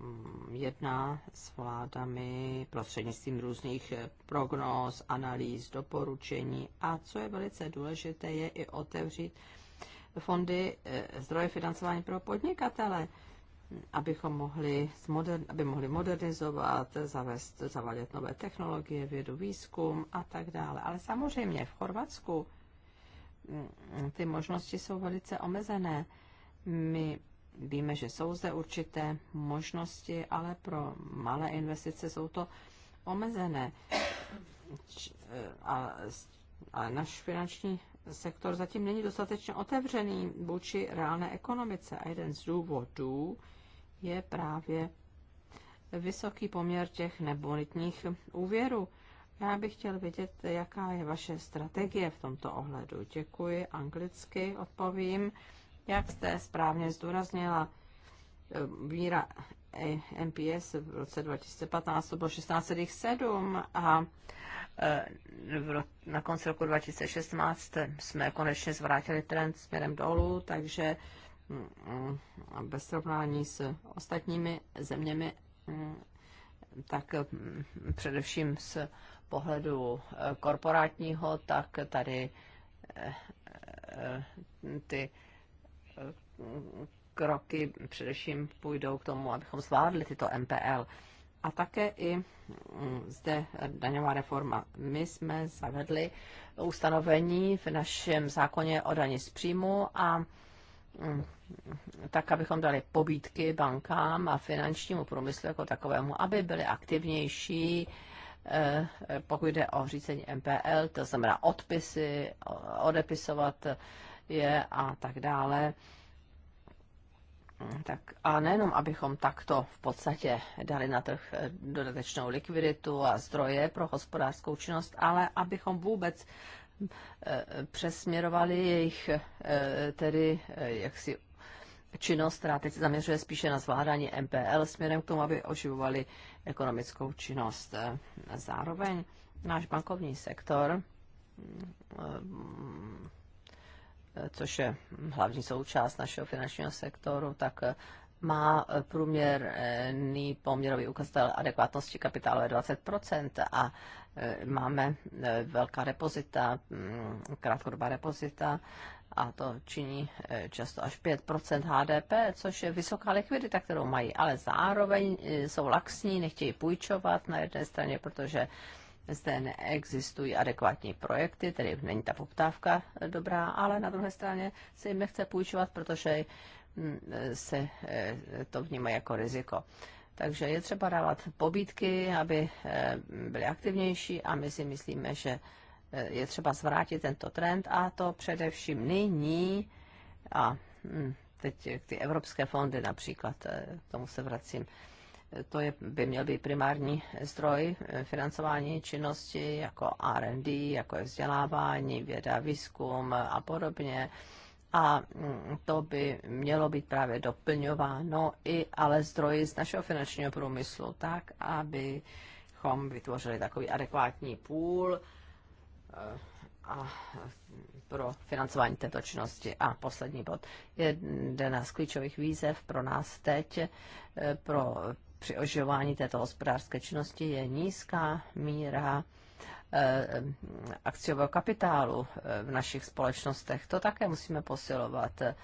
Mm, jedná s vládami prostřednictvím různých eh, prognóz, analýz, doporučení a co je velice důležité, je i otevřít fondy eh, zdroje financování pro podnikatele, abychom mohli, aby mohli modernizovat, zavést, zavádět nové technologie, vědu, výzkum a tak dále. Ale samozřejmě v Chorvatsku mm, ty možnosti jsou velice omezené. My Víme, že jsou zde určité možnosti, ale pro malé investice jsou to omezené. A, a náš finanční sektor zatím není dostatečně otevřený vůči reálné ekonomice. A jeden z důvodů je právě vysoký poměr těch nebonitních úvěrů. Já bych chtěl vědět, jaká je vaše strategie v tomto ohledu. Děkuji, anglicky odpovím. Jak jste správně zdůraznila, víra MPS v roce 2015 to bylo 16,7 a e, na konci roku 2016 jsme konečně zvrátili trend směrem dolů, takže mm, mm, ve srovnání s ostatními zeměmi, mm, tak především z pohledu e, korporátního, tak tady e, ty kroky především půjdou k tomu, abychom zvládli tyto MPL. A také i mm, zde daňová reforma. My jsme zavedli ustanovení v našem zákoně o daní z příjmu a mm, tak, abychom dali pobídky bankám a finančnímu průmyslu jako takovému, aby byli aktivnější, eh, pokud jde o řízení MPL, to znamená odpisy, odepisovat je a tak dále tak a nejenom, abychom takto v podstatě dali na trh eh, dodatečnou likviditu a zdroje pro hospodářskou činnost, ale abychom vůbec eh, přesměrovali jejich eh, tedy jaksi činnost, která teď se zaměřuje spíše na zvládání MPL směrem k tomu, aby oživovali ekonomickou činnost. Zároveň náš bankovní sektor mm, což je hlavní součást našeho finančního sektoru, tak eh, má eh, průměrný poměrový ukazatel adekvátnosti kapitálu 20% a eh, máme velká repozita, mm, krátkodobá repozita a to činí často až 5% HDP, což je vysoká likvidita, kterou mají, ale zároveň jsou laxní, nechtějí půjčovat na jedné straně, protože zde neexistují adekvátní projekty, tedy není ta poptávka dobrá, ale na druhé straně se jim nechce půjčovat, protože mm, se eh, to vnímá jako riziko. Takže je třeba dávat pobídky, aby eh, byly aktivnější a my si myslíme, že eh, je třeba zvrátit tento trend a to především nyní a mm, teď ty evropské fondy například, k tomu se vracím, to je, by měl být primární zdroj financování činnosti jako R&D, jako je vzdělávání, věda, výzkum a podobně. A mm, to by mělo být právě doplňováno i ale zdroji z našeho finančního průmyslu, tak abychom vytvořili takový adekvátní půl eh, a pro financování této činnosti. A poslední bod. jedna z klíčových výzev pro nás teď eh, pro při oživování této hospodářské činnosti je nízká míra eh, akciového kapitálu eh, v našich společnostech. To také musíme posilovat. Eh,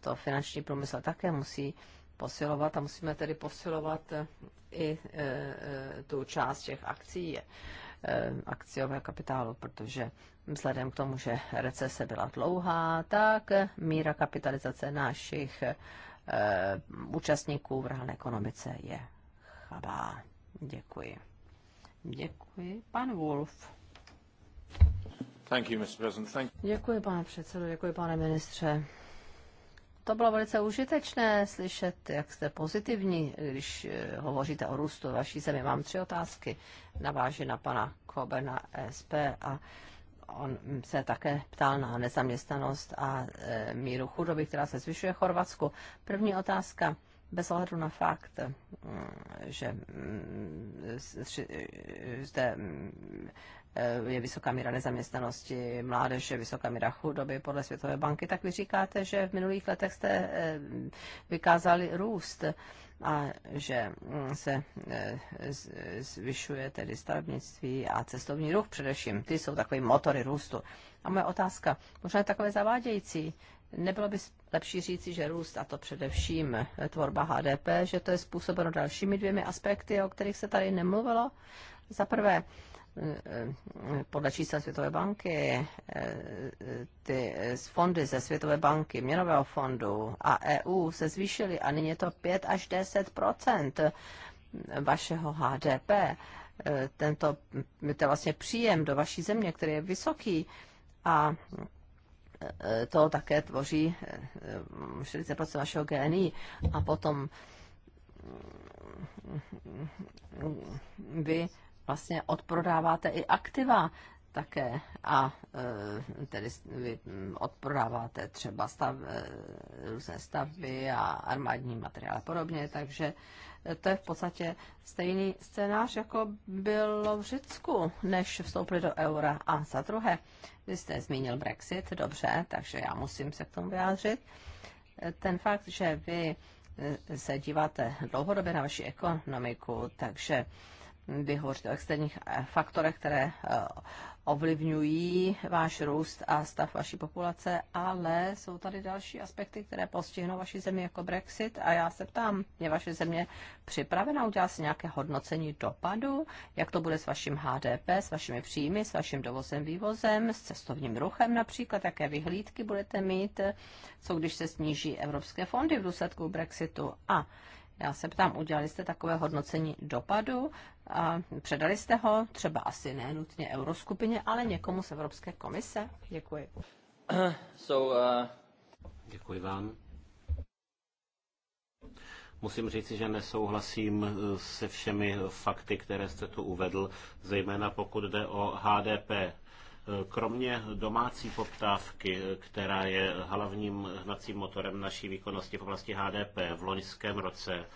to finanční průmysl také musí posilovat a musíme tedy posilovat i tu část těch akcí, akciového kapitálu, protože vzhledem k tomu, že recese byla dlouhá, tak míra kapitalizace našich Eh, účastníků v reálné ekonomice je chabá. Děkuji. Děkuji. Pan Wolf. Thank you, Mr. President. Thank you. Děkuji, pane předsedo, děkuji, pane ministře. To bylo velice užitečné slyšet, jak jste pozitivní, když eh, hovoříte o růstu vaší zemi. Mám tři otázky. Naváži na pana Koberna SP a on se také ptal na nezaměstnanost a e, míru chudoby, která se zvyšuje v Chorvatsku. První otázka bez ohledu na fakt, že zde e, je vysoká míra nezaměstnanosti mládeže, vysoká míra chudoby podle Světové banky, tak vy říkáte, že v minulých letech jste e, vykázali růst a že mm, se e, zvyšuje tedy stavebnictví a cestovní ruch především. Ty jsou takové motory růstu. A moje otázka, možná je takové zavádějící, nebylo by lepší říci, že růst, a to především e, tvorba HDP, že to je způsobeno dalšími dvěmi aspekty, o kterých se tady nemluvilo? Za prvé, Eh, podle čísla Světové banky, eh, ty eh, fondy ze Světové banky, Měnového fondu a EU se zvýšily a nyní je to 5 až 10 vašeho HDP. Tento, to vlastně příjem do vaší země, který je vysoký a to také tvoří 40 vašeho GNI a potom mm, vy vlastně odprodáváte i aktiva také a e, tedy vy odprodáváte třeba stav, e, různé stavby a armádní materiál a podobně, takže e, to je v podstatě stejný scénář, jako bylo v Řecku, než vstoupili do eura. A za druhé, vy jste zmínil Brexit, dobře, takže já musím se k tomu vyjádřit. Ten fakt, že vy se díváte dlouhodobě na vaši ekonomiku, takže kdy hovoříte o externích eh, faktorech, které eh, ovlivňují váš růst a stav vaší populace, ale jsou tady další aspekty, které postihnou vaši zemi jako Brexit a já se ptám, je vaše země připravena udělat si nějaké hodnocení dopadu, jak to bude s vaším HDP, s vašimi příjmy, s vaším dovozem, vývozem, s cestovním ruchem například, jaké vyhlídky budete mít, co když se sníží evropské fondy v důsledku Brexitu a já se ptám, udělali jste takové hodnocení dopadu a předali jste ho třeba asi ne nutně euroskupině, ale někomu z Evropské komise? Děkuji. So, uh... Děkuji vám. Musím říci, že nesouhlasím uh, se všemi fakty, které jste tu uvedl, zejména pokud jde o HDP Kromě domácí poptávky, která je hlavním hnacím motorem naší výkonnosti v oblasti HDP v loňském roce,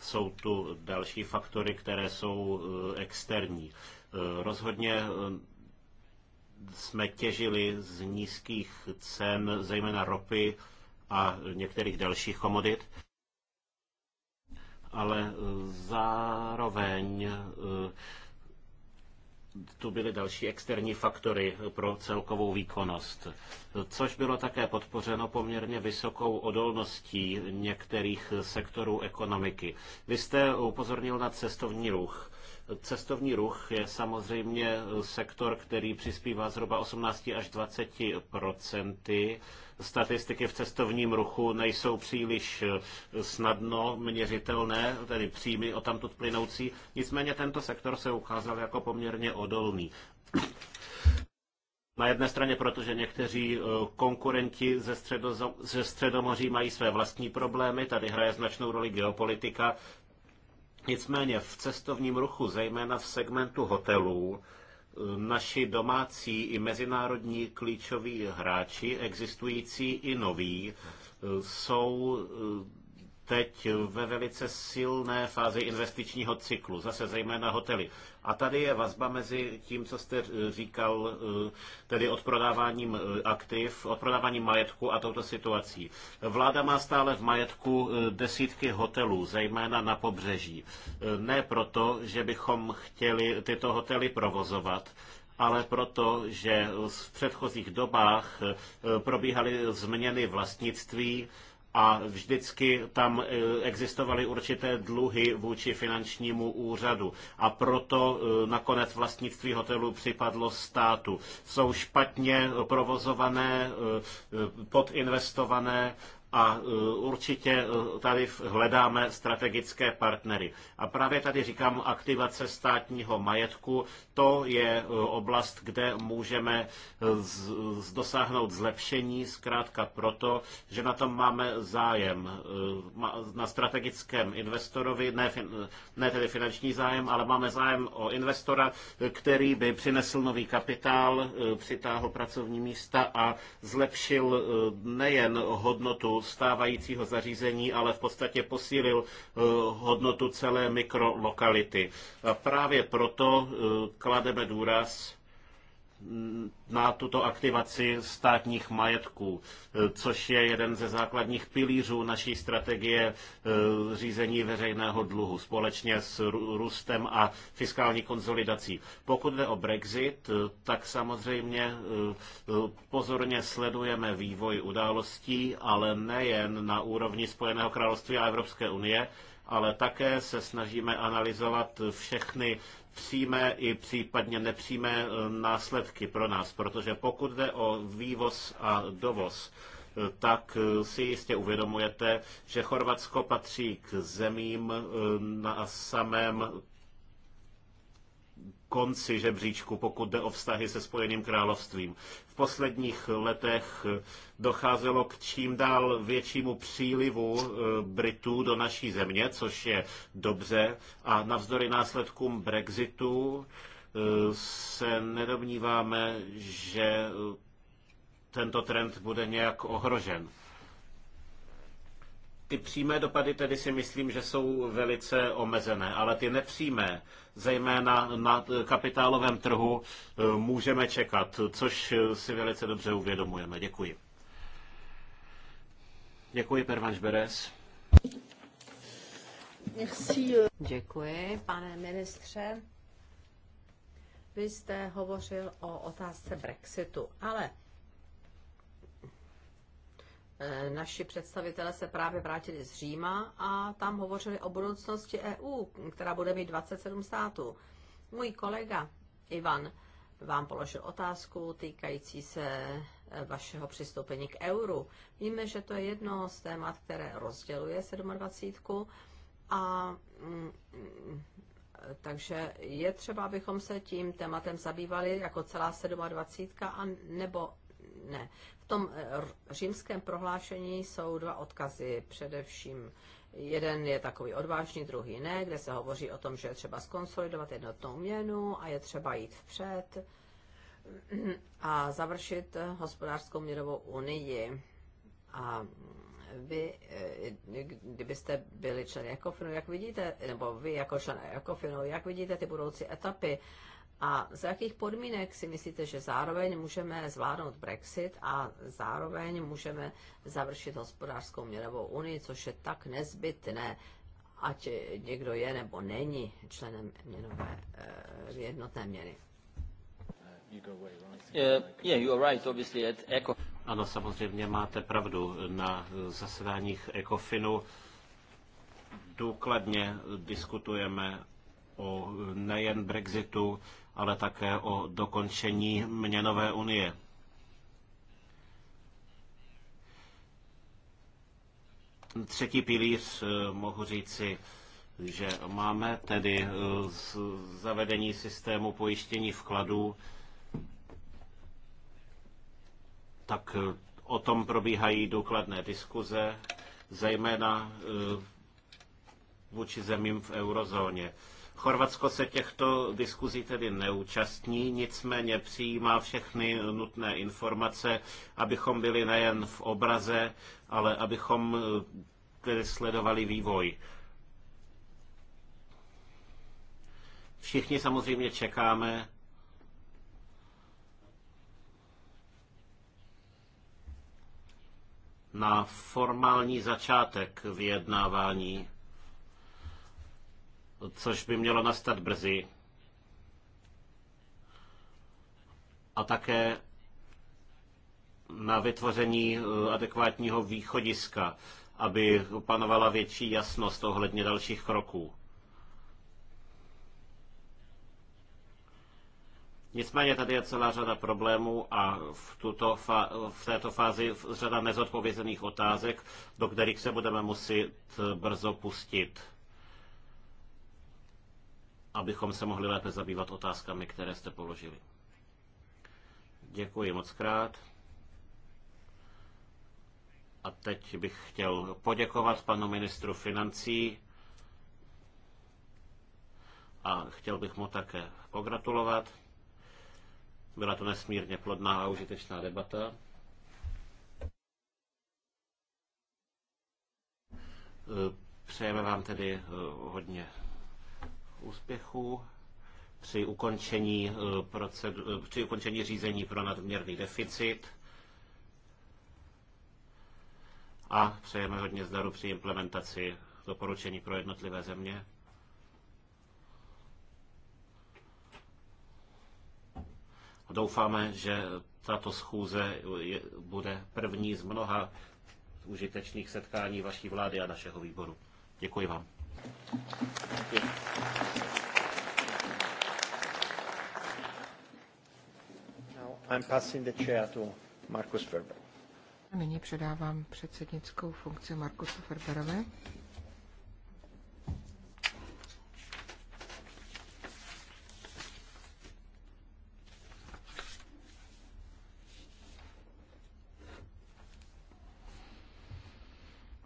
jsou tu další faktory, které jsou e, externí. E, rozhodně e, jsme těžili z nízkých cen, zejména ropy a některých dalších komodit, ale zároveň tu byly další externí faktory pro celkovou výkonnost, což bylo také podpořeno poměrně vysokou odolností některých sektorů ekonomiky. Vy jste upozornil na cestovní ruch. Cestovní ruch je samozřejmě sektor, který přispívá zhruba 18 až 20 procenty. Statistiky v cestovním ruchu nejsou příliš eh, snadno měřitelné, tedy příjmy o tamtud plynoucí. Nicméně tento sektor se ukázal jako poměrně odolný. Na jedné straně, protože někteří eh, konkurenti ze, středo, ze Středomoří mají své vlastní problémy, tady hraje značnou roli geopolitika, Nicméně v cestovním ruchu, zejména v segmentu hotelů, naši domácí i mezinárodní klíčoví hráči, existující i noví, eh, jsou eh, teď ve velice silné fázi investičního cyklu, zase zejména hotely. A tady je vazba mezi tím, co jste eh, říkal, eh, tedy odprodáváním eh, aktiv, odprodáváním majetku a touto situací. Vláda má stále v majetku desítky hotelů, zejména na pobřeží. Ne proto, že bychom chtěli tyto hotely provozovat, ale proto, že v předchozích dobách probíhaly změny vlastnictví, a vždycky tam e, existovaly určité dluhy vůči finančnímu úřadu a proto e, nakonec vlastnictví hotelu připadlo státu. Jsou špatně provozované, e, podinvestované a e, určitě e, tady hledáme strategické partnery. A právě tady říkám aktivace státního majetku, to je e, oblast, kde můžeme z, z dosáhnout zlepšení, zkrátka proto, že na tom máme zájem na strategickém investorovi, ne, ne tedy finanční zájem, ale máme zájem o investora, který by přinesl nový kapitál, přitáhl pracovní místa a zlepšil nejen hodnotu stávajícího zařízení, ale v podstatě posílil eh, hodnotu celé mikrolokality. A právě proto eh, klademe důraz na tuto aktivaci státních majetků, eh, což je jeden ze základních pilířů naší strategie eh, řízení veřejného dluhu společně s růstem a fiskální konsolidací. Pokud jde o Brexit, eh, tak samozřejmě pozorně sledujeme vývoj událostí, ale nejen na úrovni Spojeného království a Evropské unie, ale také se snažíme analyzovat všechny přímé i případně nepřímé eh, následky pro nás, protože pokud jde o vývoz a dovoz, eh, tak eh, si jistě uvědomujete, že Chorvatsko patří k zemím na samém konci žebříčku, pokud jde o vztahy se Spojeným královstvím. V posledních letech docházelo k čím dál většímu přílivu eh, Britů do naší země, což je dobře. A navzdory následkům Brexitu eh, se nedomníváme, že eh, tento trend bude nějak ohrožen. Ty přímé dopady tedy si myslím, že jsou velice omezené, ale ty nepřímé zejména na kapitálovém trhu, eh, můžeme čekat, což si velice dobře uvědomujeme. Děkuji. Děkuji, Pervanš Beres. Eh. Děkuji, pane ministře. Vy jste hovořil o otázce Brexitu, ale Eh, naši představitelé se právě vrátili z Říma a tam hovořili o budoucnosti EU, která bude mít 27 států. Můj kolega Ivan vám položil otázku týkající se eh, vašeho přistoupení k euru. Víme, že to je jedno z témat, které rozděluje 27. A mm, takže je třeba, abychom se tím tématem zabývali jako celá 27. a nebo ne. V tom eh, římském prohlášení jsou dva odkazy především. Jeden je takový odvážný, druhý ne, kde se hovoří o tom, že je třeba skonsolidovat jednotnou měnu a je třeba jít vpřed a završit hospodářskou měnovou unii. A vy, eh, kdybyste byli členy Ekofinu, jak vidíte, nebo vy jako člen Ekofinu, jak vidíte ty budoucí etapy a za jakých podmínek si myslíte, že zároveň můžeme zvládnout Brexit a zároveň můžeme završit hospodářskou měnovou unii, což je tak nezbytné, ať někdo je nebo není členem měnové, eh, jednotné měny? Ano, samozřejmě máte pravdu. Na zasedáních ECOFINu důkladně diskutujeme o nejen Brexitu, ale také o dokončení měnové unie. Třetí pilíř, eh, mohu říci, že máme tedy eh, zavedení systému pojištění vkladů, tak eh, o tom probíhají důkladné diskuze, zejména vůči zemím v eurozóně. Chorvatsko se těchto diskuzí tedy neúčastní, nicméně přijímá všechny nutné informace, abychom byli nejen v obraze, ale abychom eh, tedy sledovali vývoj. Všichni samozřejmě čekáme na formální začátek vyjednávání což by mělo nastat brzy. A také na vytvoření eh, adekvátního východiska, aby panovala větší jasnost ohledně dalších kroků. Nicméně tady je celá řada problémů a v, tuto v této fázi řada nezodpovězených otázek, do kterých se budeme muset brzo pustit abychom se mohli lépe zabývat otázkami, které jste položili. Děkuji moc krát. A teď bych chtěl poděkovat panu ministru financí a chtěl bych mu také pogratulovat. Byla to nesmírně plodná a užitečná debata. Přejeme vám tedy eh, hodně úspěchu při ukončení, eh, procedu, eh, při ukončení řízení pro nadměrný deficit a přejeme hodně zdaru při implementaci doporučení pro jednotlivé země. Doufáme, že tato schůze je, bude první z mnoha užitečných setkání vaší vlády a našeho výboru. Děkuji vám. I'm passing the chair to Markus Ferber. Nyní předávám předsednickou funkci Markusu Ferberovi.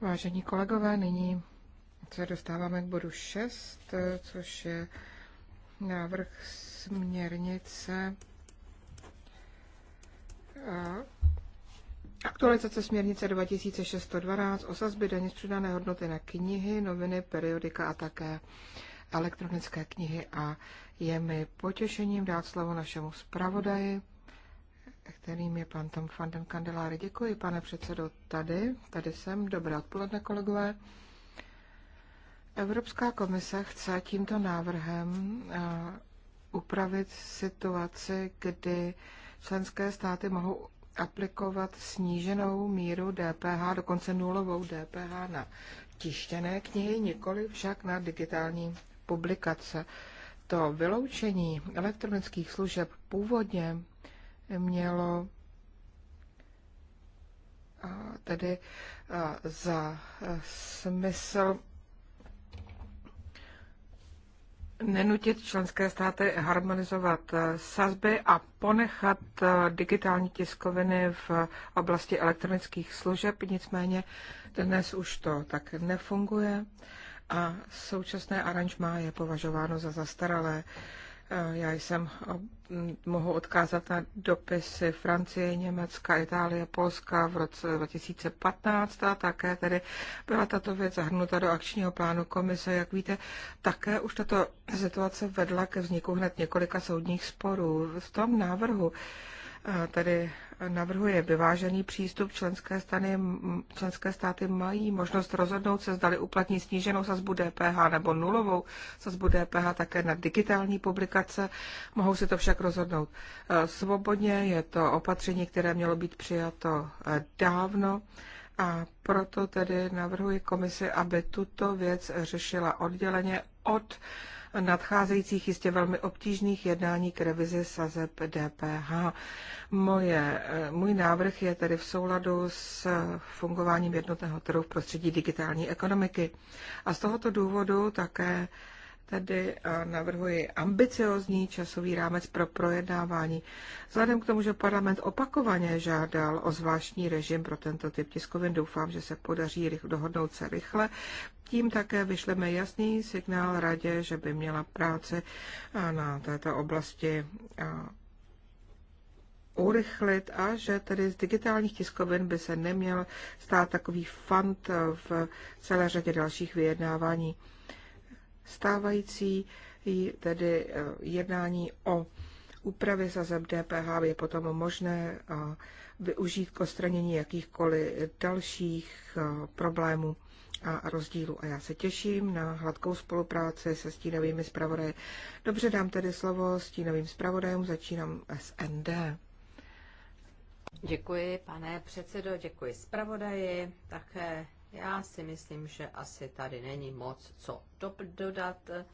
Vážení kolegové, nyní se dostáváme k bodu 6, eh, což je návrh směrnice eh, Aktualizace směrnice 2612 o sazbě daně z přidané hodnoty na knihy, noviny, periodika a také elektronické knihy a je mi potěšením dát slovo našemu zpravodaji, kterým je pan Tom Fanden Kandeláry. Děkuji, pane předsedo, tady, tady jsem. Dobré odpoledne, kolegové. Evropská komise chce tímto návrhem eh, upravit situaci, kdy členské státy mohou aplikovat sníženou míru DPH, dokonce nulovou DPH na tištěné knihy, nikoli však na digitální publikace. To vyloučení elektronických služeb původně mělo eh, tedy eh, za smysl nenutit členské státy harmonizovat eh, sazby a ponechat eh, digitální tiskoviny v oblasti elektronických služeb. Nicméně dnes už to tak nefunguje a současné aranžma je považováno za zastaralé. Já jsem mohu odkázat na dopisy Francie, Německa, Itálie, Polska v roce 2015 a také tedy byla tato věc zahrnuta do akčního plánu komise. Jak víte, také už tato situace vedla ke vzniku hned několika soudních sporů. V tom návrhu tady navrhuje vyvážený přístup. Členské, stany, členské státy mají možnost rozhodnout se, zdali uplatní sníženou sazbu DPH nebo nulovou sazbu DPH také na digitální publikace. Mohou si to však rozhodnout e, svobodně. Je to opatření, které mělo být přijato e, dávno. A proto tedy navrhuji komisi, aby tuto věc řešila odděleně od uh, nadcházejících jistě velmi obtížných jednání k revizi sazeb DPH. Moje, eh, můj návrh je tedy v souladu s fungováním jednotného trhu v prostředí digitální ekonomiky. A z tohoto důvodu také tedy eh, navrhuji ambiciozní časový rámec pro projednávání. Vzhledem k tomu, že parlament opakovaně žádal o zvláštní režim pro tento typ tiskovin, doufám, že se podaří dohodnout se rychle. Tím také vyšleme jasný signál radě, že by měla práce eh, na této oblasti eh, urychlit a že tedy z digitálních tiskovin by se neměl stát takový fant v celé řadě dalších vyjednávání. Stávající tedy eh, jednání o úpravě sazeb DPH je potom možné eh, využít k odstranění jakýchkoliv dalších eh, problémů a rozdílu. A já se těším na hladkou spolupráci se stínovými zpravodaji. Dobře, dám tedy slovo stínovým zpravodajům, začínám SND. Děkuji, pane předsedo, děkuji zpravodaji, také já si myslím, že asi tady není moc co dodat eh,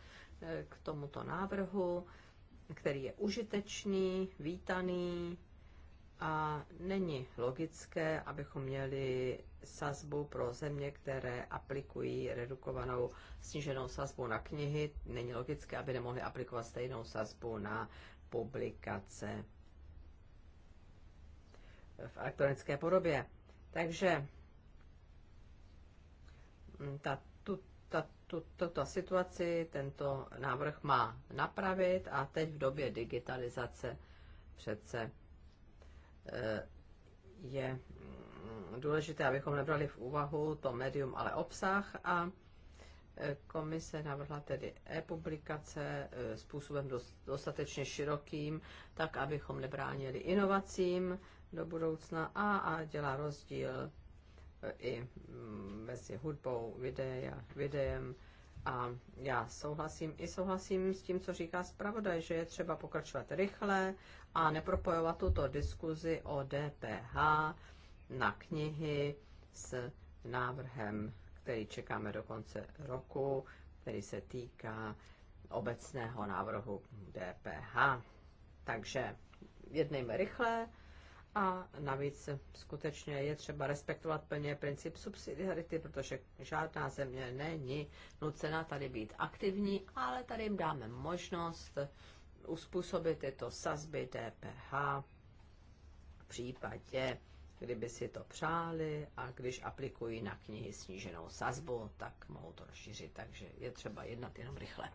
k tomuto návrhu, který je užitečný, vítaný a není logické, abychom měli sazbu pro země, které aplikují redukovanou sníženou sazbu na knihy. Není logické, aby nemohli aplikovat stejnou sazbu na publikace v elektronické podobě. Takže Mm, ta, tu, ta, tu, tuto situaci tento návrh má napravit a teď v době digitalizace přece eh, je mm, důležité, abychom nebrali v úvahu to médium, ale obsah a eh, komise navrhla tedy e-publikace eh, způsobem dostatečně širokým, tak abychom nebránili inovacím do budoucna a, a dělá rozdíl i mezi hudbou, videa, videem. A já souhlasím i souhlasím s tím, co říká zpravodaj, že je třeba pokračovat rychle a nepropojovat tuto diskuzi o DPH na knihy s návrhem, který čekáme do konce roku, který se týká obecného návrhu DPH. Takže jednejme rychle, a navíc skutečně je třeba respektovat plně princip subsidiarity, protože žádná země není nucena tady být aktivní, ale tady jim dáme možnost uspůsobit tyto sazby DPH v případě, kdyby si to přáli a když aplikují na knihy sníženou sazbu, tak mohou to rozšířit, takže je třeba jednat jenom rychle.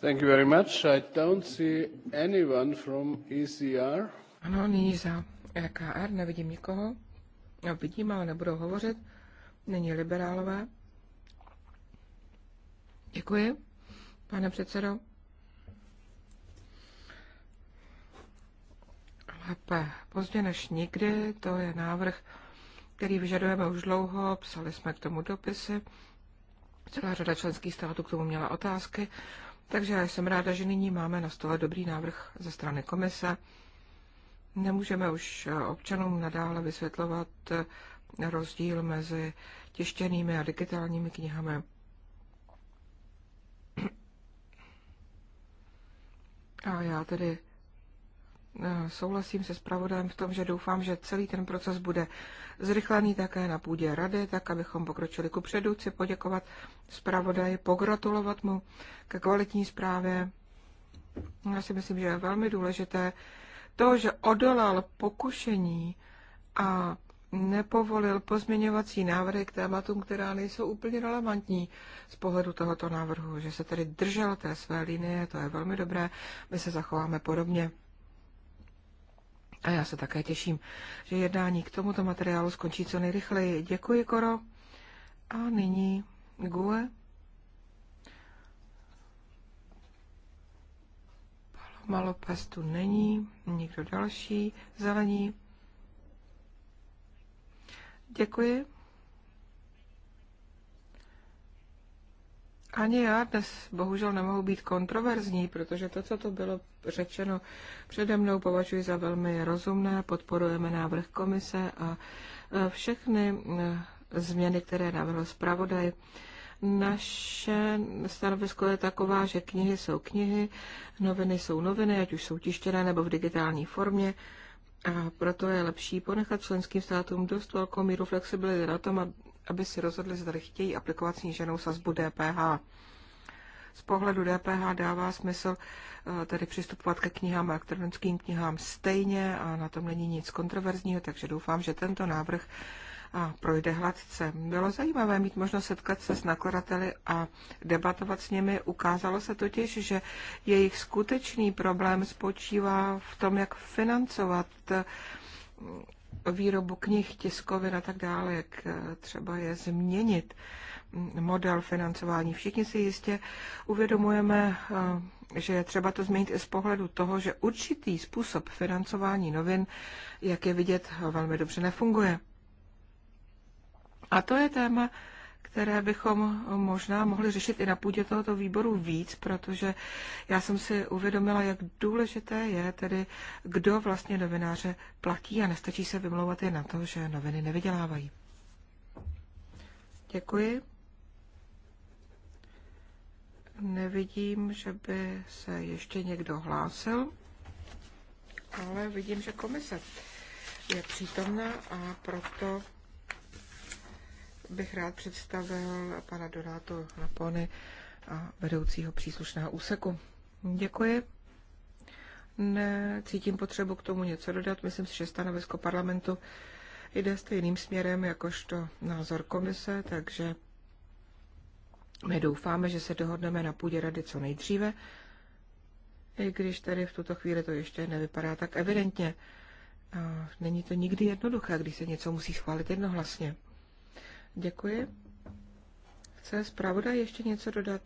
Thank you very much. I don't see anyone from ECR. Ano, nyní EKR, nevidím nikoho. No, vidím, ale nebudou hovořit. Není liberálové. Děkuji, pane předsedo. Lépe pozdě než nikdy, to je návrh, který vyžadujeme už dlouho, psali jsme k tomu dopisy, celá řada členských států k tomu měla otázky, takže já jsem ráda, že nyní máme na stole dobrý návrh ze strany komise. Nemůžeme už eh, občanům nadále vysvětlovat eh, rozdíl mezi tištěnými a digitálními knihami. A já tedy eh, souhlasím se zpravodajem v tom, že doufám, že celý ten proces bude zrychlený také na půdě rady, tak abychom pokročili ku předu. Chci poděkovat zpravodaji, pogratulovat mu ke kvalitní zprávě. Já si myslím, že je velmi důležité, to, že odolal pokušení a nepovolil pozměňovací návrhy k tématům, která nejsou úplně relevantní z pohledu tohoto návrhu, že se tedy držel té své linie, to je velmi dobré, my se zachováme podobně. A já se také těším, že jednání k tomuto materiálu skončí co nejrychleji. Děkuji, Koro. A nyní Gue. Malopes tu není, nikdo další, zelení. Děkuji. Ani já dnes bohužel nemohu být kontroverzní, protože to, co to bylo řečeno přede mnou, považuji za velmi rozumné. Podporujeme návrh komise a e, všechny e, změny, které navrhl zpravodaj, naše stanovisko je taková, že knihy jsou knihy, noviny jsou noviny, ať už jsou tištěné nebo v digitální formě. A proto je lepší ponechat členským státům dost velkou míru flexibility na tom, aby si rozhodli, zda chtějí aplikovat sníženou sazbu DPH. Z pohledu DPH dává smysl eh, tedy přistupovat ke knihám, a elektronickým knihám stejně a na tom není nic kontroverzního, takže doufám, že tento návrh a projde hladce. Bylo zajímavé mít možnost setkat se s nakladateli a debatovat s nimi. Ukázalo se totiž, že jejich skutečný problém spočívá v tom, jak financovat eh, výrobu knih, tiskovin a tak dále, jak eh, třeba je změnit mm, model financování. Všichni si jistě uvědomujeme, eh, že je třeba to změnit i z pohledu toho, že určitý způsob financování novin, jak je vidět, velmi dobře nefunguje. A to je téma, které bychom možná mohli řešit i na půdě tohoto výboru víc, protože já jsem si uvědomila, jak důležité je tedy, kdo vlastně novináře platí a nestačí se vymlouvat i na to, že noviny nevydělávají. Děkuji. Nevidím, že by se ještě někdo hlásil, ale vidím, že komise je přítomná a proto bych rád představil pana Donato Lapony a vedoucího příslušného úseku. Děkuji. Ne, cítím potřebu k tomu něco dodat. Myslím si, že stanovisko parlamentu jde stejným směrem jakožto názor komise, takže my doufáme, že se dohodneme na půdě rady co nejdříve, i když tady v tuto chvíli to ještě nevypadá tak evidentně. Není to nikdy jednoduché, když se něco musí schválit jednohlasně. Děkuji. Chce zpravodaj ještě něco dodat?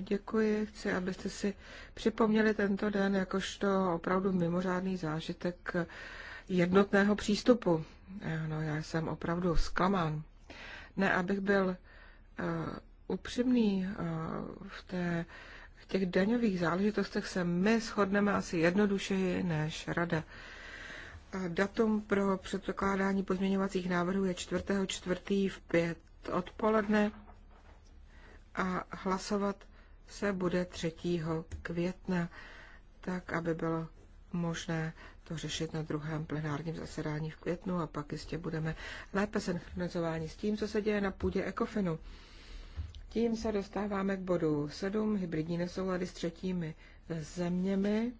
Děkuji, chci, abyste si připomněli tento den jakožto opravdu mimořádný zážitek jednotného přístupu. No, já jsem opravdu zklamán. Ne, abych byl uh, upřímný uh, v, té, v těch daňových záležitostech se my shodneme asi jednodušeji než rada. Uh, Datum pro předpokládání pozměňovacích návrhů je 4. čtvrtý v 5 odpoledne a hlasovat se bude 3. května, tak aby bylo možné to řešit na druhém plenárním zasedání v květnu a pak jistě budeme lépe synchronizováni s tím, co se děje na půdě ECOFINu. Tím se dostáváme k bodu 7, hybridní nesoulady s třetími zeměmi.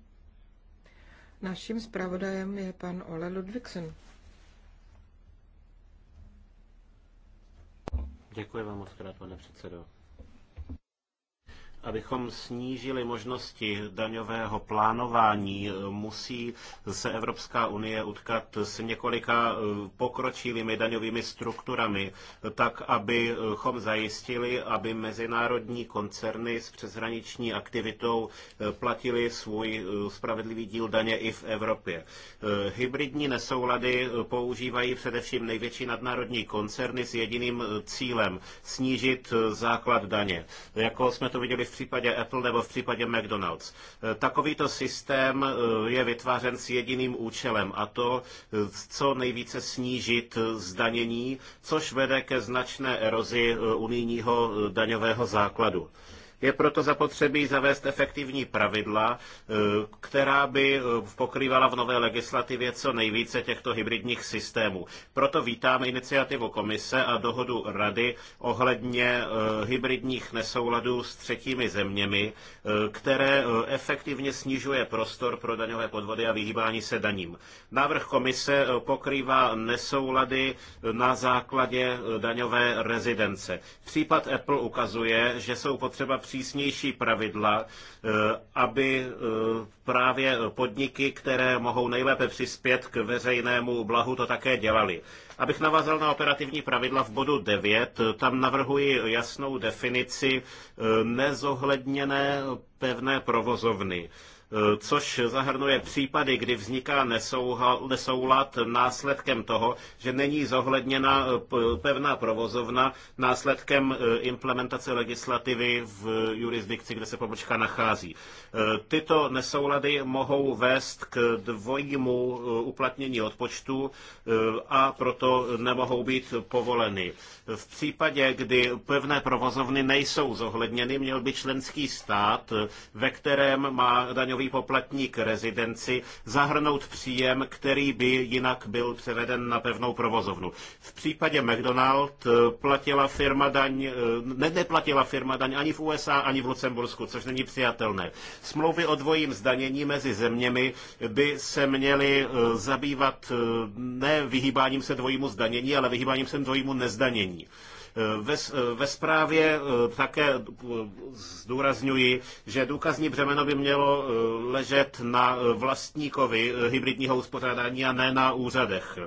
Naším zpravodajem je pan Ole Ludvigsen. Děkuji vám moc krát, pane předsedo. Abychom snížili možnosti daňového plánování, musí se Evropská unie utkat s několika eh, pokročilými daňovými strukturami, tak abychom zajistili, aby mezinárodní koncerny s přeshraniční aktivitou eh, platili svůj eh, spravedlivý díl daně i v Evropě. Hybridní nesoulady používají především největší nadnárodní koncerny s jediným cílem snížit základ daně. Jako jsme to viděli v případě Apple nebo v případě McDonald's. E, takovýto systém e, je vytvářen s jediným účelem a to e, co nejvíce snížit zdanění, což vede ke značné erozi unijního daňového základu. Je proto zapotřebí zavést efektivní pravidla, e, která by e, pokrývala v nové legislativě co nejvíce těchto hybridních systémů. Proto vítám iniciativu komise a dohodu rady ohledně e, hybridních nesouladů s třetími zeměmi, které efektivně snižuje prostor pro daňové podvody a vyhýbání se daním. Návrh komise pokrývá nesoulady na základě daňové rezidence. Případ Apple ukazuje, že jsou potřeba přísnější pravidla, eh, aby eh, právě podniky, které mohou nejlépe přispět k veřejnému blahu, to také dělali. Abych navázal na operativní pravidla v bodu 9, tam navrhuji jasnou definici eh, nezohledněné pevné provozovny což zahrnuje případy, kdy vzniká nesoulad následkem toho, že není zohledněna eh, pevná provozovna následkem eh, implementace legislativy v jurisdikci, kde se pobočka nachází. Eh, tyto nesoulady mohou vést k dvojímu uplatnění odpočtu a proto nemohou být povoleny. V případě, kdy pevné provozovny nejsou zohledněny, měl by členský stát, ve kterém má daňový poplatník rezidenci, zahrnout příjem, který by jinak byl převeden na pevnou provozovnu. V případě McDonald platila firma daň, ne, neplatila firma daň ani v USA, ani v Lucembursku, což není přijatelné. Smlouvy o dvojím zdanění mezi zeměmi by se měly eh, zabývat eh, ne vyhýbáním se dvojímu zdanění, ale vyhýbáním se dvojímu nezdanění. Eh, ve, eh, ve zprávě eh, také zdůrazňuji, že důkazní břemeno by mělo ležet na vlastníkovi hybridního uspořádání a ne na úřadech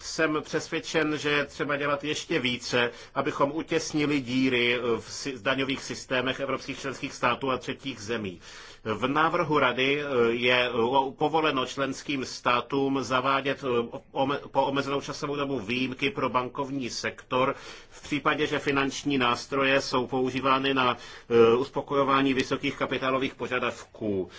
jsem přesvědčen, že je třeba dělat ještě více, abychom utěsnili díry v daňových systémech evropských členských států a třetích zemí. V návrhu rady eh, je eh, povoleno členským státům zavádět eh, po omezenou časovou dobu výjimky pro bankovní sektor v případě, že finanční nástroje jsou používány na uspokojování vysokých kapitálových požadavků.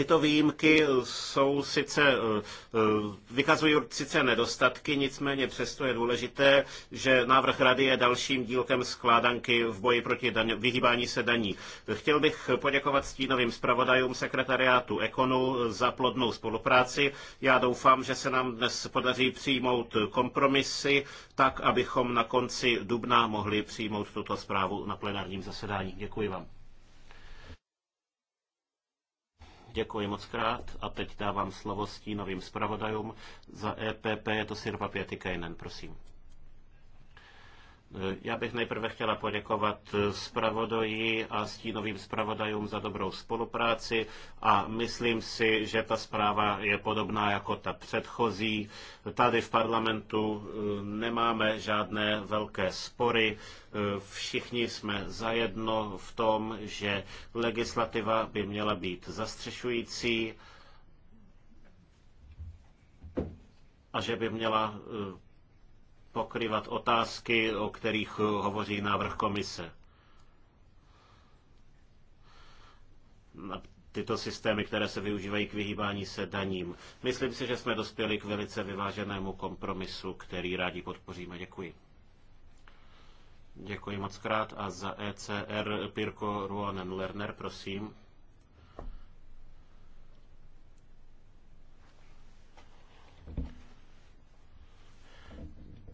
Tyto výjimky jsou sice, eh, eh, vykazují sice nedostatky, nicméně přesto je důležité, že návrh rady je dalším dílkem skládanky v boji proti daň, vyhýbání se daní. Chtěl bych poděkovat stínovým zpravodajům sekretariátu Ekonu za plodnou spolupráci. Já doufám, že se nám dnes podaří přijmout kompromisy, tak abychom na konci dubna mohli přijmout tuto zprávu na plenárním zasedání. Děkuji vám. Děkuji moc krát a teď dávám slovo stínovým zpravodajům. Za EPP je to Sirpa Pietikainen, prosím. Já bych nejprve chtěla poděkovat zpravodoji a stínovým zpravodajům za dobrou spolupráci a myslím si, že ta zpráva je podobná jako ta předchozí. Tady v parlamentu eh, nemáme žádné velké spory. Eh, všichni jsme zajedno v tom, že legislativa by měla být zastřešující a že by měla eh, pokrývat otázky, o kterých eh, hovoří návrh komise. Tyto systémy, které se využívají k vyhýbání se daním. Myslím si, že jsme dospěli k velice vyváženému kompromisu, který rádi podpoříme. Děkuji. Děkuji moc krát a za ECR Pirko Ruonen Lerner, prosím.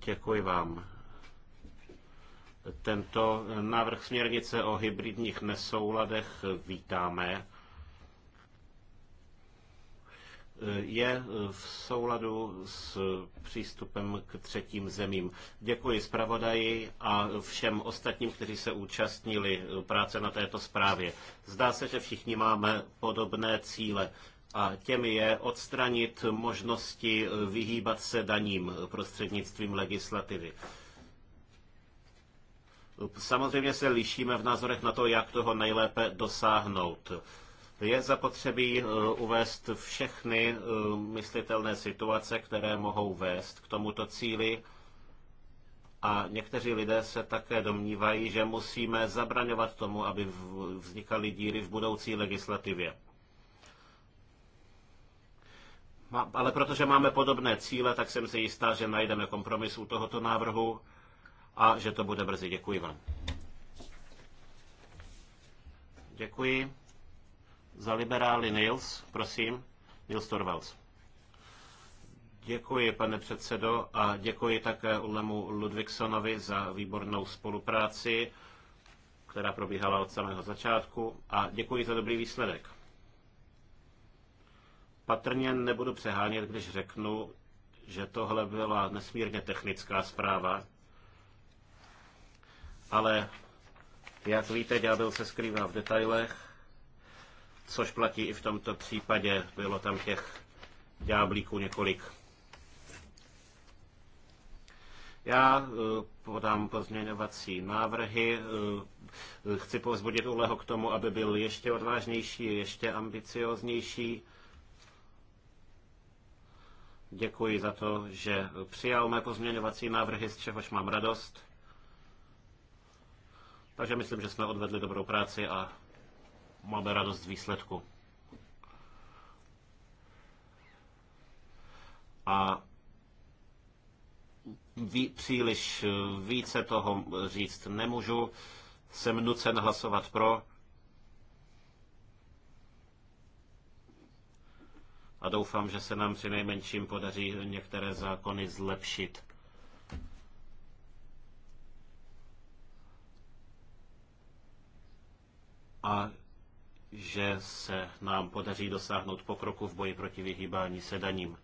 Děkuji vám. Tento návrh směrnice o hybridních nesouladech vítáme. Je v souladu s přístupem k třetím zemím. Děkuji zpravodaji a všem ostatním, kteří se účastnili práce na této zprávě. Zdá se, že všichni máme podobné cíle a těmi je odstranit možnosti eh, vyhýbat se daním prostřednictvím legislativy. Samozřejmě se lišíme v názorech na to, jak toho nejlépe dosáhnout. Je zapotřebí eh, uvést všechny eh, myslitelné situace, které mohou vést k tomuto cíli. A někteří lidé se také domnívají, že musíme zabraňovat tomu, aby vznikaly díry v budoucí legislativě. ale protože máme podobné cíle, tak jsem si jistá, že najdeme kompromis u tohoto návrhu a že to bude brzy. Děkuji vám. Děkuji. Za liberály Nils, prosím. Nils Torvalds. Děkuji, pane předsedo, a děkuji také Ulemu Ludvigsonovi za výbornou spolupráci, která probíhala od samého začátku a děkuji za dobrý výsledek. Patrně nebudu přehánět, když řeknu, že tohle byla nesmírně technická zpráva, ale jak víte, ďábel se skrývá v detailech, což platí i v tomto případě. Bylo tam těch ďáblíků několik. Já eh, podám pozměňovací návrhy. Eh, chci povzbudit úleho k tomu, aby byl ještě odvážnější, ještě ambicioznější Děkuji za to, že přijal mé pozměňovací návrhy, z čehož mám radost. Takže myslím, že jsme odvedli dobrou práci a máme radost z výsledku. A ví, příliš více toho říct nemůžu. Jsem nucen hlasovat pro a doufám, že se nám při nejmenším podaří některé zákony zlepšit. A že se nám podaří dosáhnout pokroku v boji proti vyhýbání se daním.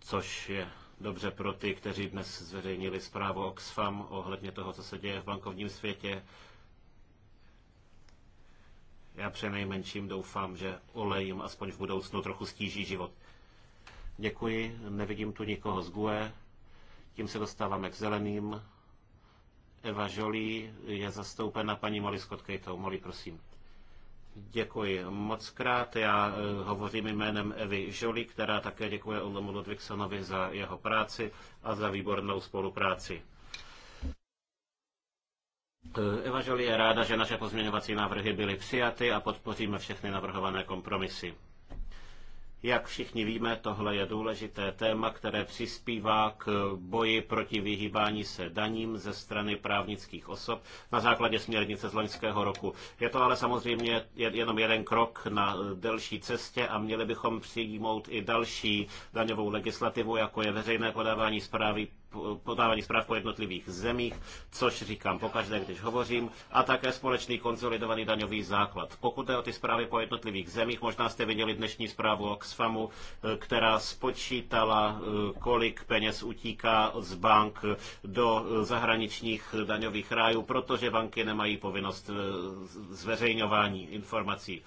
Což je dobře pro ty, kteří dnes zveřejnili zprávu Oxfam ohledně toho, co se děje v bankovním světě já přenejmenším doufám, že olej jim aspoň v budoucnu trochu stíží život. Děkuji, nevidím tu nikoho z GUE. Tím se dostáváme k zeleným. Eva Žolí je zastoupena paní Moli Skotkejtou. Moli, prosím. Děkuji moc krát. Já eh, hovořím jménem Evy Žolí, která také děkuje Olomu Ludvigsonovi za jeho práci a za výbornou spolupráci. Eh, Eva Žoli je ráda, že naše pozměňovací návrhy byly přijaty a podpoříme všechny navrhované kompromisy. Jak všichni víme, tohle je důležité téma, které přispívá k boji proti vyhýbání se daním ze strany právnických osob na základě směrnice z loňského roku. Je to ale samozřejmě jenom jeden krok na delší cestě a měli bychom přijmout i další daňovou legislativu, jako je veřejné podávání zprávy podávání zpráv po jednotlivých zemích, což říkám pokaždé, když hovořím, a také společný konsolidovaný daňový základ. Pokud jde o ty zprávy po jednotlivých zemích, možná jste viděli dnešní zprávu Oxfamu, která spočítala, kolik peněz utíká z bank do zahraničních daňových rájů, protože banky nemají povinnost eh, zveřejňování informací.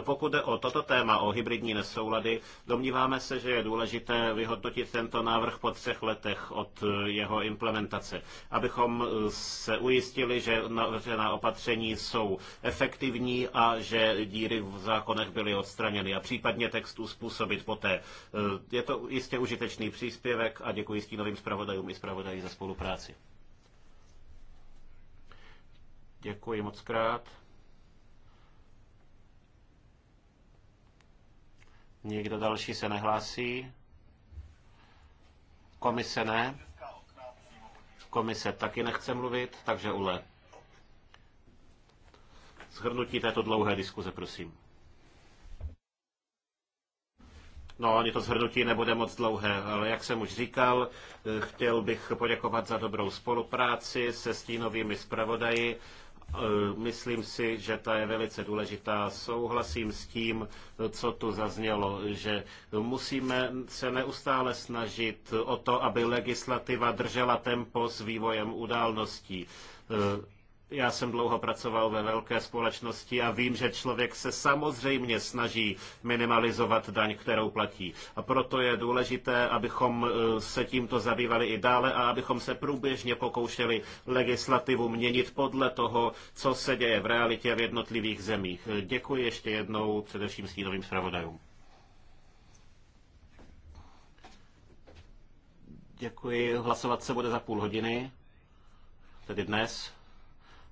Pokud jde o toto téma, o hybridní nesoulady, domníváme se, že je důležité vyhodnotit tento návrh po třech letech od eh, jeho implementace, abychom eh, se ujistili, že navržená opatření jsou efektivní a že díry v zákonech byly odstraněny a případně textů způsobit poté. Eh, je to jistě užitečný příspěvek a děkuji stínovým zpravodajům i zpravodaji za spolupráci. Děkuji moc krát. Nikdo další se nehlásí? Komise ne? Komise taky nechce mluvit, takže ule. Zhrnutí této dlouhé diskuze, prosím. No, ani to zhrnutí nebude moc dlouhé, ale jak jsem už říkal, eh, chtěl bych poděkovat za dobrou spolupráci se stínovými zpravodaji Eh, myslím si, že ta je velice důležitá. Souhlasím s tím, co tu zaznělo, že musíme se neustále snažit o to, aby legislativa držela tempo s vývojem událostí. Eh, já jsem dlouho pracoval ve velké společnosti a vím, že člověk se samozřejmě snaží minimalizovat daň, kterou platí. A proto je důležité, abychom e, se tímto zabývali i dále a abychom se průběžně pokoušeli legislativu měnit podle toho, co se děje v realitě v jednotlivých zemích. Děkuji ještě jednou především stínovým zpravodajům. Děkuji. Hlasovat se bude za půl hodiny, tedy dnes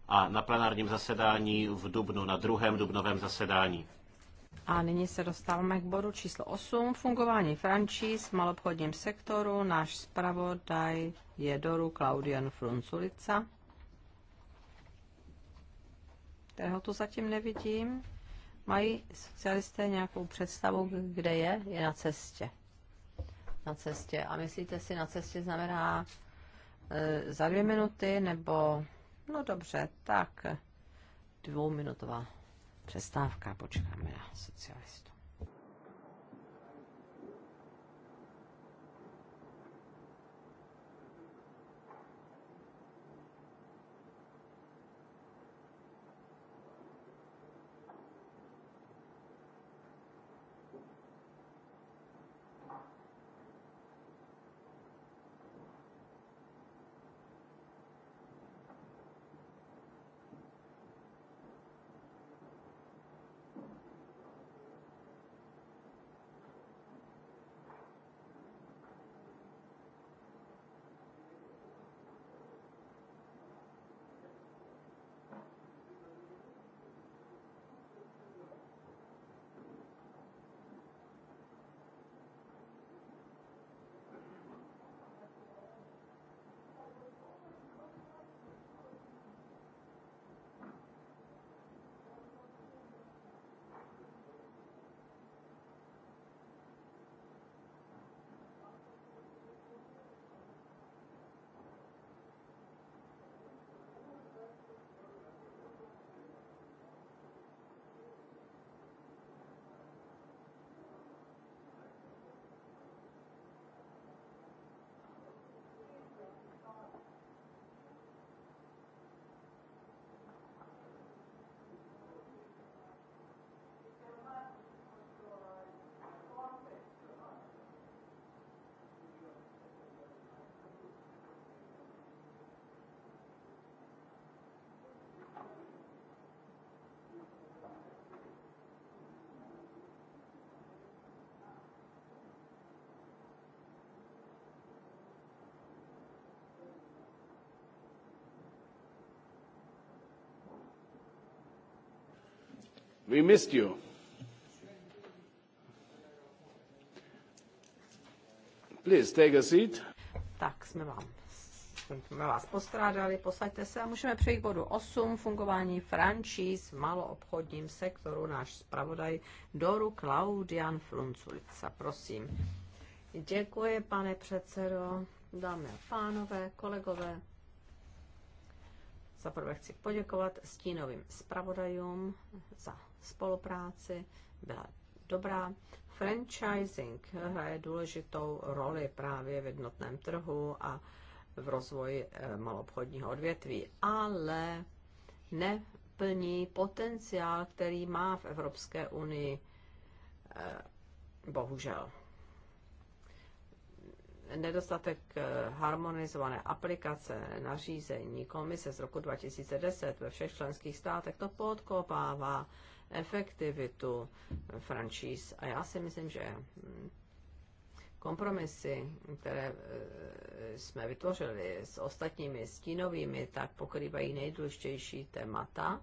a na plenárním zasedání v Dubnu, na druhém dubnovém zasedání. A nyní se dostáváme k bodu číslo 8, fungování franšíz v malobchodním sektoru. Náš zpravodaj je Doru Klaudian Frunculica, kterého tu zatím nevidím. Mají socialisté nějakou představu, kde je? Je na cestě. Na cestě. A myslíte si, na cestě znamená e, za dvě minuty nebo No dobře, tak dvouminutová přestávka, počkáme na socialistu. We missed you. Please take a seat. Tak jsme vám jsme vás postrádali, posaďte se a můžeme přejít k bodu 8, fungování franšíz v maloobchodním sektoru. Náš zpravodaj Doru Klaudian Flunculica, prosím. Děkuji, pane předsedo, dámy a pánové, kolegové. Za prvé chci poděkovat stínovým zpravodajům za spolupráci byla dobrá. Franchising hraje důležitou roli právě v jednotném trhu a v rozvoji eh, malobchodního odvětví, ale neplní potenciál, který má v Evropské unii, eh, bohužel. Nedostatek eh, harmonizované aplikace nařízení komise z roku 2010 ve všech členských státech to podkopává efektivitu franšíz. A já si myslím, že kompromisy, které eh, jsme vytvořili s ostatními stínovými, tak pokrývají nejdůležitější témata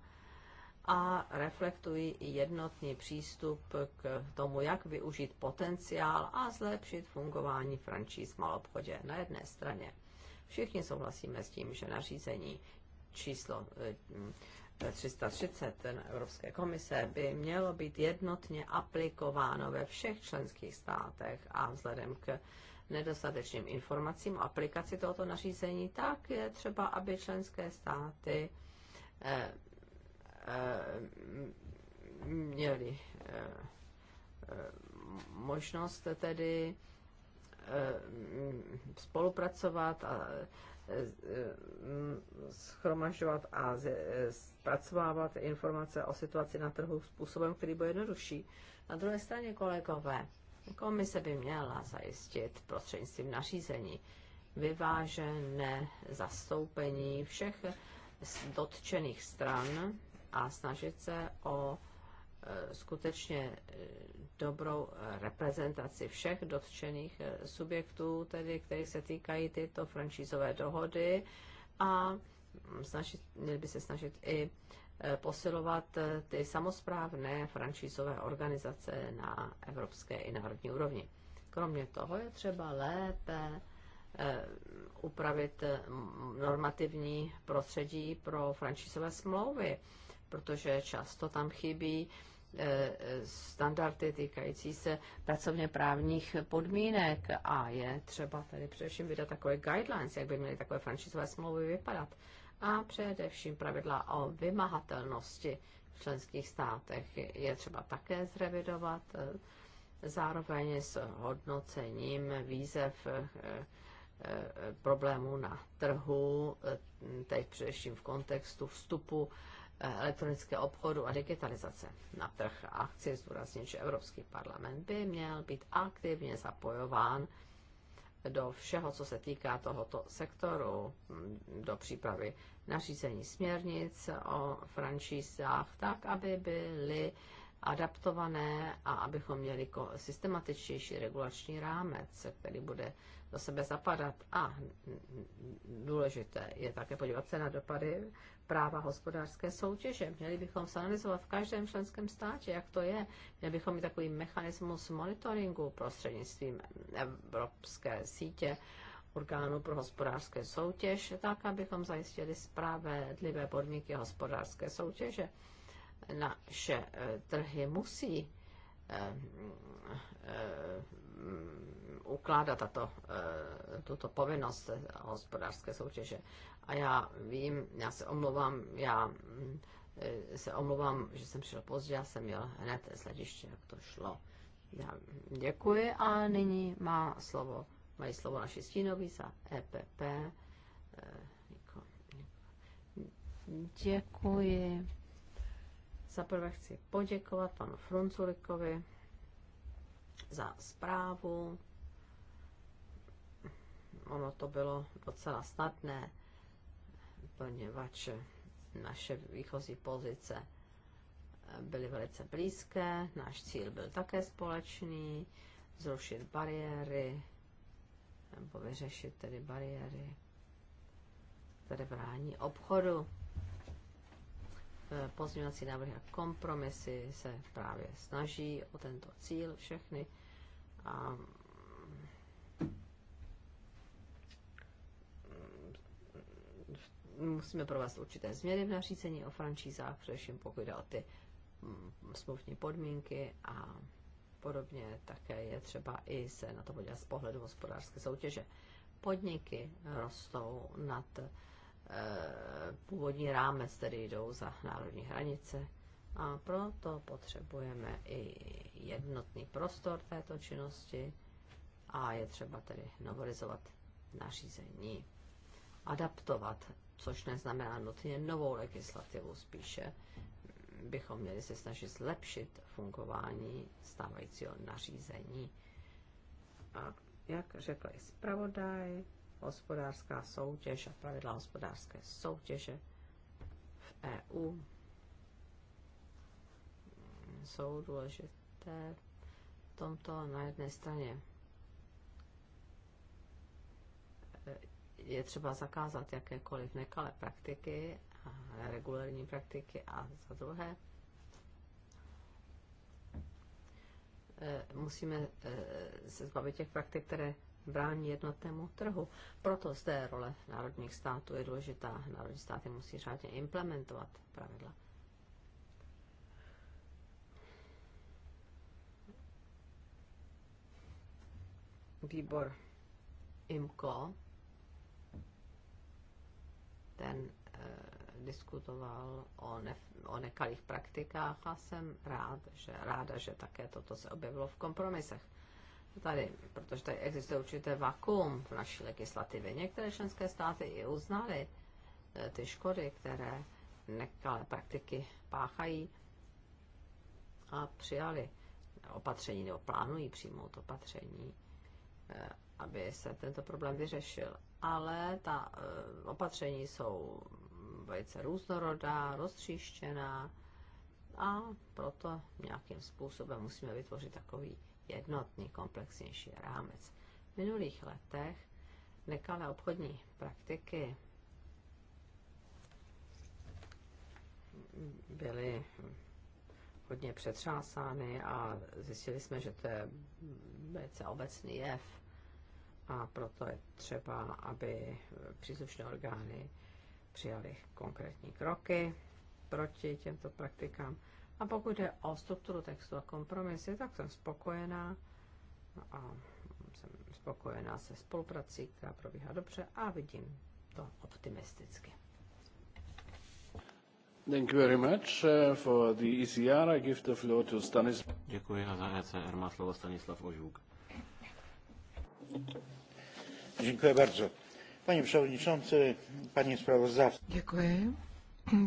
a reflektují i jednotný přístup k tomu, jak využít potenciál a zlepšit fungování franšíz v malobchodě. Na jedné straně všichni souhlasíme s tím, že nařízení číslo eh, 330 na Evropské komise by mělo být jednotně aplikováno ve všech členských státech a vzhledem k nedostatečným informacím o aplikaci tohoto nařízení, tak je třeba, aby členské státy eh, eh měly eh, možnost tedy eh, spolupracovat a schromažovat a zpracovávat informace o situaci na trhu způsobem, který bude jednodušší. Na druhé straně, kolegové, komise by měla zajistit prostřednictvím nařízení vyvážené zastoupení všech dotčených stran a snažit se o Eh, skutečně eh, dobrou eh, reprezentaci všech dotčených subjektů, tedy kterých se týkají tyto franšízové dohody a mm, snažit, měli by se snažit i posilovat ty samozprávné franšízové organizace na evropské i národní úrovni. Kromě toho je třeba lépe upravit normativní prostředí pro franšízové smlouvy, protože často tam chybí Eh, standardy týkající se pracovně právních podmínek a je třeba tady především vydat takové guidelines, jak by měly takové franšizové smlouvy vypadat a především pravidla o vymahatelnosti v členských státech je třeba také zrevidovat eh, zároveň s hodnocením výzev eh, problémů na trhu, teď především v kontextu vstupu Eh, elektronického obchodu a digitalizace na trh. A chci zdůraznit, že Evropský parlament by měl být aktivně zapojován do všeho, co se týká tohoto sektoru, hm, do přípravy nařízení směrnic o francízách, tak, aby byly adaptované a abychom měli systematičtější regulační rámec, který bude do sebe zapadat. A důležité je také podívat se na dopady práva hospodářské soutěže. Měli bychom se analyzovat v každém členském státě, jak to je. Měli bychom mít takový mechanismus monitoringu prostřednictvím evropské sítě orgánů pro hospodářské soutěž, tak, abychom zajistili spravedlivé podmínky hospodářské soutěže. Naše eh, trhy musí eh, eh, ukládá tato, eh, tuto povinnost hospodářské soutěže. A já vím, já se omlouvám, já eh, se omlouvám, že jsem přišel pozdě, já jsem měl hned z hlediště, jak to šlo. Já děkuji a nyní má slovo, mají slovo naši stínoví za EPP. Eh, děkuji. Za prvé chci poděkovat panu Frunculikovi za zprávu, ono to bylo docela snadné, poněvadž naše výchozí pozice byly velice blízké, náš cíl byl také společný, zrušit bariéry, nebo vyřešit tedy bariéry, které brání obchodu. Eh, pozměňovací návrhy a kompromisy se právě snaží o tento cíl všechny a musíme provést určité změny v nařízení o franšízách, především pokud jde o ty mm, smluvní podmínky a podobně. Také je třeba i se na to podívat z pohledu hospodářské soutěže. Podniky rostou nad eh, původní rámec, který jdou za národní hranice a proto potřebujeme i jednotný prostor této činnosti a je třeba tedy novelizovat nařízení adaptovat což neznamená nutně novou legislativu, spíše bychom měli se snažit zlepšit fungování stávajícího nařízení. A jak řekl i zpravodaj, hospodářská soutěž a pravidla hospodářské soutěže v EU jsou důležité v tomto na jedné straně je třeba zakázat jakékoliv nekalé praktiky, regulární praktiky a za druhé e, musíme e, se zbavit těch praktik, které brání jednotnému trhu. Proto zde role národních států je důležitá. Národní státy musí řádně implementovat pravidla. Výbor IMCO ten eh, diskutoval o, ne, o nekalých praktikách a jsem rád, že, ráda, že také toto se objevilo v kompromisech. Tady, protože tady existuje určité vakuum v naší legislativě. Některé členské státy i uznaly eh, ty škody, které nekalé praktiky páchají a přijali opatření nebo plánují přijmout opatření eh, aby se tento problém vyřešil. Ale ta eh, opatření jsou velice různorodá, roztříštěná a proto nějakým způsobem musíme vytvořit takový jednotný, komplexnější rámec. V minulých letech nekalé obchodní praktiky byly hodně přetřásány a zjistili jsme, že to je velice obecný jev a proto je třeba, aby příslušné orgány přijaly konkrétní kroky proti těmto praktikám. A pokud jde o strukturu textu a kompromisy, tak jsem spokojená no a jsem spokojená se spoluprací, která probíhá dobře a vidím to optimisticky. Thank you very much uh, for the ECR. I give the floor to Stanislav. Děkuji za ECR má slovo Stanislav Ožuk. Děkuji bardzo. Pani předsedající, paní zpravodajce. Děkuji,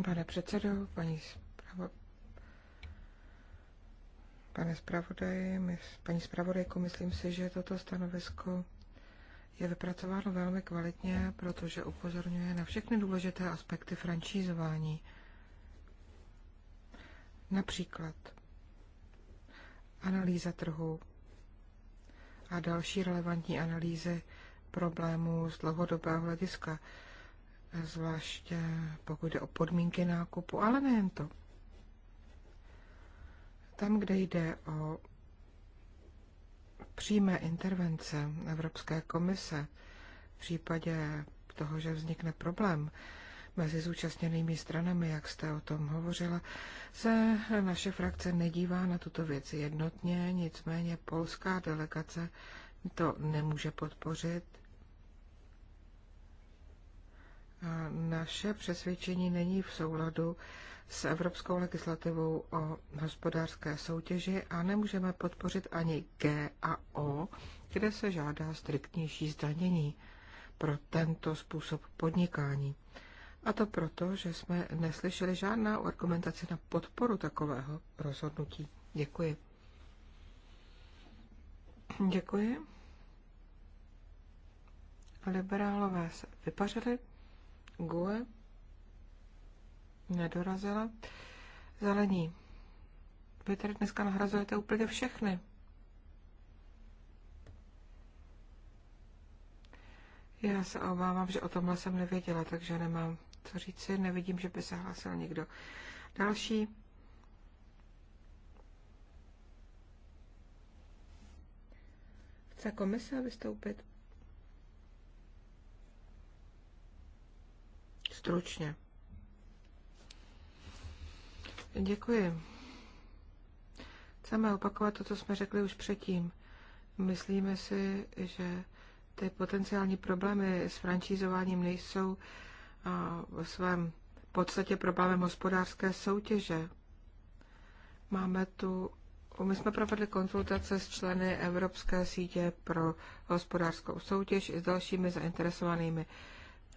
pane předsedo, paní zpravo... pane zpravodaji, my, paní zpravodajko, myslím si, že toto stanovisko je vypracováno velmi kvalitně, protože upozorňuje na všechny důležité aspekty franšízování. Například analýza trhu, a další relevantní analýzy problémů z dlouhodobého hlediska, zvláště pokud jde o podmínky nákupu, ale nejen to. Tam, kde jde o přímé intervence Evropské komise v případě toho, že vznikne problém, mezi zúčastněnými stranami, jak jste o tom hovořila, se naše frakce nedívá na tuto věc jednotně, nicméně polská delegace to nemůže podpořit. A naše přesvědčení není v souladu s evropskou legislativou o hospodářské soutěži a nemůžeme podpořit ani G a O, kde se žádá striktnější zdanění pro tento způsob podnikání. A to proto, že jsme neslyšeli žádná argumentaci na podporu takového rozhodnutí. Děkuji. Děkuji. Liberálové se vypařili. GUE nedorazila. Zelení. Vy tady dneska nahrazujete úplně všechny. Já se obávám, že o tomhle jsem nevěděla, takže nemám co říci, nevidím, že by se hlásil někdo další. Chce komise vystoupit? Stručně. Děkuji. Chceme opakovat to, co jsme řekli už předtím. Myslíme si, že ty potenciální problémy s francízováním nejsou ve svém podstatě problémem hospodářské soutěže. Máme tu, my jsme provedli konzultace s členy Evropské sítě pro hospodářskou soutěž i s dalšími zainteresovanými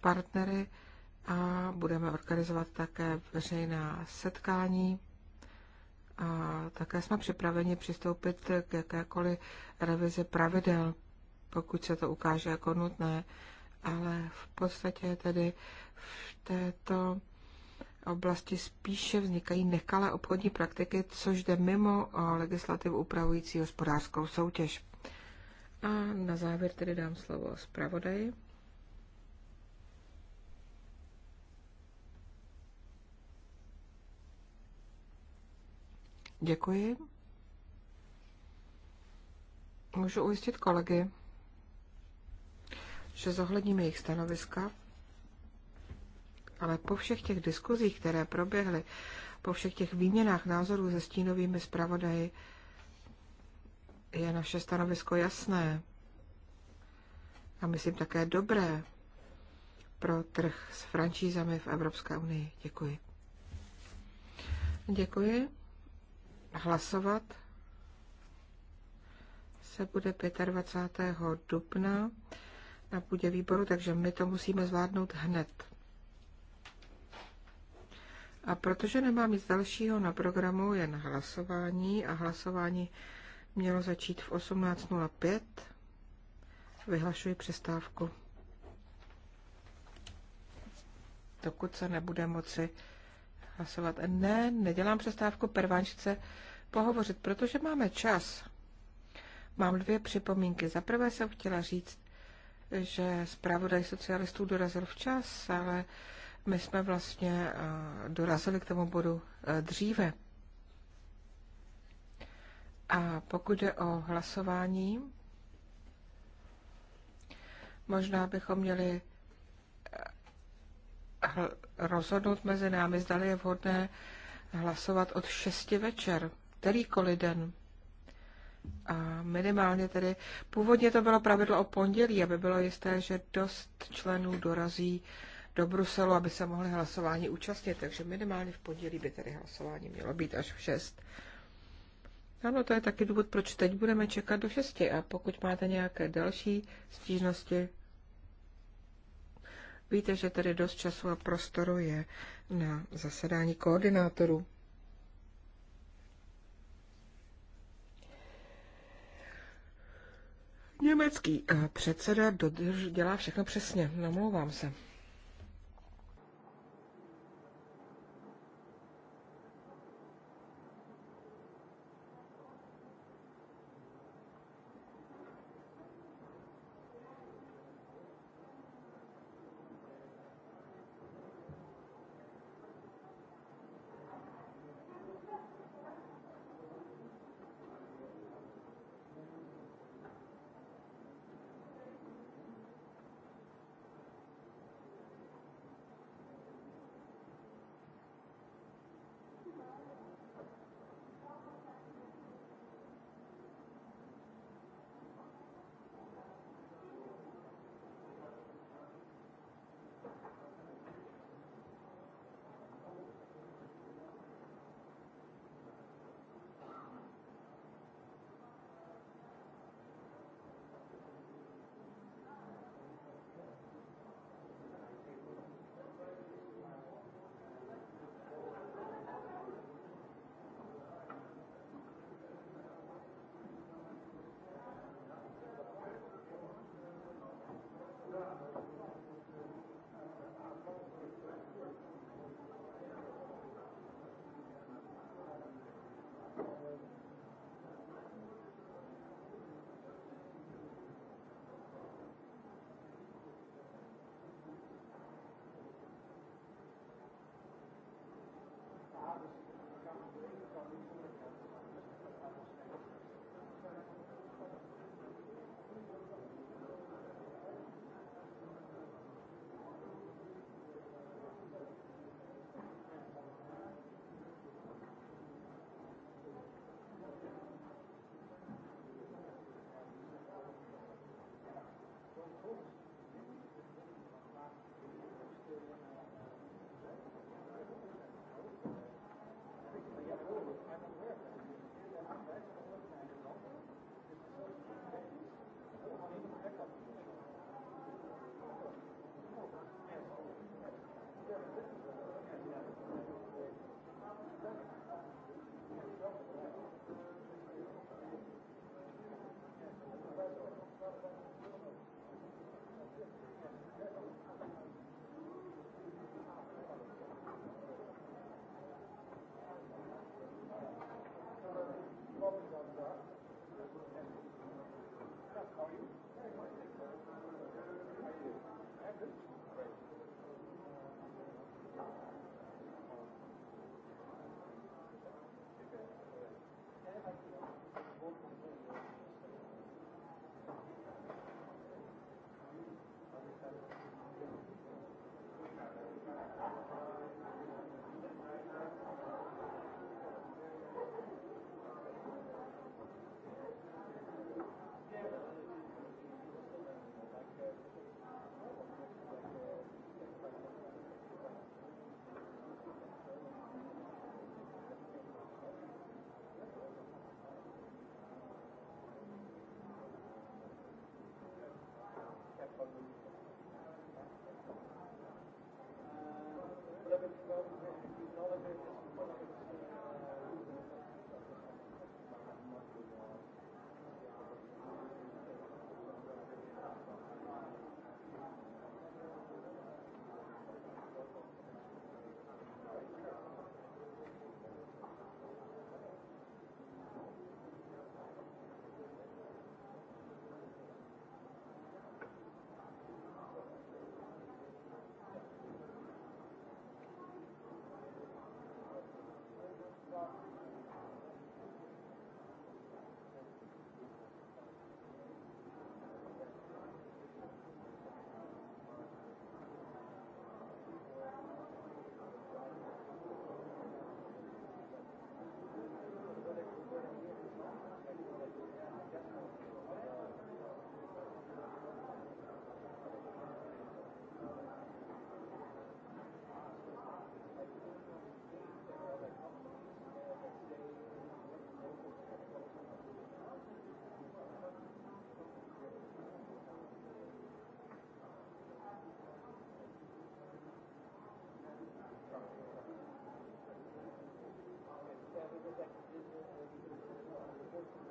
partnery a budeme organizovat také veřejná setkání. A také jsme připraveni přistoupit k jakékoliv revizi pravidel, pokud se to ukáže jako nutné ale v podstatě tedy v této oblasti spíše vznikají nekalé obchodní praktiky, což jde mimo eh, legislativu upravující hospodářskou soutěž. A na závěr tedy dám slovo zpravodaji. Děkuji. Můžu ujistit kolegy, že zohledníme jejich stanoviska, ale po všech těch diskuzích, které proběhly, po všech těch výměnách názorů se stínovými zpravodaji, je naše stanovisko jasné a myslím také dobré pro trh s francízami v Evropské unii. Děkuji. Děkuji. Hlasovat se bude 25. dubna na půdě výboru, takže my to musíme zvládnout hned. A protože nemám nic dalšího na programu, jen hlasování a hlasování mělo začít v 18.05, vyhlašuji přestávku. Dokud se nebude moci hlasovat. Ne, nedělám přestávku, Pervanč pohovořit, protože máme čas. Mám dvě připomínky. Za prvé jsem chtěla říct, že zpravodaj socialistů dorazil včas, ale my jsme vlastně eh, dorazili k tomu bodu eh, dříve. A pokud jde o hlasování, možná bychom měli eh, rozhodnout mezi námi, zda je vhodné hlasovat od 6 večer, kterýkoliv den. A minimálně tedy, původně to bylo pravidlo o pondělí, aby bylo jisté, že dost členů dorazí do Bruselu, aby se mohli hlasování účastnit, takže minimálně v pondělí by tedy hlasování mělo být až v 6. Ano, to je taky důvod, proč teď budeme čekat do 6. A pokud máte nějaké další stížnosti, víte, že tedy dost času a prostoru je na zasedání koordinátorů. Německý eh, předseda dodrž, dělá všechno přesně, namlouvám se.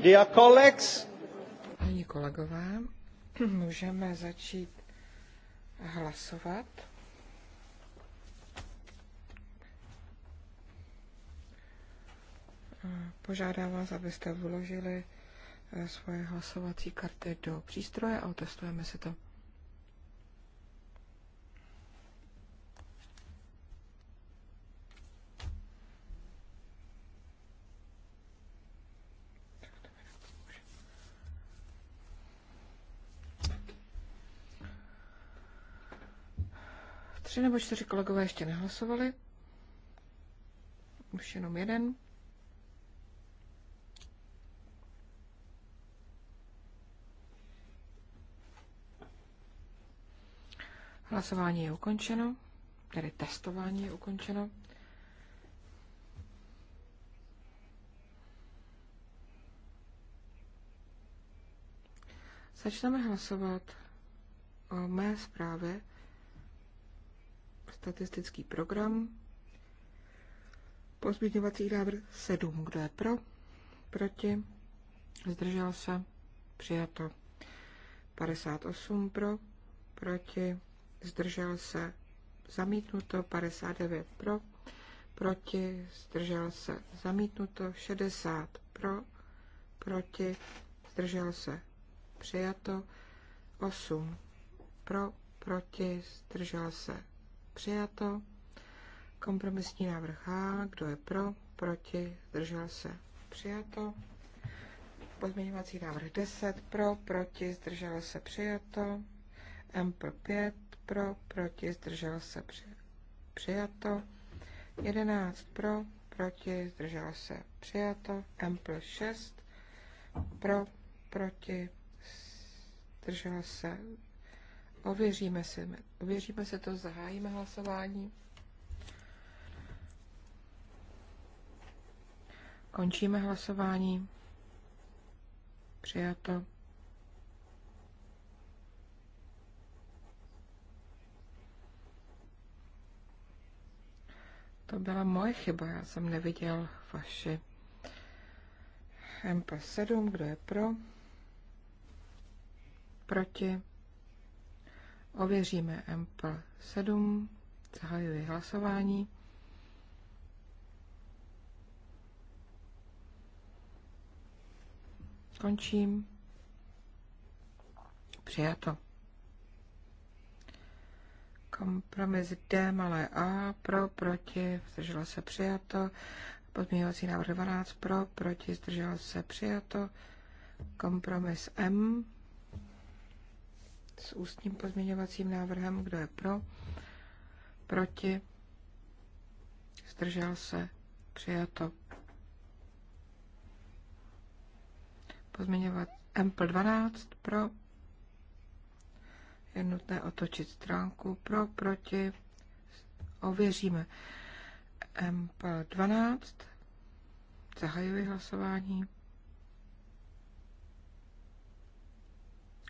Dear colleagues. Paní kolegové, můžeme začít hlasovat. Požádám vás, abyste vložili eh, svoje hlasovací karty do přístroje a otestujeme si to. nebo čtyři kolegové ještě nehlasovali. Už jenom jeden. Hlasování je ukončeno, tedy testování je ukončeno. Začneme hlasovat o mé zprávě statistický program. Pozměňovací návrh 7. Kdo je pro? Proti? Zdržel se? Přijato. 58 pro? Proti? Zdržel se? Zamítnuto. 59 pro? Proti? Zdržel se? Zamítnuto. 60 pro? Proti? Zdržel se? Přijato. 8 pro? Proti? Zdržel se? Přijato. Kompromisní návrh H. Kdo je pro? Proti? Zdržel se? Přijato. Pozměňovací návrh 10. Pro? Proti? Zdržel se? Přijato. M pro 5. Pro? Proti? Zdržel se? Přijato. 11. Pro? Proti? Zdržel se? Přijato. M pro 6. Pro? Proti? Zdržel se? Ověříme si, ověříme se to, zahájíme hlasování. Končíme hlasování. Přijato. To byla moje chyba, já jsem neviděl vaši MP7, kdo je pro, proti, Ověříme MP 7. Zahajuji hlasování. Končím. Přijato. Kompromis D malé A pro, proti, zdržela se přijato. Podmínovací návrh 12 pro, proti, zdržela se přijato. Kompromis M s ústním pozměňovacím návrhem. Kdo je pro? Proti? Zdržel se? Přijato. Pozměňovat Ample 12 pro. Je nutné otočit stránku pro, proti. Ověříme. mp 12. Zahajuji hlasování.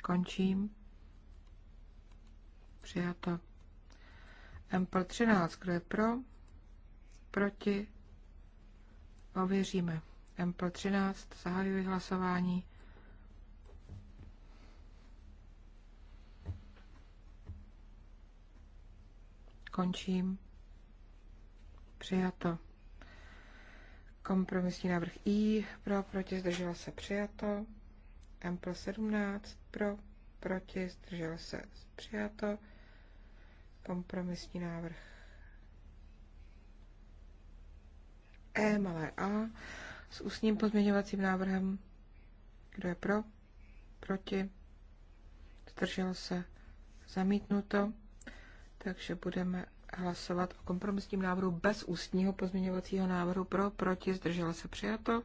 Končím. Přijato. mp 13, kdo je pro? Proti? Ověříme. mp 13, zahajuji hlasování. Končím. Přijato. Kompromisní návrh I, pro, proti, zdržela se, přijato. M pro 17, pro, proti, zdržel se, přijato kompromisní návrh E malé a s ústním pozměňovacím návrhem. Kdo je pro? Proti? zdrželo se? Zamítnuto. Takže budeme hlasovat o kompromisním návrhu bez ústního pozměňovacího návrhu pro, proti, zdrželo se přijato.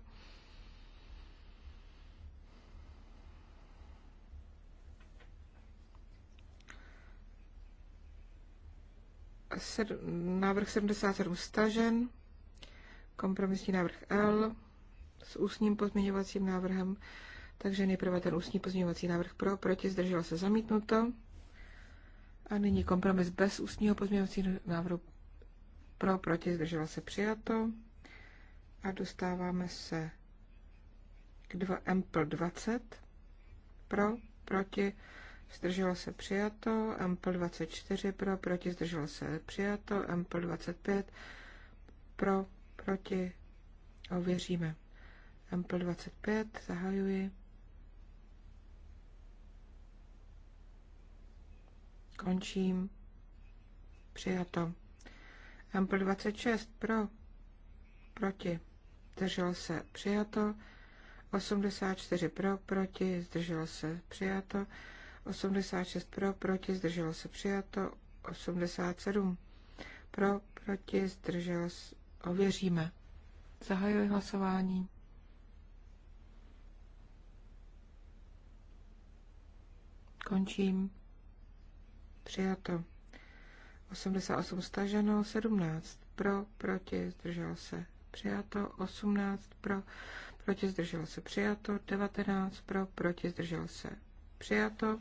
návrh 77 stažen, kompromisní návrh L s ústním pozměňovacím návrhem, takže nejprve ten ústní pozměňovací návrh pro, proti, zdržel se zamítnuto. A nyní kompromis bez ústního pozměňovacího návrhu pro, proti, zdržel se přijato. A dostáváme se k 2 M 20 pro, proti, zdrželo se přijato, Ample 24 pro, proti, zdrželo se přijato, Ample 25 pro, proti, ověříme. Ample 25, zahajuji. Končím. Přijato. Ample 26 pro, proti, zdrželo se přijato, 84 pro, proti, zdrželo se přijato, 86 pro, proti, zdrželo se přijato, 87 pro, proti, zdrželo se, ověříme. Zahajuji hlasování. Končím. Přijato. 88 staženo, 17 pro, proti, zdržel se. Přijato, 18 pro, proti, zdržel se. Přijato, 19 pro, proti, zdržel se. Přijato.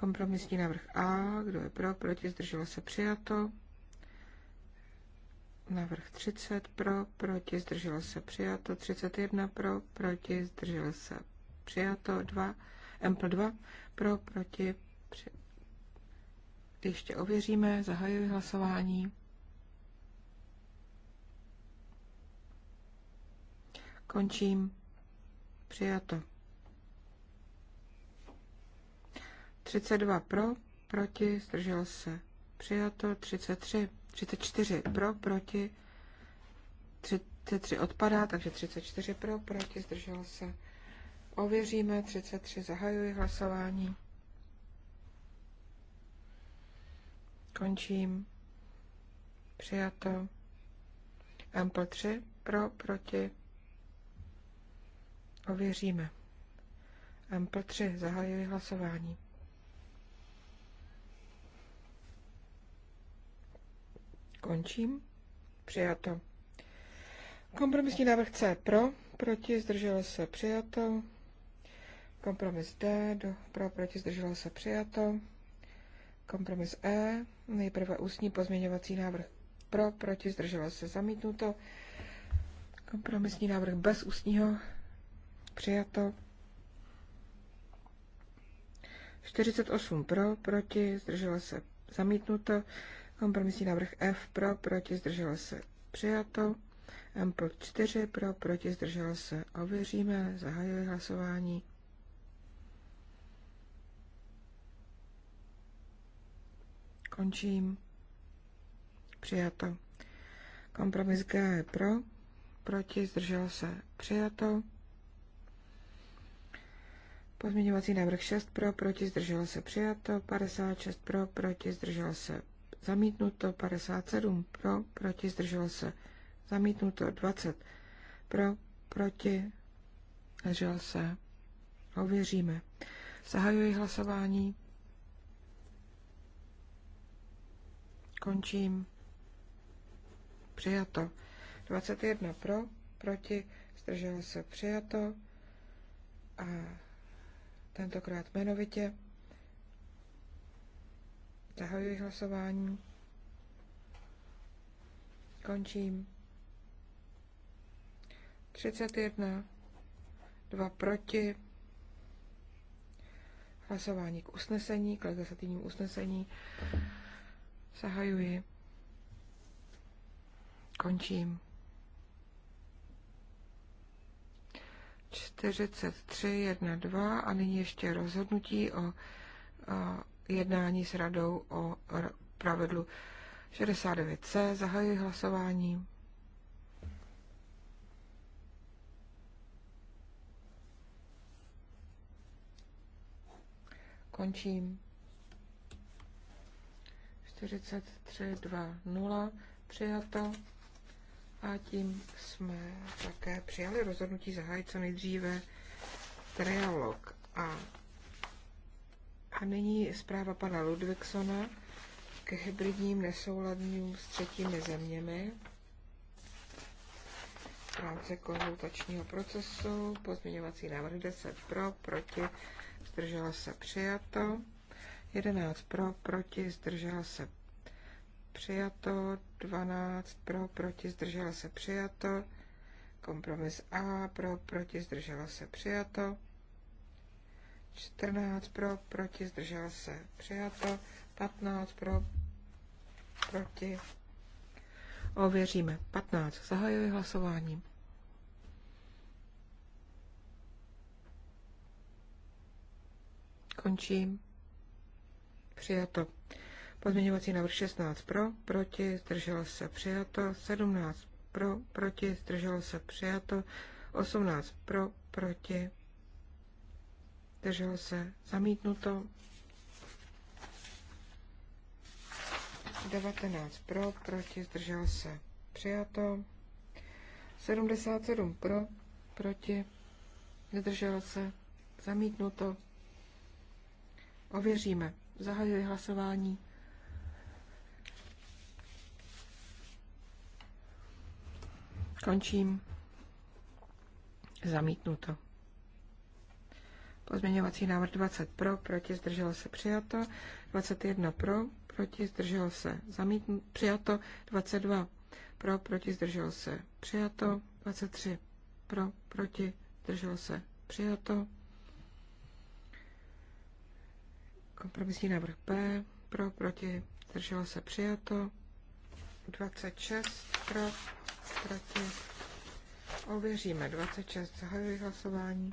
Kompromisní návrh A, kdo je pro, proti, zdrželo se přijato. Návrh 30 pro, proti, zdrželo se přijato. 31 pro, proti, zdrželo se přijato. 2, Ample 2 pro, proti, při... ještě ověříme, zahajuji hlasování. Končím. Přijato. 32 pro, proti, zdržel se. Přijato 33, 34 pro, proti, 33 odpadá, takže 34 pro, proti, zdržel se. Ověříme, 33 zahajuji hlasování. Končím. Přijato. Ample 3 pro, proti. Ověříme. Ample 3 zahajuji hlasování. Končím. Přijato. Kompromisní návrh C pro, proti, zdrželo se, přijato. Kompromis D, do, pro, proti, zdrželo se, přijato. Kompromis E, nejprve ústní pozměňovací návrh pro, proti, zdrželo se, zamítnuto. Kompromisní návrh bez ústního, přijato. 48 pro, proti, zdrželo se, zamítnuto. Kompromisní návrh F pro, proti, zdrželo se přijato. M Ample 4 pro, proti, zdrželo se ověříme, zahajuje hlasování. Končím. Přijato. Kompromis G je pro, proti, zdrželo se přijato. Pozměňovací návrh 6 pro, proti, zdrželo se přijato, 56 pro, proti, zdrželo se zamítnuto 57 pro, proti zdržel se, zamítnuto 20 pro, proti zdržel se, ověříme. Zahajuji hlasování. Končím. Přijato. 21 pro, proti, zdrželo se přijato. A tentokrát jmenovitě. Zahajuji hlasování. Končím. 31. 2 proti. Hlasování k usnesení, k legislativnímu usnesení. Zahajuji. Končím. 43, 1, 2 a nyní ještě rozhodnutí o, o jednání s radou o pravidlu 69c. Zahajuji hlasování. Končím. 4320 Přijato. A tím jsme také přijali rozhodnutí zahájit co nejdříve trialog. A a nyní zpráva pana Ludvigsona k hybridním nesouladním s třetími zeměmi v rámci konzultačního procesu. Pozměňovací návrh 10 pro, proti, zdrželo se přijato. 11 pro, proti, zdrželo se přijato. 12 pro, proti, zdrželo se přijato. Kompromis A pro, proti, zdrželo se přijato. 14 pro, proti, zdržel se. Přijato. 15 pro, proti. Ověříme. 15. Zahajuji hlasování. Končím. Přijato. Pozměňovací návrh 16 pro, proti, zdržel se, přijato. 17 pro, proti, zdržel se, přijato. 18 pro, proti, zdržel se, zamítnuto. 19 pro, proti, zdržel se, přijato. 77 pro, proti, zdržel se, zamítnuto. Ověříme. Zahajuji hlasování. Končím. Zamítnuto. Pozměňovací návrh 20 pro, proti zdrželo se přijato. 21 pro, proti zdrželo se zamítn, přijato. 22 pro, proti zdrželo se přijato. 23 pro, proti zdrželo se přijato. Kompromisní návrh B pro, proti zdrželo se přijato. 26 pro, proti. Ověříme 26, zahajuji hlasování.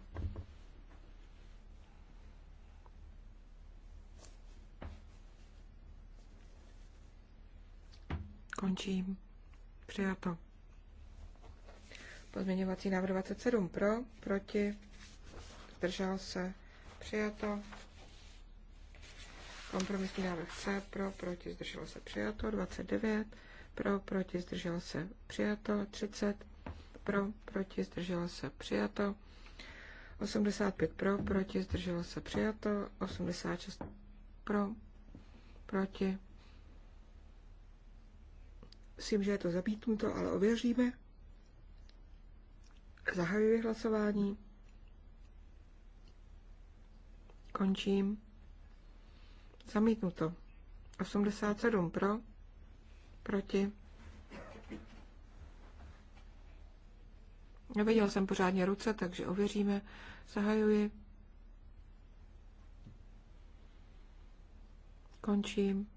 končím. Přijato. Pozměňovací návrh 27 pro, proti, zdržel se, přijato. Kompromisní návrh C pro, proti, zdrželo se, přijato. 29 pro, proti, zdrželo se, přijato. 30 pro, proti, zdrželo se, přijato. 85 pro, proti, zdrželo se přijato, 86 pro, proti, Myslím, že je to zamítnuto, ale ověříme. Zahajuji hlasování. Končím. Zamítnuto. 87 pro, proti. Neviděl jsem pořádně ruce, takže ověříme. Zahajuji. Končím.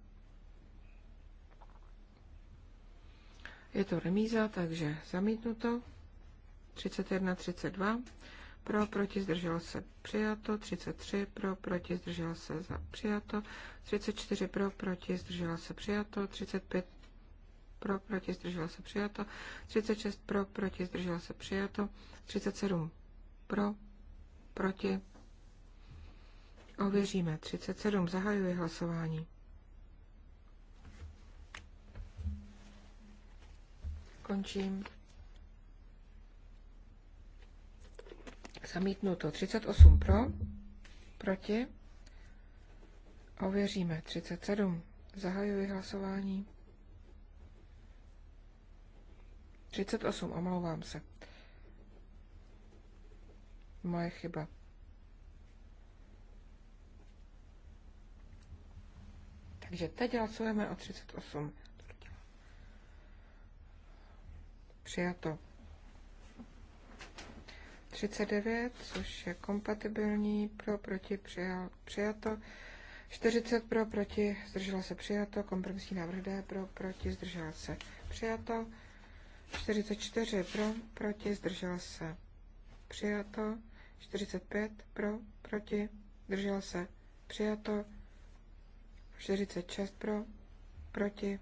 Je to remíza, takže zamítnuto. 31, 32. Pro, proti, zdrželo se přijato. 33, pro, proti, zdrželo se za přijato. 34, pro, proti, zdrželo se přijato. 35, pro, proti, zdrželo se přijato. 36, pro, proti, zdrželo se přijato. 37, pro, proti. Ověříme. 37, zahajuji hlasování. končím. Zamítnuto 38 pro, proti. Ověříme 37. Zahajuji hlasování. 38, omlouvám se. Moje chyba. Takže teď hlasujeme o 38. Přijato. 39, což je kompatibilní, pro, proti, přijal, přijato. 40 pro, proti, zdržela se přijato. Kompromisní návrh D pro, proti, zdržela se přijato. 44 pro, proti, zdržela se přijato. 45 pro, proti, zdržela se přijato. 46 pro, proti,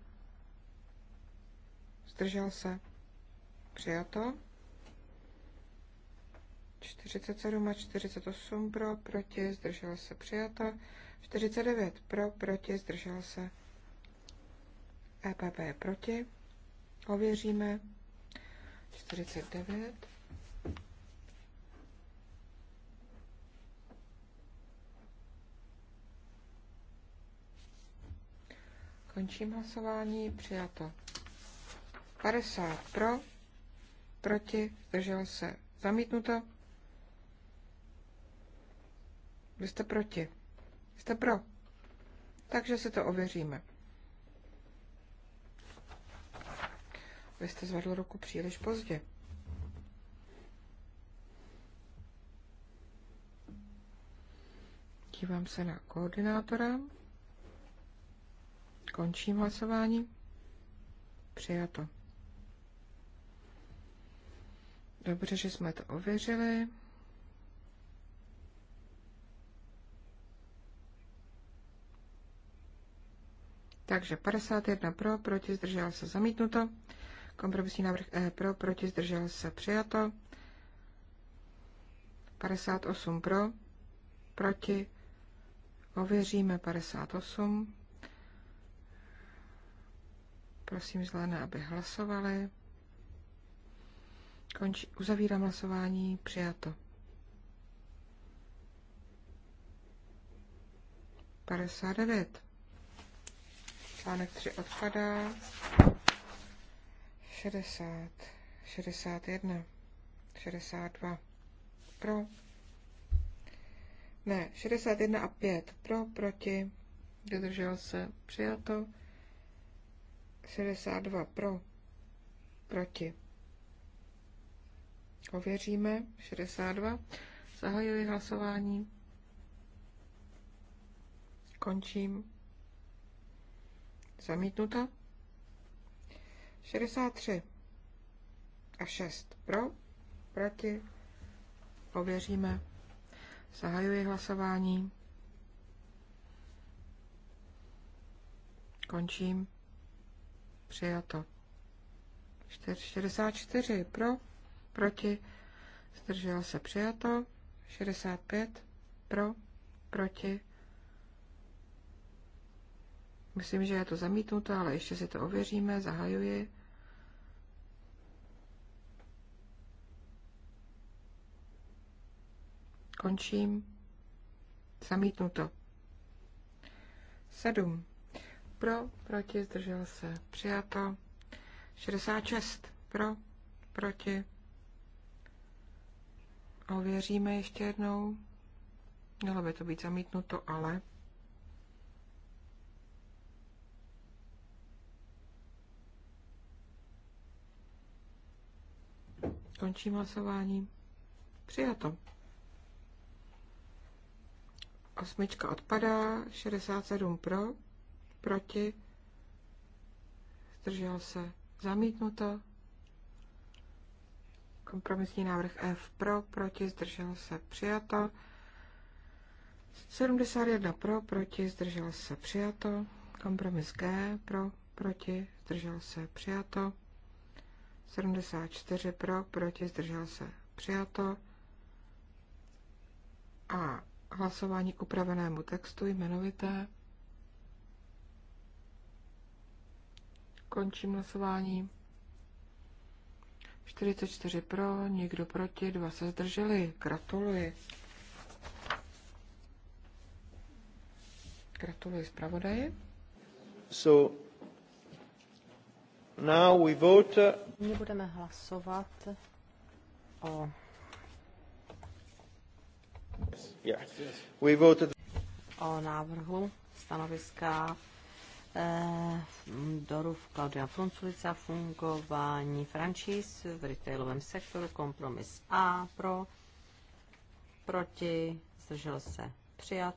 zdržel se. Přijato. 47 a 48 pro, proti, zdržel se. Přijato. 49 pro, proti, zdržel se. EPP je proti. Ověříme. 49. Končím hlasování. Přijato. 50 pro, proti, zdržel se, zamítnuto. Vy jste proti. Vy jste pro. Takže si to ověříme. Vy jste zvedl ruku příliš pozdě. Dívám se na koordinátora. Končím hlasování. Přijato. Dobře, že jsme to ověřili. Takže 51 pro, proti zdržel se zamítnuto. Kompromisní návrh E pro, proti zdržel se přijato. 58 pro, proti. Ověříme 58. Prosím zelené, aby hlasovali. Konč, uzavírám hlasování, přijato. 59. Článek 3 odpadá. 60, 61, 62. Pro. Ne, 61 a 5. Pro, proti. Dodržel se. Přijato. 62 pro. Proti. Ověříme. 62. Zahajuji hlasování. Končím. Zamítnuta. 63 a 6 pro, proti, ověříme. Zahajuji hlasování. Končím. Přijato. 64 pro, proti, zdržel se přijato, 65 pro, proti. Myslím, že je to zamítnuto, ale ještě si to ověříme, zahajuji. Končím. Zamítnuto. 7. Pro, proti, zdržel se, přijato. 66. Pro, proti, Ověříme ještě jednou. Mělo by to být zamítnuto, ale Končím hlasování. Přijato. Osmička odpadá, 67 pro, proti, zdržel se, zamítnuto. Kompromisní návrh F pro, proti, zdržel se, přijato. 71 pro, proti, zdržel se, přijato. Kompromis G pro, proti, zdržel se, přijato. 74 pro, proti, zdržel se, přijato. A hlasování k upravenému textu jmenovité. Končím hlasování. 44 pro, někdo proti, dva se zdrželi. Gratuluji. Gratuluji zpravodaji. So, now we vote. my budeme hlasovat o yeah. We voted. o návrhu stanoviska Eh, Dorův Klaudia Frunculica, fungování franšíz v retailovém sektoru, kompromis A pro, proti, zdržel se přijat.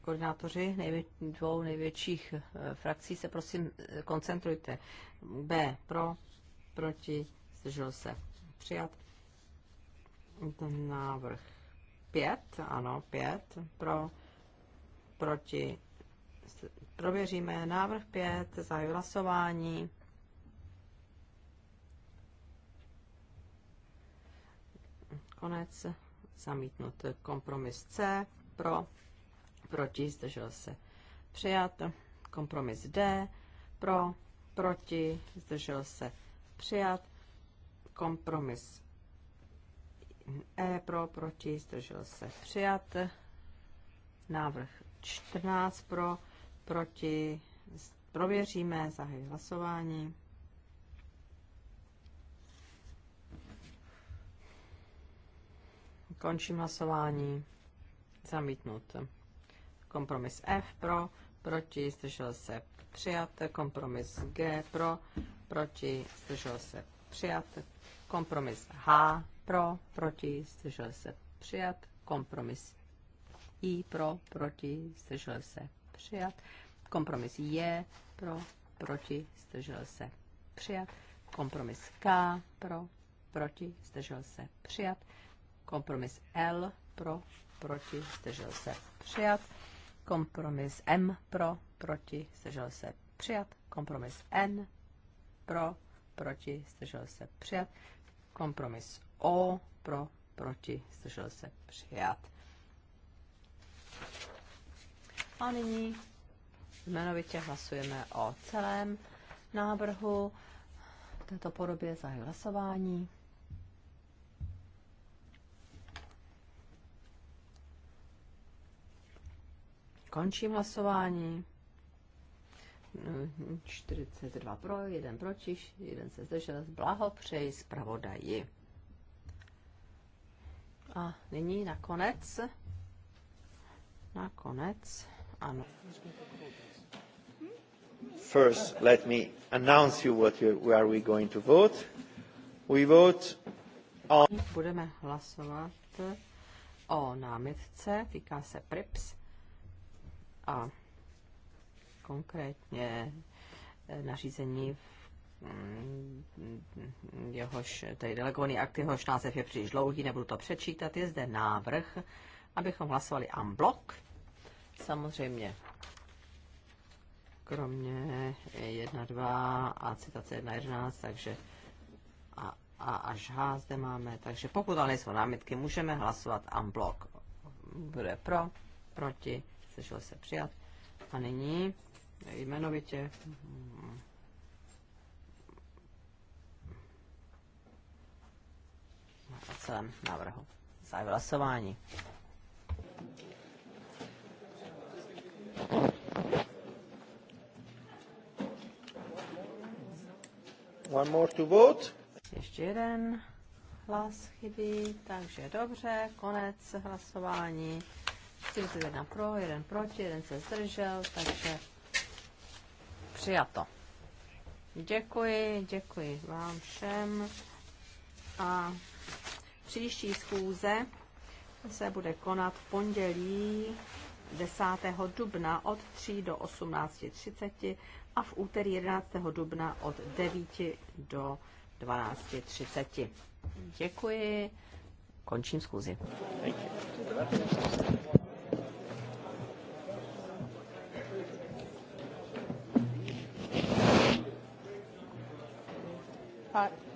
Koordinátoři nejvě, dvou největších eh, frakcí se prosím eh, koncentrujte. B pro, proti, zdržel se přijat. Ten návrh 5, ano, 5 pro, proti. Prověříme návrh 5, zahajuji hlasování. Konec, zamítnut kompromis C, pro, proti, zdržel se přijat, kompromis D, pro, proti, zdržel se přijat, kompromis E pro, proti, zdržel se přijat, návrh 14 pro, proti, prověříme, zahy hlasování. Končím hlasování. Zamítnut. Kompromis F pro, proti, zdržel se přijat. Kompromis G pro, proti, zdržel se přijat. Kompromis H pro, proti, zdržel se přijat. Kompromis i pro, proti, zdržel se, přijat. Kompromis je pro, proti, zdržel se, přijat. Kompromis K pro, proti, zdržel se, přijat. Kompromis L pro, proti, zdržel se, přijat. Kompromis M pro, proti, zdržel se, přijat. Kompromis N pro, proti, zdržel se, přijat. Kompromis O pro, proti, zdržel se, přijat. A nyní jmenovitě hlasujeme o celém návrhu v této podobě za hlasování. Končím hlasování. 42 pro, 1 proti, 1 se zdržel. Blahopřeji zpravodaji. A nyní nakonec, nakonec ano. First, let me announce you what you, where we going to vote. We vote on... Budeme hlasovat o námitce, týká se PRIPS a konkrétně eh, nařízení mm, jehož, tedy delegovaný akt, jehož název je příliš dlouhý, nebudu to přečítat, je zde návrh, abychom hlasovali en bloc Samozřejmě. Kromě dva a citace jedenáct, takže a, a až H zde máme. Takže pokud ale nejsou námitky, můžeme hlasovat unblock. Bude pro, proti, sešlo se přijat. A nyní jmenovitě o celém návrhu. Zahajuji hlasování. One more to vote. Ještě jeden hlas chybí, takže dobře, konec hlasování. 41 pro, jeden proti, jeden se zdržel, takže přijato. Děkuji, děkuji vám všem. A příští schůze se bude konat v pondělí 10. dubna od 3 do 18.30 a v úterý 11. dubna od 9 do 12.30. Děkuji. Končím schůzi. Thank you.